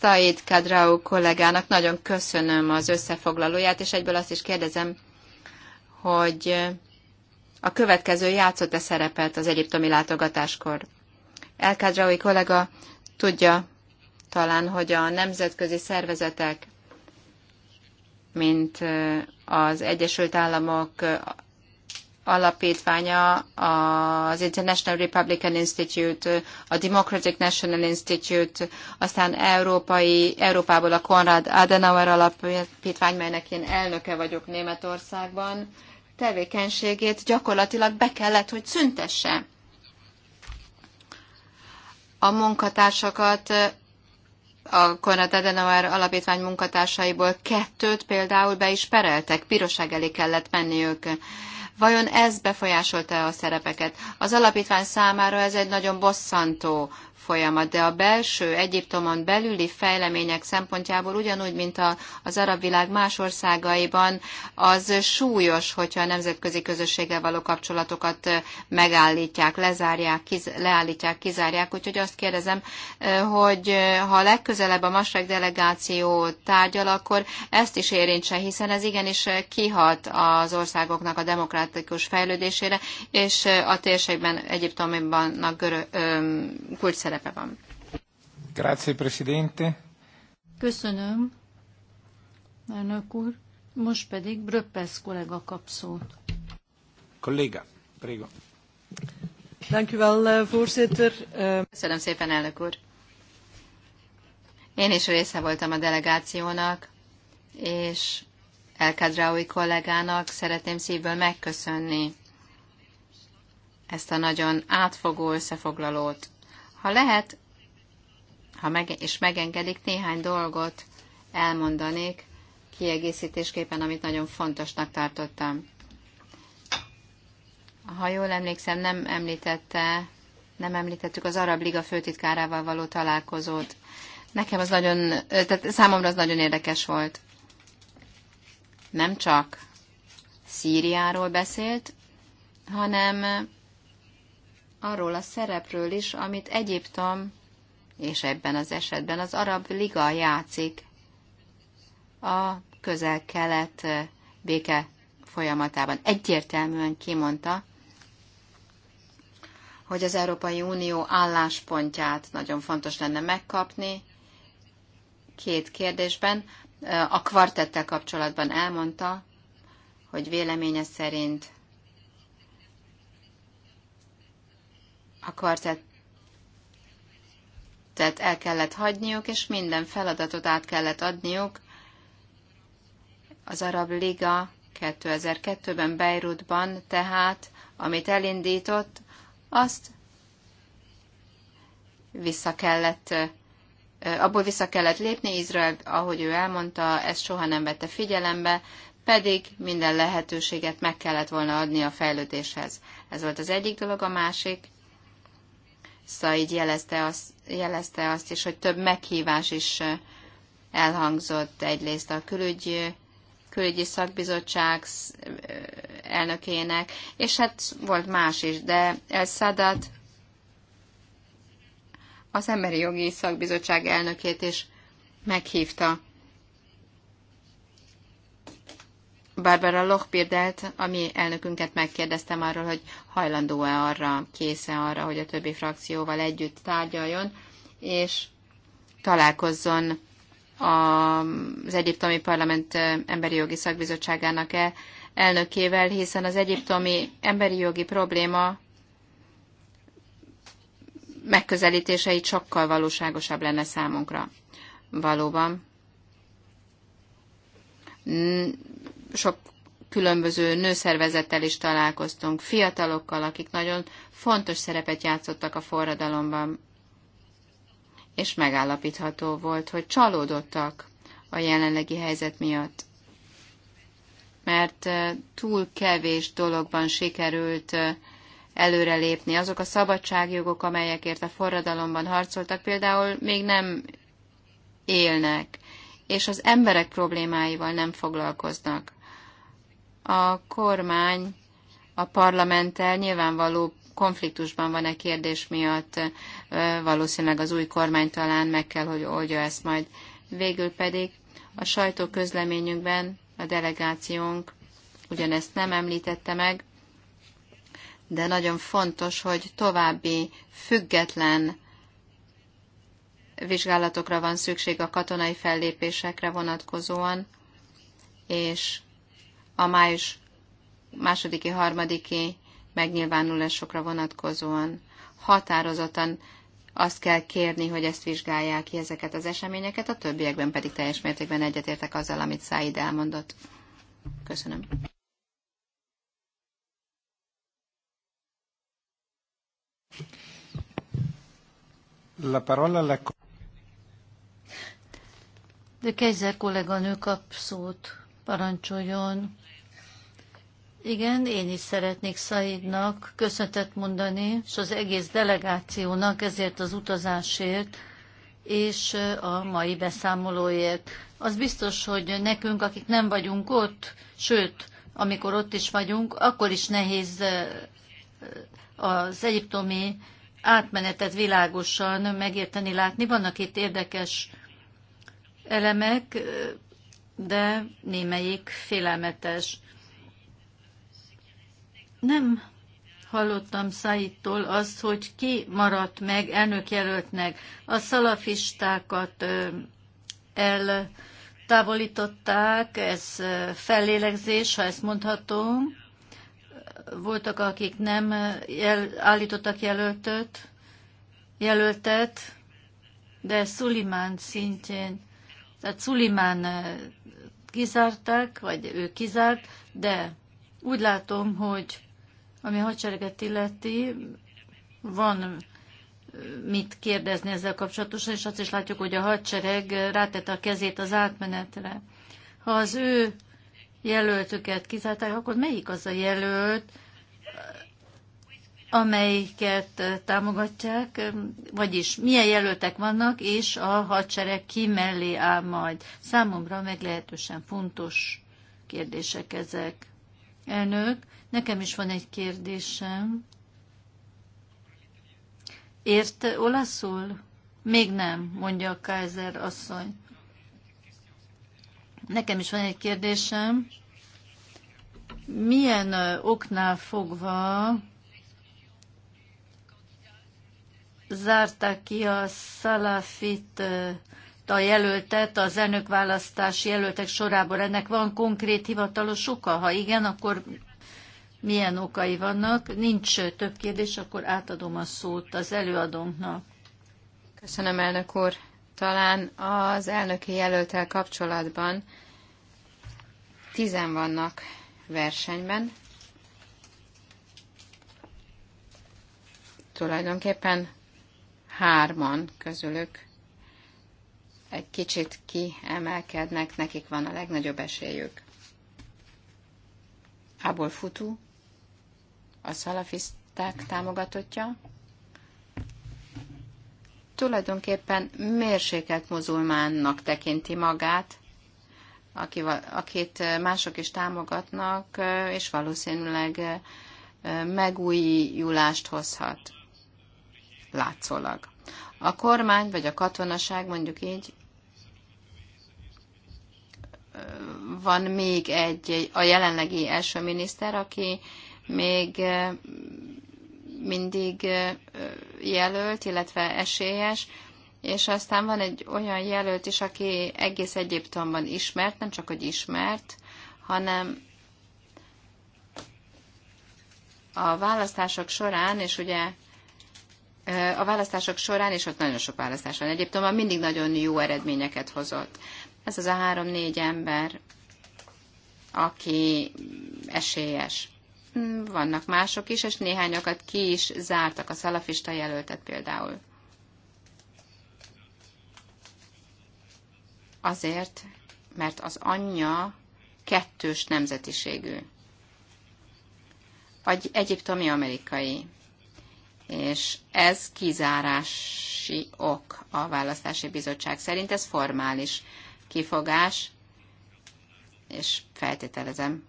Said Kadrau kollégának nagyon köszönöm az összefoglalóját, és egyből azt is kérdezem, hogy a következő játszott-e szerepet az egyiptomi látogatáskor? El Kadraui kollega tudja talán, hogy a nemzetközi szervezetek, mint az Egyesült Államok, alapítványa az International Republican Institute, a Democratic National Institute, aztán európai, Európából a Konrad Adenauer alapítvány, melynek én elnöke vagyok Németországban, tevékenységét gyakorlatilag be kellett, hogy szüntesse. A munkatársakat a Konrad Adenauer alapítvány munkatársaiból kettőt például be is pereltek, bíróság elé kellett menni ők Vajon ez befolyásolta a szerepeket? Az alapítvány számára ez egy nagyon bosszantó folyamat, de a belső Egyiptomon belüli fejlemények szempontjából ugyanúgy, mint a, az arab világ más országaiban, az súlyos, hogyha a nemzetközi közösséggel való kapcsolatokat megállítják, lezárják, kiz, leállítják, kizárják. Úgyhogy azt kérdezem, hogy ha legközelebb a Masrek delegáció tárgyal, akkor ezt is érintse, hiszen ez igenis kihat az országoknak a demokratikus fejlődésére, és a térségben Egyiptomban kulcs szerepe van. Grazie, Presidente. Köszönöm, elnök úr. Most pedig Bröppesz kollega kap szót. Kolléga, prego. Uh, uh, Köszönöm szépen, elnök úr. Én is része voltam a delegációnak, és Elkadraui kollégának szeretném szívből megköszönni ezt a nagyon átfogó összefoglalót. Ha lehet, ha meg, és megengedik, néhány dolgot elmondanék kiegészítésképpen, amit nagyon fontosnak tartottam. Ha jól emlékszem, nem említette, nem említettük az Arab Liga főtitkárával való találkozót. Nekem az nagyon, tehát számomra az nagyon érdekes volt. Nem csak Szíriáról beszélt, hanem arról a szerepről is, amit Egyiptom, és ebben az esetben az Arab Liga játszik a közel-kelet béke folyamatában. Egyértelműen kimondta, hogy az Európai Unió álláspontját nagyon fontos lenne megkapni. Két kérdésben. A kvartettel kapcsolatban elmondta, hogy véleménye szerint a tehát el kellett hagyniuk, és minden feladatot át kellett adniuk az Arab Liga 2002-ben Beirutban, tehát amit elindított, azt vissza kellett, abból vissza kellett lépni. Izrael, ahogy ő elmondta, ezt soha nem vette figyelembe, pedig minden lehetőséget meg kellett volna adni a fejlődéshez. Ez volt az egyik dolog, a másik Szaid jelezte azt, jelezte azt is, hogy több meghívás is elhangzott egyrészt a külügy, külügyi szakbizottság elnökének, és hát volt más is, de El Sadat az Emberi Jogi Szakbizottság elnökét is meghívta Barbara Lochbirdelt, ami elnökünket megkérdeztem arról, hogy hajlandó-e arra, késze arra, hogy a többi frakcióval együtt tárgyaljon, és találkozzon az egyiptomi parlament emberi jogi szakbizottságának -e elnökével, hiszen az egyiptomi emberi jogi probléma megközelítései sokkal valóságosabb lenne számunkra. Valóban sok különböző nőszervezettel is találkoztunk, fiatalokkal, akik nagyon fontos szerepet játszottak a forradalomban. És megállapítható volt, hogy csalódottak a jelenlegi helyzet miatt. Mert eh, túl kevés dologban sikerült eh, előrelépni. Azok a szabadságjogok, amelyekért a forradalomban harcoltak, például még nem élnek, és az emberek problémáival nem foglalkoznak a kormány a parlamenttel nyilvánvaló konfliktusban van egy kérdés miatt, valószínűleg az új kormány talán meg kell, hogy oldja ezt majd. Végül pedig a sajtó közleményünkben a delegációnk ugyanezt nem említette meg, de nagyon fontos, hogy további független vizsgálatokra van szükség a katonai fellépésekre vonatkozóan, és a május másodiki, harmadiki megnyilvánulásokra vonatkozóan határozottan azt kell kérni, hogy ezt vizsgálják ki ezeket az eseményeket, a többiekben pedig teljes mértékben egyetértek azzal, amit Száid elmondott. Köszönöm. La parola la... De Kejzer kolléganő kap szót, parancsoljon. Igen, én is szeretnék Szaidnak köszönetet mondani, és az egész delegációnak ezért az utazásért, és a mai beszámolóért. Az biztos, hogy nekünk, akik nem vagyunk ott, sőt, amikor ott is vagyunk, akkor is nehéz az egyiptomi átmenetet világosan megérteni, látni. Vannak itt érdekes elemek, de némelyik félelmetes nem hallottam Szaittól azt, hogy ki maradt meg elnökjelöltnek. A szalafistákat eltávolították, ez fellélegzés, ha ezt mondhatom. Voltak, akik nem jel, állítottak jelöltöt, jelöltet, de Szulimán szintjén, tehát Szulimán kizárták, vagy ő kizárt, de úgy látom, hogy ami a hadsereget illeti, van mit kérdezni ezzel kapcsolatosan, és azt is látjuk, hogy a hadsereg rátette a kezét az átmenetre. Ha az ő jelöltüket kizárták, akkor melyik az a jelölt, amelyiket támogatják, vagyis milyen jelöltek vannak, és a hadsereg ki mellé áll majd. Számomra meglehetősen fontos kérdések ezek. Elnök, Nekem is van egy kérdésem. Ért olaszul? Még nem, mondja a Kaiser asszony. Nekem is van egy kérdésem. Milyen oknál fogva zárták ki a szalafit a jelöltet, az elnökválasztási jelöltek sorából. Ennek van konkrét hivatalos oka? Ha igen, akkor milyen okai vannak. Nincs több kérdés, akkor átadom a szót az előadónknak. Köszönöm, elnök úr. Talán az elnöki jelöltel kapcsolatban tizen vannak versenyben. Tulajdonképpen hárman közülük egy kicsit kiemelkednek, nekik van a legnagyobb esélyük. Abol Futu, a szalafiszták támogatottja, tulajdonképpen mérsékelt muzulmánnak tekinti magát, akit mások is támogatnak, és valószínűleg megújulást hozhat látszólag. A kormány vagy a katonaság, mondjuk így, van még egy, a jelenlegi első miniszter, aki még mindig jelölt, illetve esélyes, és aztán van egy olyan jelölt is, aki egész Egyiptomban ismert, nem csak hogy ismert, hanem a választások során, és ugye a választások során, és ott nagyon sok választás van Egyiptomban, mindig nagyon jó eredményeket hozott. Ez az a három-négy ember, aki esélyes vannak mások is, és néhányakat ki is zártak, a szalafista jelöltet például. Azért, mert az anyja kettős nemzetiségű. Egy egyiptomi amerikai. És ez kizárási ok a választási bizottság szerint, ez formális kifogás, és feltételezem,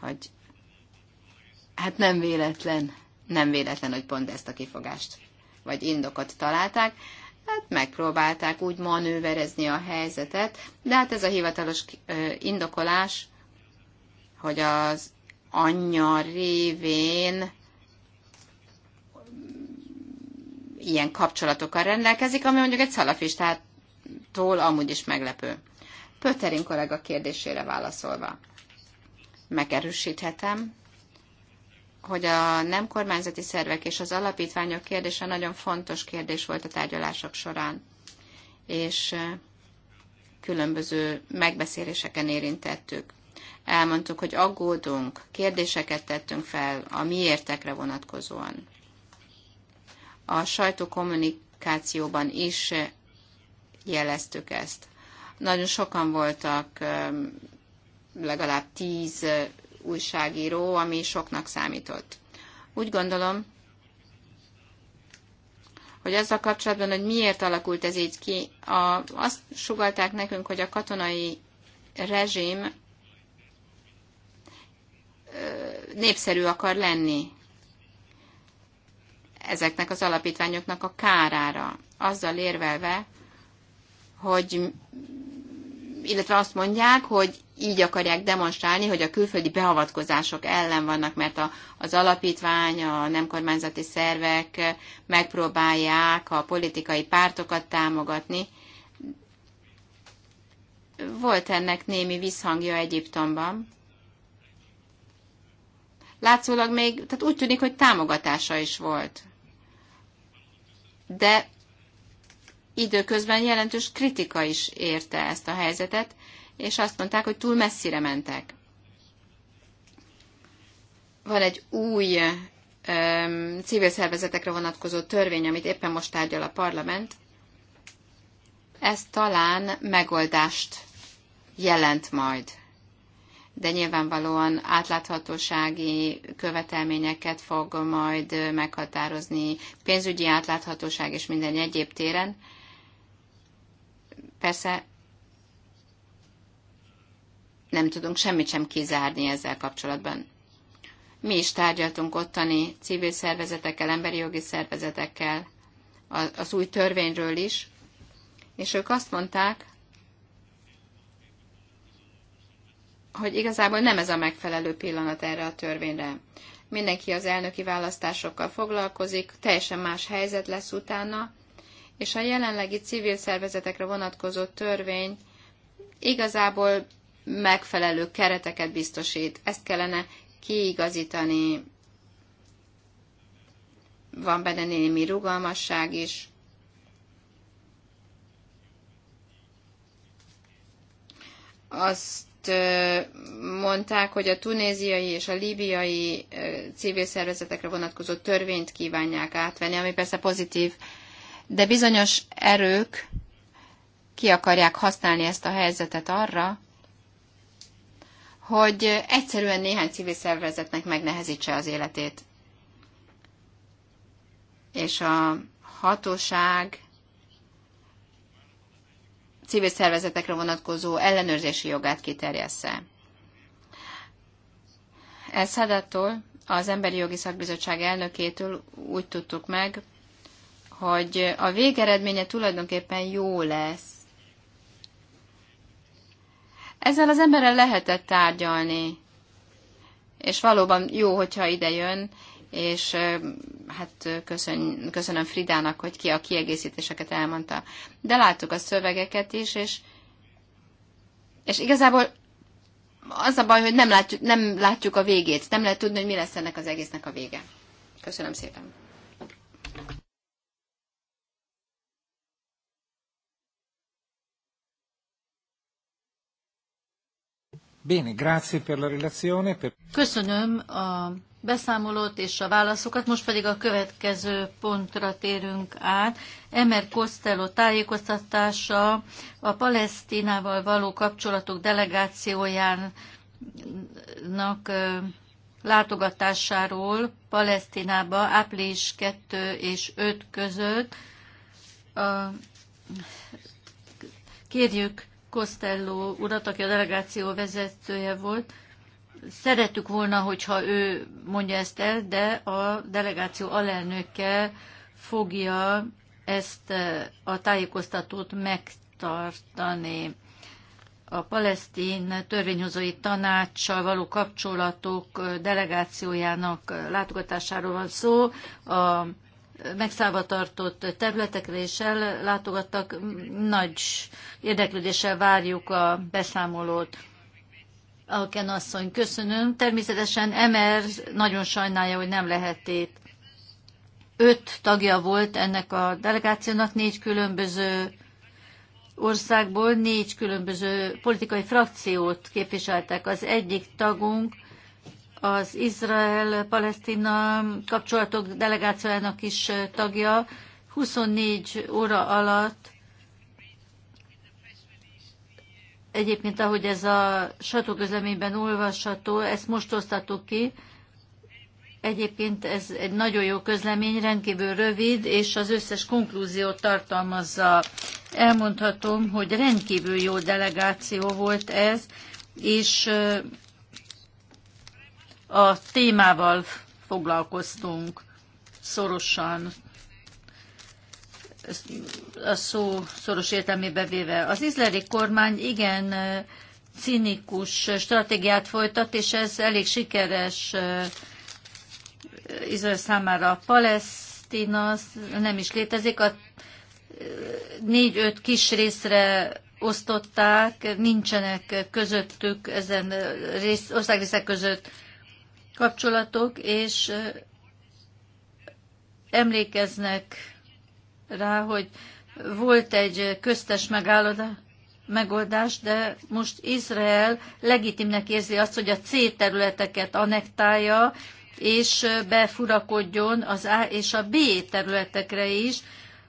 hogy hát nem véletlen, nem véletlen, hogy pont ezt a kifogást vagy indokot találták. Hát megpróbálták úgy manőverezni a helyzetet, de hát ez a hivatalos indokolás, hogy az anyja révén ilyen kapcsolatokkal rendelkezik, ami mondjuk egy szalafistától amúgy is meglepő. Pöterin kollega kérdésére válaszolva. Megerősíthetem, hogy a nem kormányzati szervek és az alapítványok kérdése nagyon fontos kérdés volt a tárgyalások során, és különböző megbeszéléseken érintettük. Elmondtuk, hogy aggódunk, kérdéseket tettünk fel a mi értekre vonatkozóan. A sajtókommunikációban is jeleztük ezt. Nagyon sokan voltak, legalább tíz újságíró, ami soknak számított. Úgy gondolom, hogy azzal kapcsolatban, hogy miért alakult ez így ki, a, azt sugalták nekünk, hogy a katonai rezsim népszerű akar lenni ezeknek az alapítványoknak a kárára, azzal érvelve, hogy illetve azt mondják, hogy így akarják demonstrálni, hogy a külföldi beavatkozások ellen vannak, mert a, az alapítvány, a nem kormányzati szervek megpróbálják a politikai pártokat támogatni. Volt ennek némi visszhangja Egyiptomban. Látszólag még, tehát úgy tűnik, hogy támogatása is volt. De időközben jelentős kritika is érte ezt a helyzetet, és azt mondták, hogy túl messzire mentek. Van egy új um, civil szervezetekre vonatkozó törvény, amit éppen most tárgyal a parlament. Ez talán megoldást jelent majd. De nyilvánvalóan átláthatósági követelményeket fog majd meghatározni pénzügyi átláthatóság és minden egyéb téren Persze nem tudunk semmit sem kizárni ezzel kapcsolatban. Mi is tárgyaltunk ottani civil szervezetekkel, emberi jogi szervezetekkel, az új törvényről is, és ők azt mondták, hogy igazából nem ez a megfelelő pillanat erre a törvényre. Mindenki az elnöki választásokkal foglalkozik, teljesen más helyzet lesz utána, és a jelenlegi civil szervezetekre vonatkozó törvény igazából megfelelő kereteket biztosít. Ezt kellene kiigazítani. Van benne némi rugalmasság is. Azt mondták, hogy a tunéziai és a líbiai civil szervezetekre vonatkozó törvényt kívánják átvenni, ami persze pozitív de bizonyos erők ki akarják használni ezt a helyzetet arra, hogy egyszerűen néhány civil szervezetnek megnehezítse az életét. És a hatóság civil szervezetekre vonatkozó ellenőrzési jogát kiterjessze. El Szadattól, az Emberi Jogi Szakbizottság elnökétől úgy tudtuk meg, hogy a végeredménye tulajdonképpen jó lesz. Ezzel az emberrel lehetett tárgyalni, és valóban jó, hogyha ide jön, és hát köszön, köszönöm Fridának, hogy ki a kiegészítéseket elmondta. De láttuk a szövegeket is, és, és igazából az a baj, hogy nem látjuk, nem látjuk a végét, nem lehet tudni, hogy mi lesz ennek az egésznek a vége. Köszönöm szépen. Bene, grazie per la relazione. Per... Köszönöm a beszámolót és a válaszokat. Most pedig a következő pontra térünk át. Emer Costello tájékoztatása a Palesztinával való kapcsolatok delegációjának látogatásáról Palesztinába április 2 és 5 között. Kérjük Costello urat, aki a delegáció vezetője volt. Szerettük volna, hogyha ő mondja ezt el, de a delegáció alelnöke fogja ezt e, a tájékoztatót megtartani. A palesztin törvényhozói tanácssal való kapcsolatok e, delegációjának e, látogatásáról van szó. A megszállva tartott területekre is ellátogattak. Nagy érdeklődéssel várjuk a beszámolót. Alken asszony, köszönöm. Természetesen MR nagyon sajnálja, hogy nem lehet itt. Öt tagja volt ennek a delegációnak, négy különböző országból, négy különböző politikai frakciót képviseltek. Az egyik tagunk az Izrael-Palesztina kapcsolatok delegációjának is tagja. 24 óra alatt egyébként, ahogy ez a sajtóközleményben olvasható, ezt most osztatok ki, Egyébként ez egy nagyon jó közlemény, rendkívül rövid, és az összes konklúziót tartalmazza. Elmondhatom, hogy rendkívül jó delegáció volt ez, és a témával foglalkoztunk szorosan, a szó szoros értelmébe véve. Az izraeli kormány igen cinikus stratégiát folytat, és ez elég sikeres Izrael számára. A Palesztina nem is létezik, a négy-öt kis részre osztották, nincsenek közöttük, ezen rész, országrészek között kapcsolatok, és emlékeznek rá, hogy volt egy köztes megoldás, de most Izrael legitimnek érzi azt, hogy a C területeket anektálja, és befurakodjon az A és a B területekre is,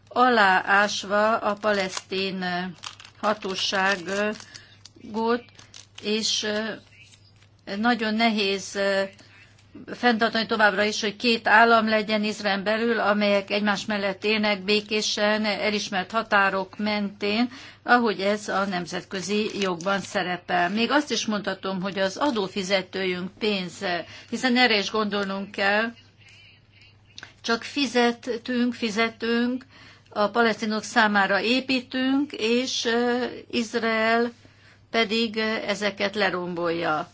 aláásva a palesztin hatóságot, és nagyon nehéz fenntartani továbbra is, hogy két állam legyen Izrael belül, amelyek egymás mellett élnek békésen, elismert határok mentén, ahogy ez a nemzetközi jogban szerepel. Még azt is mondhatom, hogy az adófizetőjünk pénze, hiszen erre is gondolnunk kell, csak fizetünk, fizetünk, a palesztinok számára építünk, és eh, Izrael pedig eh, ezeket lerombolja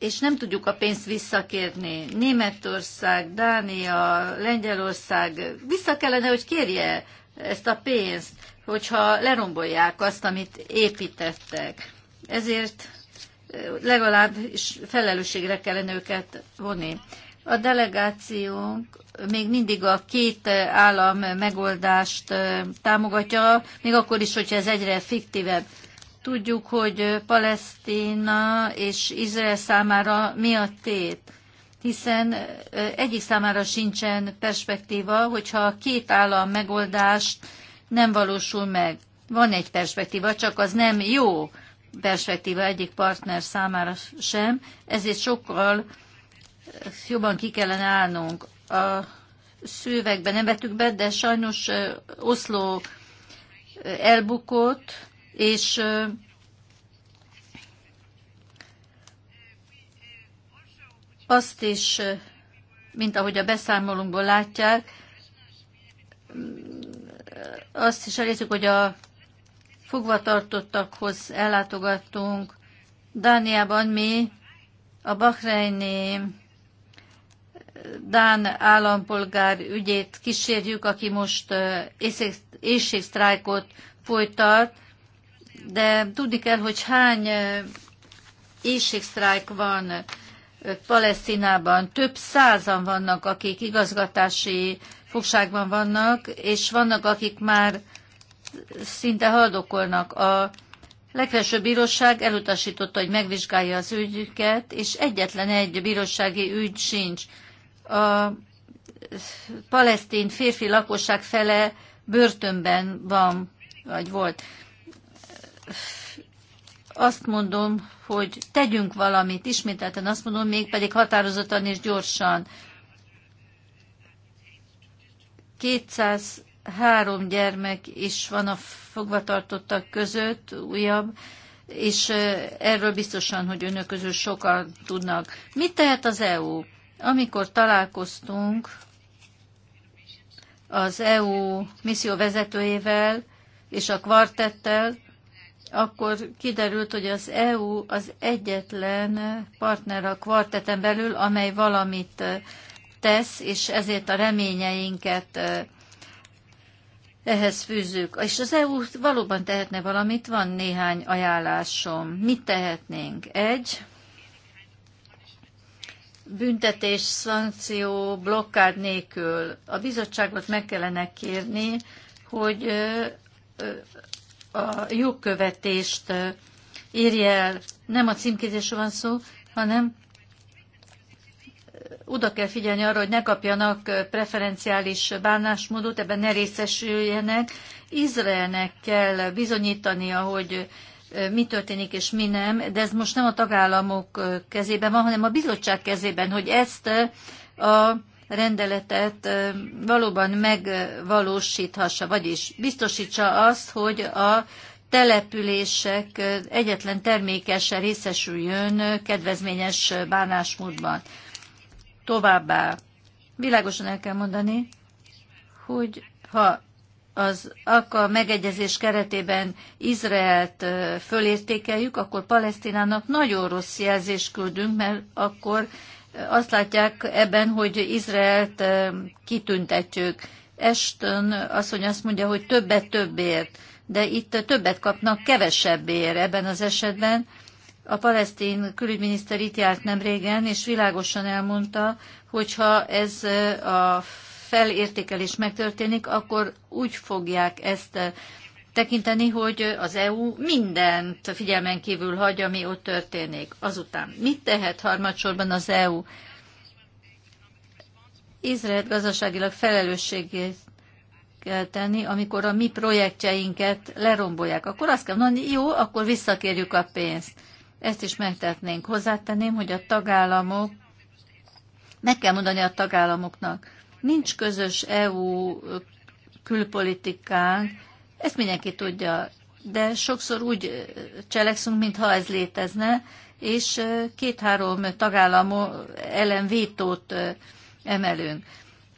és nem tudjuk a pénzt visszakérni. Németország, Dánia, Lengyelország vissza kellene, hogy kérje ezt a pénzt, hogyha lerombolják azt, amit építettek. Ezért legalább felelősségre kellene őket vonni. A delegációnk még mindig a két állam megoldást támogatja, még akkor is, hogyha ez egyre fiktívebb. Tudjuk, hogy Palesztina és Izrael számára mi a tét, hiszen egyik számára sincsen perspektíva, hogyha két állam megoldást nem valósul meg. Van egy perspektíva, csak az nem jó perspektíva egyik partner számára sem, ezért sokkal jobban ki kellene állnunk. A szövegben nem vettük be, de sajnos Oszló elbukott, és azt is, mint ahogy a beszámolunkból látják, azt is elértük, hogy a fogvatartottakhoz ellátogattunk. Dániában mi a Bahreini Dán állampolgár ügyét kísérjük, aki most éjségsztrájkot folytat, de tudni kell, hogy hány éjségsztrájk van Palesztinában. Több százan vannak, akik igazgatási fogságban vannak, és vannak, akik már szinte haldokolnak. A legfelsőbb bíróság elutasította, hogy megvizsgálja az ügyüket, és egyetlen egy bírósági ügy sincs. A palesztin férfi lakosság fele börtönben van, vagy volt azt mondom, hogy tegyünk valamit, ismételten azt mondom, mégpedig határozottan és gyorsan. 203 gyermek is van a fogvatartottak között, újabb, és erről biztosan, hogy önök közül sokan tudnak. Mit tehet az EU? Amikor találkoztunk az EU misszió vezetőjével és a kvartettel, akkor kiderült, hogy az EU az egyetlen partner a kvarteten belül, amely valamit tesz, és ezért a reményeinket ehhez fűzzük. És az EU valóban tehetne valamit, van néhány ajánlásom. Mit tehetnénk? Egy, büntetés, szankció, blokkád nélkül. A bizottságot meg kellene kérni, hogy a jogkövetést írja el. Nem a címkézésről van szó, hanem oda kell figyelni arra, hogy ne kapjanak preferenciális bánásmódot, ebben ne részesüljenek. Izraelnek kell bizonyítania, hogy mi történik és mi nem, de ez most nem a tagállamok kezében van, hanem a bizottság kezében, hogy ezt a rendeletet valóban megvalósíthassa, vagyis biztosítsa azt, hogy a települések egyetlen termékese részesüljön kedvezményes bánásmódban. Továbbá világosan el kell mondani, hogy ha az AKA megegyezés keretében Izraelt fölértékeljük, akkor Palesztinának nagyon rossz jelzést küldünk, mert akkor azt látják ebben, hogy Izraelt kitüntetjük. Eston asszony azt mondja, hogy többet többért, de itt többet kapnak kevesebbért ebben az esetben. A palesztin külügyminiszter itt járt nem régen, és világosan elmondta, hogyha ez a felértékelés megtörténik, akkor úgy fogják ezt tekinteni, hogy az EU mindent figyelmen kívül hagy, ami ott történik. Azután mit tehet harmadsorban az EU? Izrael gazdaságilag felelősségét kell tenni, amikor a mi projektjeinket lerombolják. Akkor azt kell mondani, jó, akkor visszakérjük a pénzt. Ezt is megtetnénk. Hozzátenném, hogy a tagállamok, meg kell mondani a tagállamoknak, nincs közös EU külpolitikánk, ezt mindenki tudja, de sokszor úgy cselekszünk, mintha ez létezne, és két-három tagállam ellen vétót emelünk.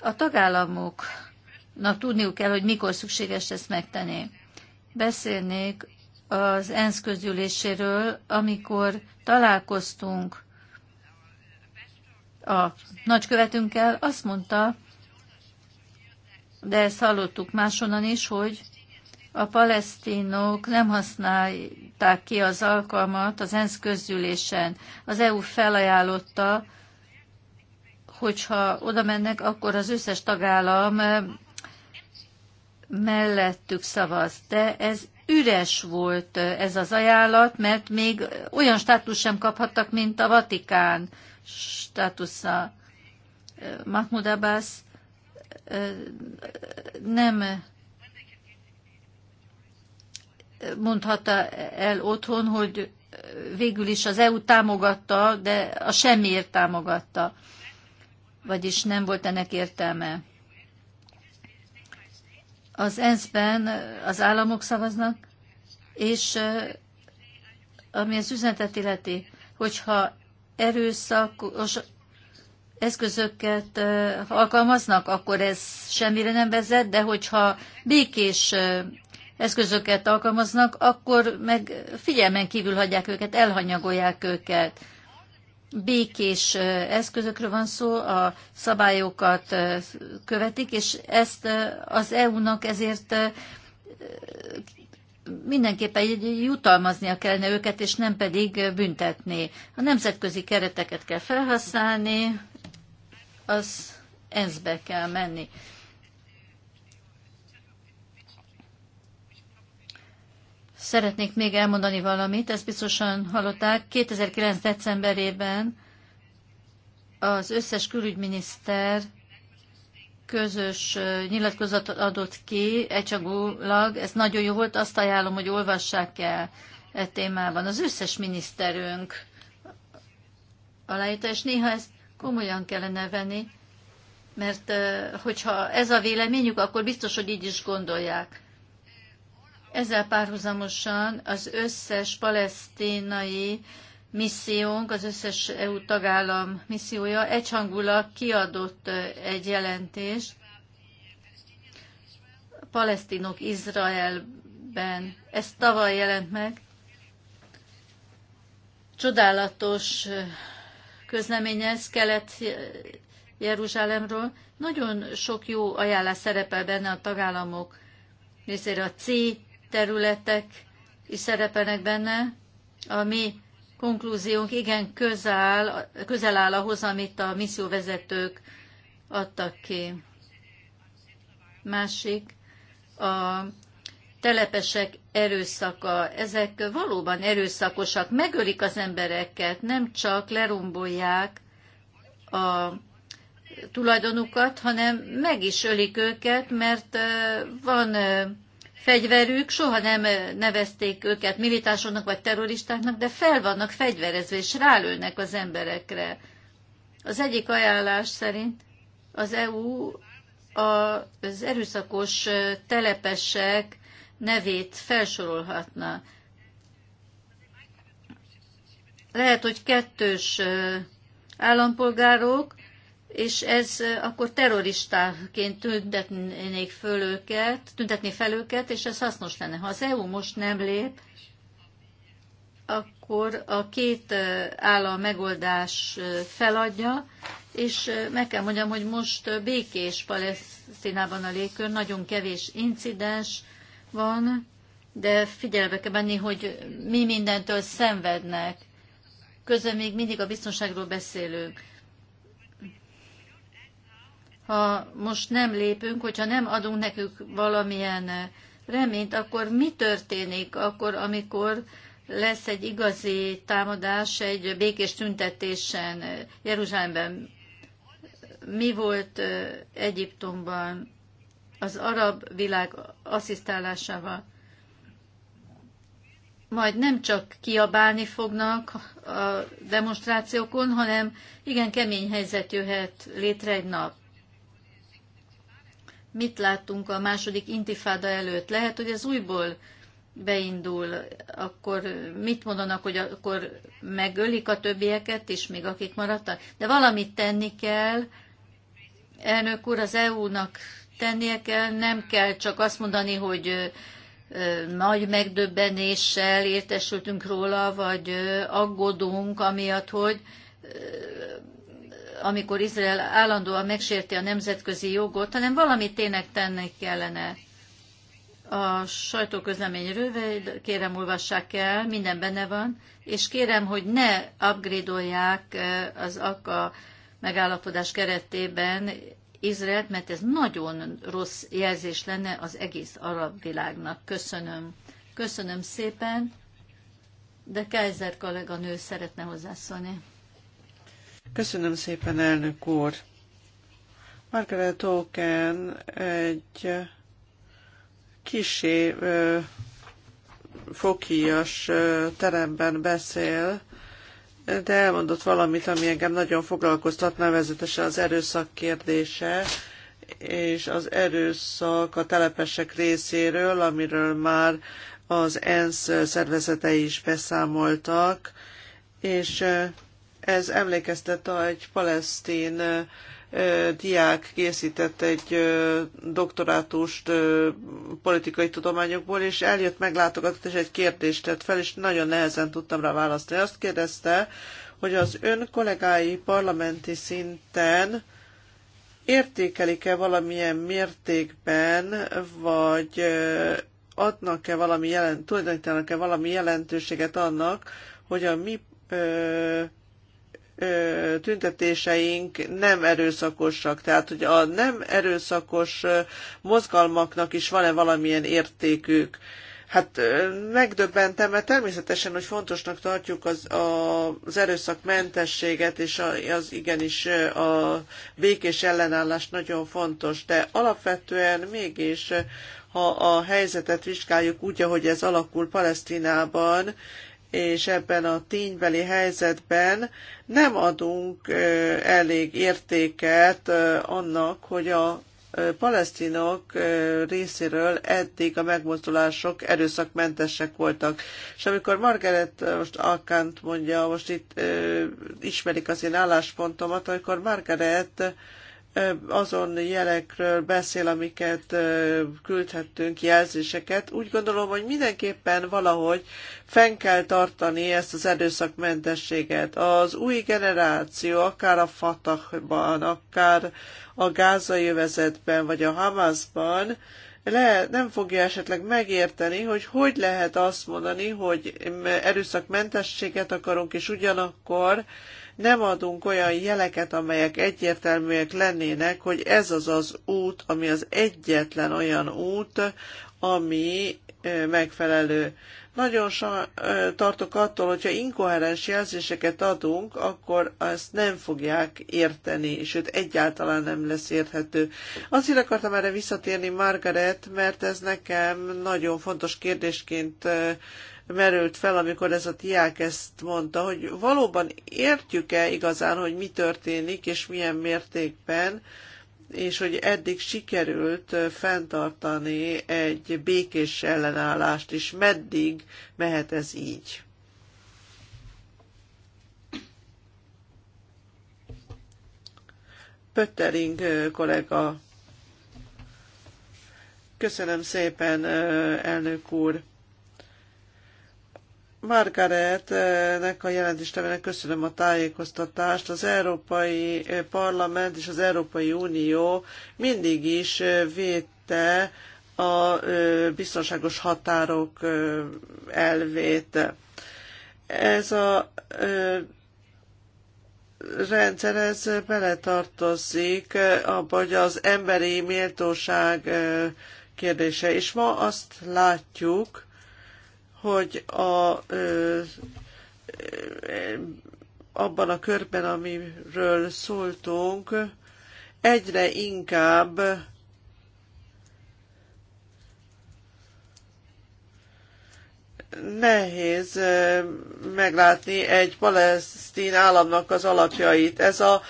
A tagállamoknak tudniuk kell, hogy mikor szükséges ezt megtenni. Beszélnék az ENSZ közgyűléséről, amikor találkoztunk a nagykövetünkkel, azt mondta, de ezt hallottuk máshonnan is, hogy a palesztinok nem használták ki az alkalmat az ENSZ közgyűlésen. Az EU felajánlotta, hogyha oda mennek, akkor az összes tagállam eh, mellettük szavaz. De ez üres volt eh, ez az ajánlat, mert még olyan státusz sem kaphattak, mint a Vatikán státusza. Eh, Mahmoud Abbas nem mondhatta el otthon, hogy végül is az EU támogatta, de a semmiért támogatta. Vagyis nem volt ennek értelme. Az ENSZ-ben az államok szavaznak, és ami az üzenetet illeti, hogyha erőszakos eszközöket alkalmaznak, akkor ez semmire nem vezet, de hogyha békés eszközöket alkalmaznak, akkor meg figyelmen kívül hagyják őket, elhanyagolják őket. Békés eszközökről van szó, a szabályokat követik, és ezt az EU-nak ezért mindenképpen jutalmaznia kellene őket, és nem pedig büntetni. A nemzetközi kereteket kell felhasználni, az ENSZ-be kell menni. Szeretnék még elmondani valamit, ezt biztosan hallották. 2009. decemberében az összes külügyminiszter közös nyilatkozatot adott ki egycsagulag, ez nagyon jó volt, azt ajánlom, hogy olvassák el e témában. Az összes miniszterünk aláírta, és néha ezt komolyan kellene venni, mert hogyha ez a véleményük, akkor biztos, hogy így is gondolják. Ezzel párhuzamosan az összes palesztinai missziónk, az összes EU tagállam missziója egyhangulag kiadott egy jelentést palesztinok Izraelben. Ez tavaly jelent meg. Csodálatos közlemény ez kelet Jeruzsálemről. Nagyon sok jó ajánlás szerepel benne a tagállamok részére a C területek is szerepelnek benne. A mi konklúziónk igen közel, közel áll ahhoz, amit a misszióvezetők adtak ki. Másik, a telepesek erőszaka. Ezek valóban erőszakosak, megölik az embereket, nem csak lerombolják a tulajdonukat, hanem meg is ölik őket, mert eh, van eh, fegyverük, soha nem nevezték őket militásoknak vagy terroristáknak, de fel vannak fegyverezve, és rálőnek az emberekre. Az egyik ajánlás szerint az EU az erőszakos telepesek nevét felsorolhatna. Lehet, hogy kettős állampolgárok, és ez akkor terroristáként tüntetnék föl őket, tüntetni fel őket, és ez hasznos lenne. Ha az EU most nem lép, akkor a két állam megoldás feladja, és meg kell mondjam, hogy most békés Palesztinában a légkör, nagyon kevés incidens van, de figyelve kell venni, hogy mi mindentől szenvednek. Közben még mindig a biztonságról beszélünk ha most nem lépünk, hogyha nem adunk nekük valamilyen eh, reményt, akkor mi történik akkor, amikor lesz egy igazi támadás egy békés tüntetésen eh, Jeruzsálemben? Mi volt eh, Egyiptomban az arab világ asszisztálásával? majd nem csak kiabálni fognak a demonstrációkon, hanem igen kemény helyzet jöhet létre egy nap mit láttunk a második intifáda előtt. Lehet, hogy ez újból beindul, akkor mit mondanak, hogy akkor megölik a többieket is, még akik maradtak? De valamit tenni kell, elnök úr, az EU-nak tennie kell, nem kell csak azt mondani, hogy nagy megdöbbenéssel értesültünk róla, vagy aggódunk, amiatt, hogy amikor Izrael állandóan megsérti a nemzetközi jogot, hanem valamit tényleg tenni kellene. A sajtóközlemény rövid, kérem olvassák el, minden benne van, és kérem, hogy ne upgrade-olják az AKA megállapodás keretében Izraelt, mert ez nagyon rossz jelzés lenne az egész arab világnak. Köszönöm. Köszönöm szépen, de Kaiser kolléganő szeretne hozzászólni. Köszönöm szépen, elnök úr. Margaret Oken egy kisé fokíjas teremben beszél, de elmondott valamit, ami engem nagyon foglalkoztat, nevezetesen az erőszak kérdése, és az erőszak a telepesek részéről, amiről már az ENSZ szervezetei is beszámoltak, és ez emlékeztet egy palesztin diák készített egy doktorátust politikai tudományokból, és eljött meglátogatott, és egy kérdést tett fel, és nagyon nehezen tudtam rá választani. Azt kérdezte, hogy az ön kollégái parlamenti szinten értékelik-e valamilyen mértékben, vagy adnak-e valami jelent, tulajdonítanak-e valami jelentőséget annak, hogy a mi ö, tüntetéseink nem erőszakosak. Tehát, hogy a nem erőszakos mozgalmaknak is van-e valamilyen értékük. Hát megdöbbentem, mert természetesen, hogy fontosnak tartjuk az, a, az erőszakmentességet, és az igenis a békés ellenállás nagyon fontos, de alapvetően mégis, ha a helyzetet vizsgáljuk úgy, ahogy ez alakul Palesztinában, és ebben a ténybeli helyzetben nem adunk elég értéket annak, hogy a palesztinok részéről eddig a megmozdulások erőszakmentesek voltak. És amikor Margaret most Alkant mondja, most itt ismerik az én álláspontomat, amikor Margaret azon jelekről beszél, amiket küldhettünk, jelzéseket. Úgy gondolom, hogy mindenképpen valahogy fenn kell tartani ezt az erőszakmentességet. Az új generáció, akár a Fatahban, akár a gázai övezetben, vagy a Hamasban, le, nem fogja esetleg megérteni, hogy hogy lehet azt mondani, hogy erőszakmentességet akarunk, és ugyanakkor nem adunk olyan jeleket, amelyek egyértelműek lennének, hogy ez az az út, ami az egyetlen olyan út, ami megfelelő. Nagyon tartok attól, hogyha inkoherens jelzéseket adunk, akkor ezt nem fogják érteni, sőt egyáltalán nem lesz érthető. Azért akartam erre visszatérni, Margaret, mert ez nekem nagyon fontos kérdésként merült fel, amikor ez a tiák ezt mondta, hogy valóban értjük-e igazán, hogy mi történik, és milyen mértékben, és hogy eddig sikerült fenntartani egy békés ellenállást és Meddig mehet ez így? Pöttering kollega. Köszönöm szépen, elnök úr. Margaretnek a jelentéstevének köszönöm a tájékoztatást. Az Európai Parlament és az Európai Unió mindig is védte a biztonságos határok elvét. Ez a rendszer ez beletartozik abba, hogy az emberi méltóság kérdése. És ma azt látjuk, hogy a abban a körben, amiről szóltunk, egyre inkább nehéz meglátni egy palesztin államnak az alapjait. Ez a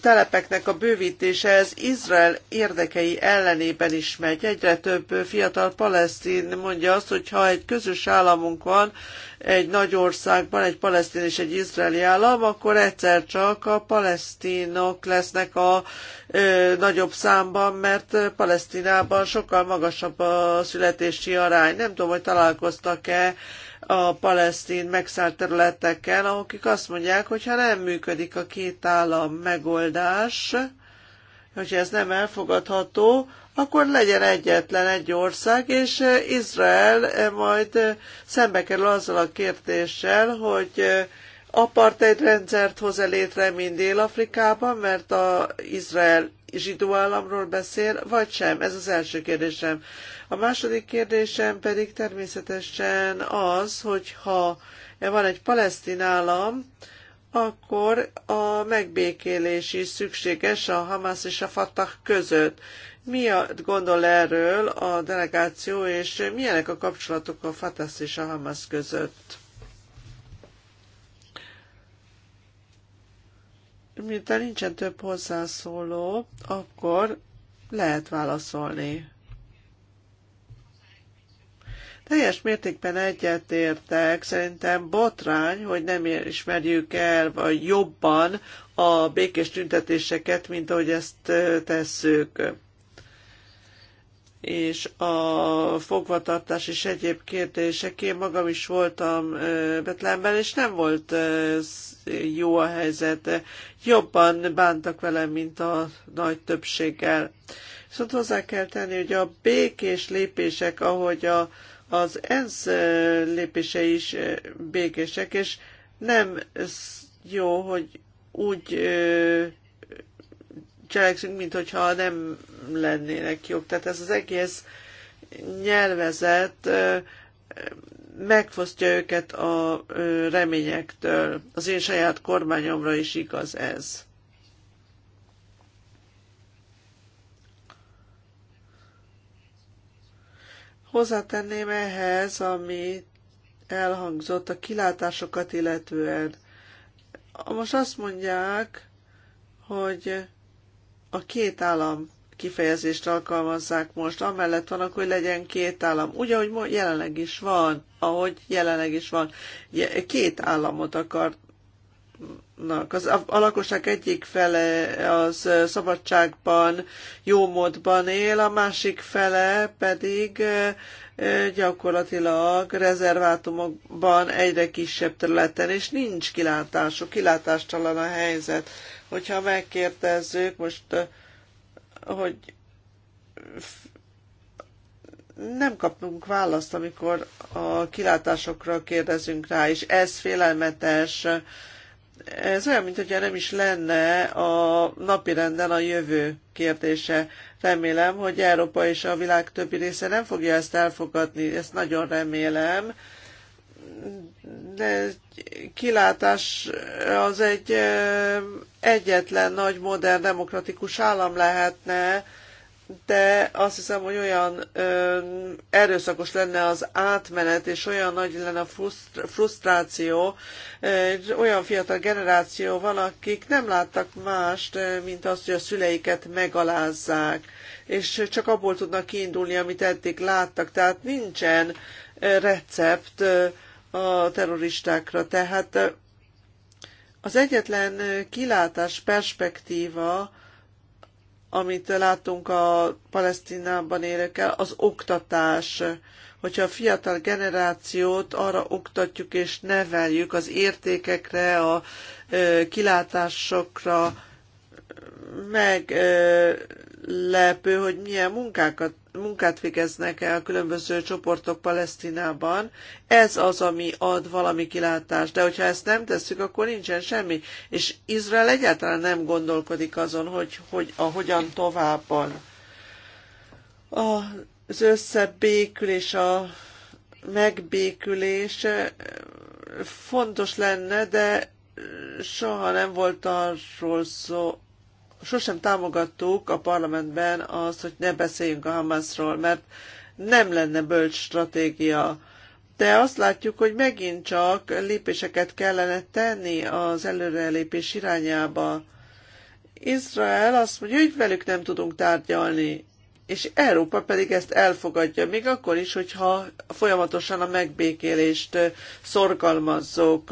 telepeknek a bővítése, ez Izrael érdekei ellenében is megy. Egyre több fiatal palesztin mondja azt, hogy ha egy közös államunk van, egy nagy országban, egy palesztin és egy izraeli állam, akkor egyszer csak a palesztinok lesznek a ö, nagyobb számban, mert Palesztinában sokkal magasabb a születési arány. Nem tudom, hogy találkoztak vannak-e a palesztin megszállt területeken, akik azt mondják, hogy ha nem működik a két állam megoldás, hogyha ez nem elfogadható, akkor legyen egyetlen egy ország, és Izrael majd szembe kerül azzal a kérdéssel, hogy apartheid rendszert hoz -e létre mind Dél-Afrikában, mert a Izrael zsidó államról beszél, vagy sem? Ez az első kérdésem. A második kérdésem pedig természetesen az, hogy ha van egy palesztin állam, akkor a megbékélés is szükséges a Hamas és a Fatah között. Mi a, gondol erről a delegáció, és milyenek a kapcsolatok a Fatah és a Hamas között? miután nincsen több hozzászóló, akkor lehet válaszolni. Teljes mértékben egyetértek, szerintem botrány, hogy nem ismerjük el vagy jobban a békés tüntetéseket, mint ahogy ezt tesszük és a fogvatartás és egyéb kérdések. Én magam is voltam Betlenben, és nem volt jó a helyzet. Jobban bántak velem, mint a nagy többséggel. Viszont hozzá kell tenni, hogy a békés lépések, ahogy a, az ENSZ lépése is békések, és nem jó, hogy úgy cselekszünk, mint hogyha nem lennének jók. Tehát ez az egész nyelvezet megfosztja őket a reményektől. Az én saját kormányomra is igaz ez. Hozzátenném ehhez, ami elhangzott a kilátásokat illetően. Most azt mondják, hogy a két állam kifejezést alkalmazzák most, amellett van hogy legyen két állam. Ugye, hogy jelenleg is van, ahogy jelenleg is van, két államot akarnak. Az, a, a lakosság egyik fele az szabadságban, jó módban él, a másik fele pedig gyakorlatilag rezervátumokban egyre kisebb területen, és nincs kilátásuk, kilátástalan a helyzet hogyha megkérdezzük most, eh, hogy nem kapunk választ, amikor a kilátásokra kérdezünk rá, és ez félelmetes. Ez olyan, mintha nem is lenne a napirenden a jövő kérdése. Remélem, hogy Európa és a világ többi része nem fogja ezt elfogadni, ezt nagyon remélem de kilátás az egy egyetlen nagy modern demokratikus állam lehetne, de azt hiszem, hogy olyan ö, erőszakos lenne az átmenet, és olyan nagy lenne a frusztráció. olyan fiatal generáció van, akik nem láttak mást, mint azt, hogy a szüleiket megalázzák, és csak abból tudnak kiindulni, amit eddig láttak. Tehát nincsen recept. Ö, a terroristákra. Tehát az egyetlen kilátás, perspektíva, amit látunk a Palesztinában élőkkel, az oktatás. Hogyha a fiatal generációt arra oktatjuk és neveljük az értékekre, a kilátásokra, meglepő, hogy milyen munkákat munkát végeznek el különböző csoportok Palesztinában, ez az, ami ad valami kilátást. De hogyha ezt nem tesszük, akkor nincsen semmi. És Izrael egyáltalán nem gondolkodik azon, hogy, hogy a hogyan továbban. Az összebékülés, a megbékülés fontos lenne, de soha nem volt arról szó, sosem támogattuk a parlamentben azt, hogy ne beszéljünk a Hamasról, mert nem lenne bölcs stratégia. De azt látjuk, hogy megint csak lépéseket kellene tenni az előrelépés irányába. Izrael azt mondja, hogy velük nem tudunk tárgyalni, és Európa pedig ezt elfogadja, még akkor is, hogyha folyamatosan a megbékélést szorgalmazzuk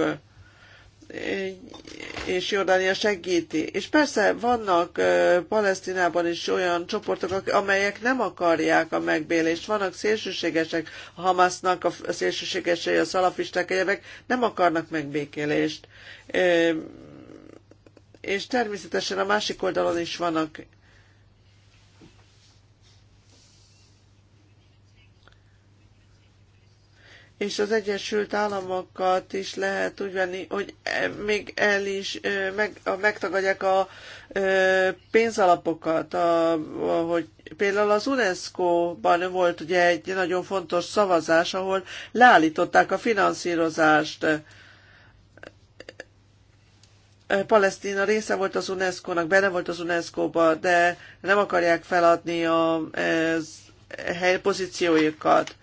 és Jordánia segíti. És persze vannak Palesztinában is olyan csoportok, amelyek nem akarják a megbélést. Vannak szélsőségesek, a Hamasznak a szélsőségesei, a szalafisták, egyebek nem akarnak megbékélést. És természetesen a másik oldalon is vannak és az Egyesült Államokat is lehet úgy venni, hogy e, még el is meg, megtagadják a pénzalapokat, a, hogy például az UNESCO-ban volt ugye egy nagyon fontos szavazás, ahol leállították a finanszírozást. Palesztina része volt az UNESCO-nak, benne volt az UNESCO-ba, de nem akarják feladni a, a helypozícióikat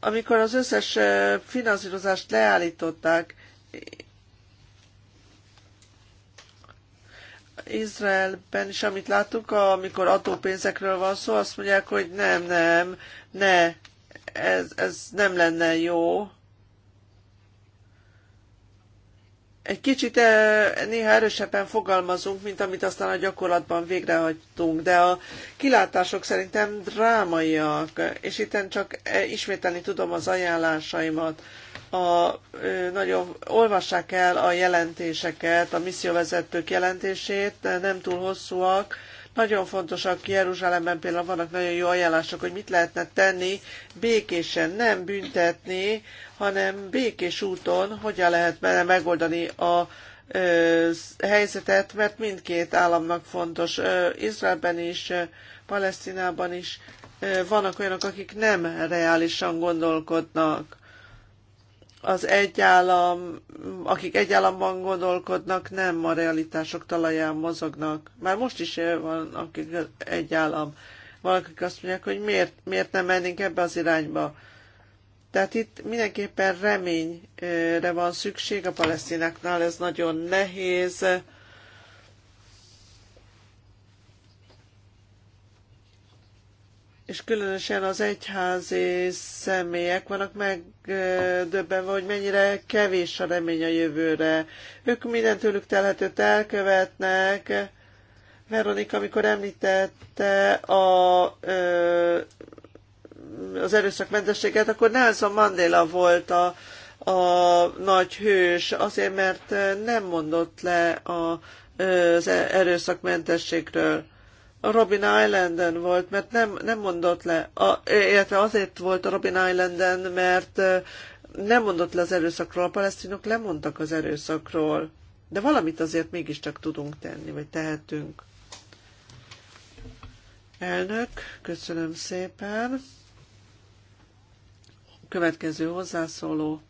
amikor az összes finanszírozást leállították, Izraelben is, amit látunk, amikor atópénzekről van szó, azt mondják, hogy nem, nem, ne, ez, ez nem lenne jó. egy kicsit eh, néha erősebben fogalmazunk, mint amit aztán a gyakorlatban végrehajtunk, de a kilátások szerintem drámaiak, és itt csak eh, ismételni tudom az ajánlásaimat. A, nagyon olvassák el a jelentéseket, a misszióvezetők jelentését, nem túl hosszúak, nagyon fontosak Jeruzsálemben például vannak nagyon jó ajánlások, hogy mit lehetne tenni békésen, nem büntetni, hanem békés úton hogyan lehet megoldani a helyzetet, mert mindkét államnak fontos, Izraelben is, Palesztinában is vannak olyanok, akik nem reálisan gondolkodnak az egy állam, akik egy államban gondolkodnak, nem a realitások talaján mozognak. Már most is van, akik egy állam. Valakik azt mondják, hogy miért, miért nem mennénk ebbe az irányba. Tehát itt mindenképpen reményre van szükség a palesztinaknál, ez nagyon nehéz és különösen az egyházi személyek vannak megdöbbenve, hogy mennyire kevés a remény a jövőre. Ők mindentőlük tőlük telhetőt elkövetnek. Veronika, amikor említette a, az erőszakmentességet, akkor Nelson Mandela volt a, a nagy hős, azért mert nem mondott le a, az erőszakmentességről Robin Islanden volt, mert nem, nem mondott le, a, illetve azért volt a Robin Islanden, mert nem mondott le az erőszakról, a palesztinok lemondtak az erőszakról. De valamit azért mégiscsak tudunk tenni, vagy tehetünk. Elnök, köszönöm szépen. Következő hozzászóló.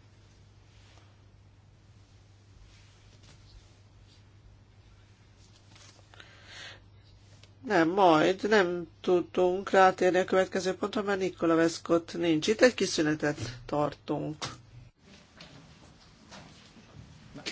Nem, majd nem tudtunk rátérni a következő pontra, mert Nikola Veszkot nincs. Itt egy kis szünetet tartunk. Ma,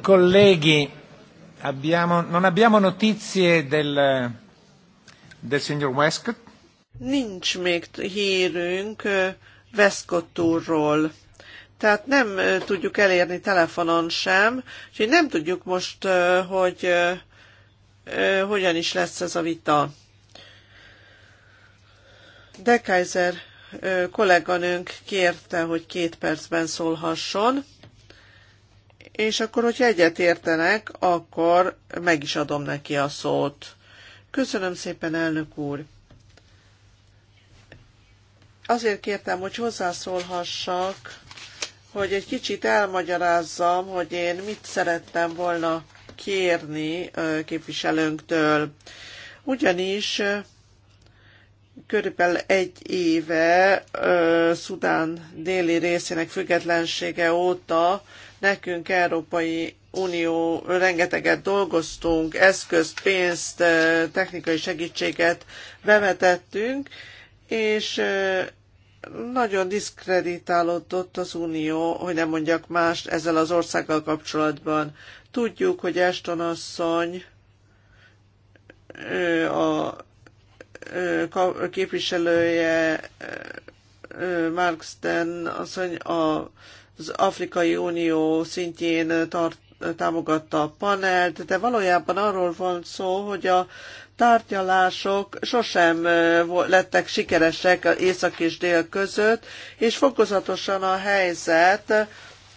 Colleghi, abbiamo, non abbiamo notizie del, del signor Westcott? Nincs még hírünk eh, Westcott úrról. Tehát nem eh, tudjuk elérni telefonon sem, úgyhogy nem tudjuk most, eh, hogy hogyan is lesz ez a vita. De Kaiser kolléganőnk kérte, hogy két percben szólhasson, és akkor, hogyha egyet értenek, akkor meg is adom neki a szót. Köszönöm szépen, elnök úr! Azért kértem, hogy hozzászólhassak, hogy egy kicsit elmagyarázzam, hogy én mit szerettem volna kérni képviselőnktől. Ugyanis körülbelül egy éve ö, Szudán déli részének függetlensége óta nekünk Európai Unió rengeteget dolgoztunk, eszközt, pénzt, technikai segítséget bevetettünk, és nagyon diszkreditálódott az Unió, hogy nem mondjak mást, ezzel az országgal kapcsolatban. Tudjuk, hogy Eston asszony a képviselője Marksten asszony az Afrikai Unió szintjén tart, támogatta a panelt, de valójában arról van szó, hogy a tárgyalások sosem lettek sikeresek észak és dél között, és fokozatosan a helyzet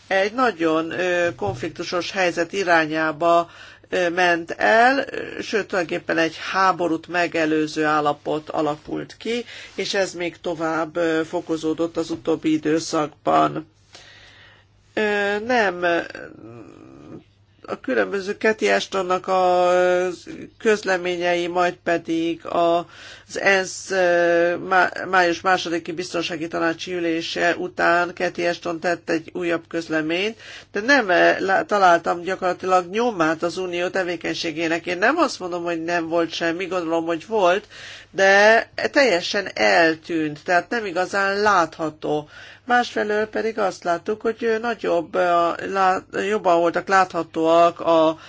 egy nagyon konfliktusos helyzet irányába ment el, sőt tulajdonképpen egy háborút megelőző állapot alakult ki, és ez még tovább fokozódott az utóbbi időszakban. Nem a különböző Keti Estonnak a közleményei, majd pedig az ENSZ május második biztonsági tanácsi ülése után Keti Eston tett egy újabb közleményt, de nem találtam gyakorlatilag nyomát az unió tevékenységének. Én nem azt mondom, hogy nem volt semmi, gondolom, hogy volt, de teljesen eltűnt, tehát nem igazán látható másfelől pedig azt láttuk, hogy nagyobb, jobban voltak láthatóak a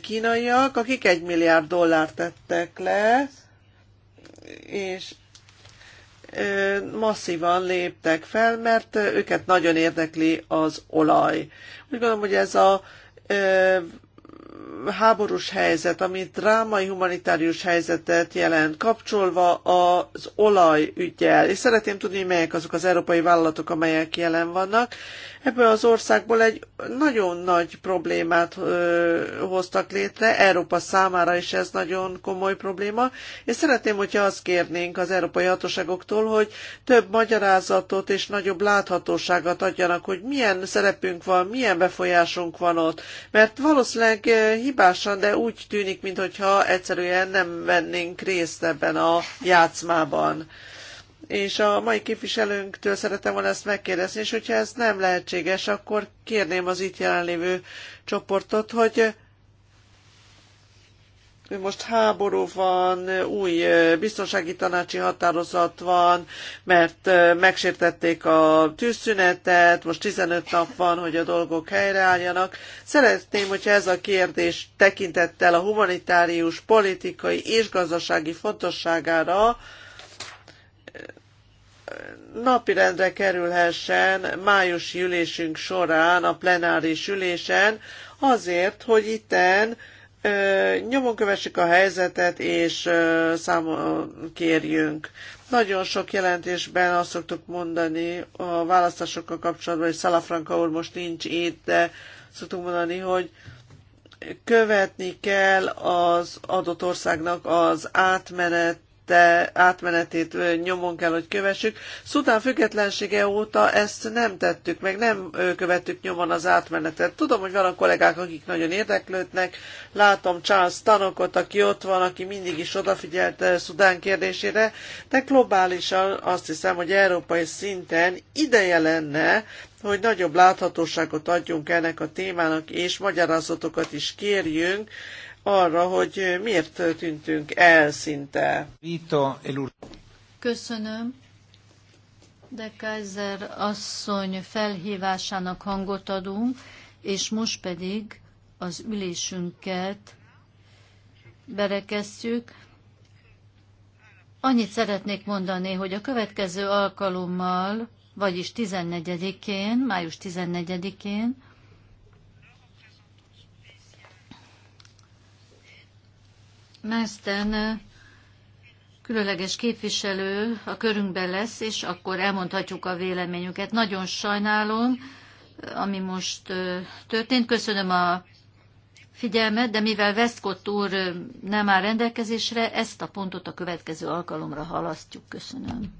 kínaiak, akik egy milliárd dollárt tettek le, és masszívan léptek fel, mert őket nagyon érdekli az olaj. Úgy gondolom, hogy ez a háborús helyzet, ami drámai humanitárius helyzetet jelent, kapcsolva az olajügyel, és szeretném tudni, melyek azok az európai vállalatok, amelyek jelen vannak, ebből az országból egy nagyon nagy problémát ö, hoztak létre, Európa számára is ez nagyon komoly probléma, és szeretném, hogyha azt kérnénk az európai hatóságoktól, hogy több magyarázatot és nagyobb láthatóságot adjanak, hogy milyen szerepünk van, milyen befolyásunk van ott, mert valószínűleg hibásan, de úgy tűnik, mintha egyszerűen nem vennénk részt ebben a játszmában és a mai képviselőnktől szeretem volna ezt megkérdezni, és hogyha ez nem lehetséges, akkor kérném az itt jelenlévő csoportot, hogy most háború van, új biztonsági tanácsi határozat van, mert megsértették a tűzszünetet, most 15 nap van, hogy a dolgok helyreálljanak. Szeretném, hogyha ez a kérdés tekintettel a humanitárius, politikai és gazdasági fontosságára napirendre kerülhessen májusi ülésünk során, a plenáris ülésen, azért, hogy itten nyomon kövessük a helyzetet, és számon kérjünk. Nagyon sok jelentésben azt szoktuk mondani a választásokkal kapcsolatban, hogy Szalafranka úr most nincs itt, de szoktuk mondani, hogy követni kell az adott országnak az átmenet átmenete, átmenetét nyomon kell, hogy kövessük. Szudán függetlensége óta ezt nem tettük, meg nem követtük nyomon az átmenetet. Tudom, hogy van a kollégák, akik nagyon érdeklődnek. Látom Charles Tanokot, aki ott van, aki mindig is odafigyelt Szudán kérdésére, de globálisan azt hiszem, hogy európai szinten ideje lenne, hogy nagyobb láthatóságot adjunk ennek a témának, és magyarázatokat is kérjünk, arra, hogy miért tűntünk el szinte. E Köszönöm. De Kaiser asszony felhívásának hangot adunk, és most pedig az ülésünket berekeztjük. Annyit szeretnék mondani, hogy a következő alkalommal, vagyis 14-én, május 14-én, Mesten különleges képviselő a körünkben lesz, és akkor elmondhatjuk a véleményüket. Nagyon sajnálom, ami most történt. Köszönöm a figyelmet, de mivel Westcott úr nem áll rendelkezésre, ezt a pontot a következő alkalomra halasztjuk. Köszönöm.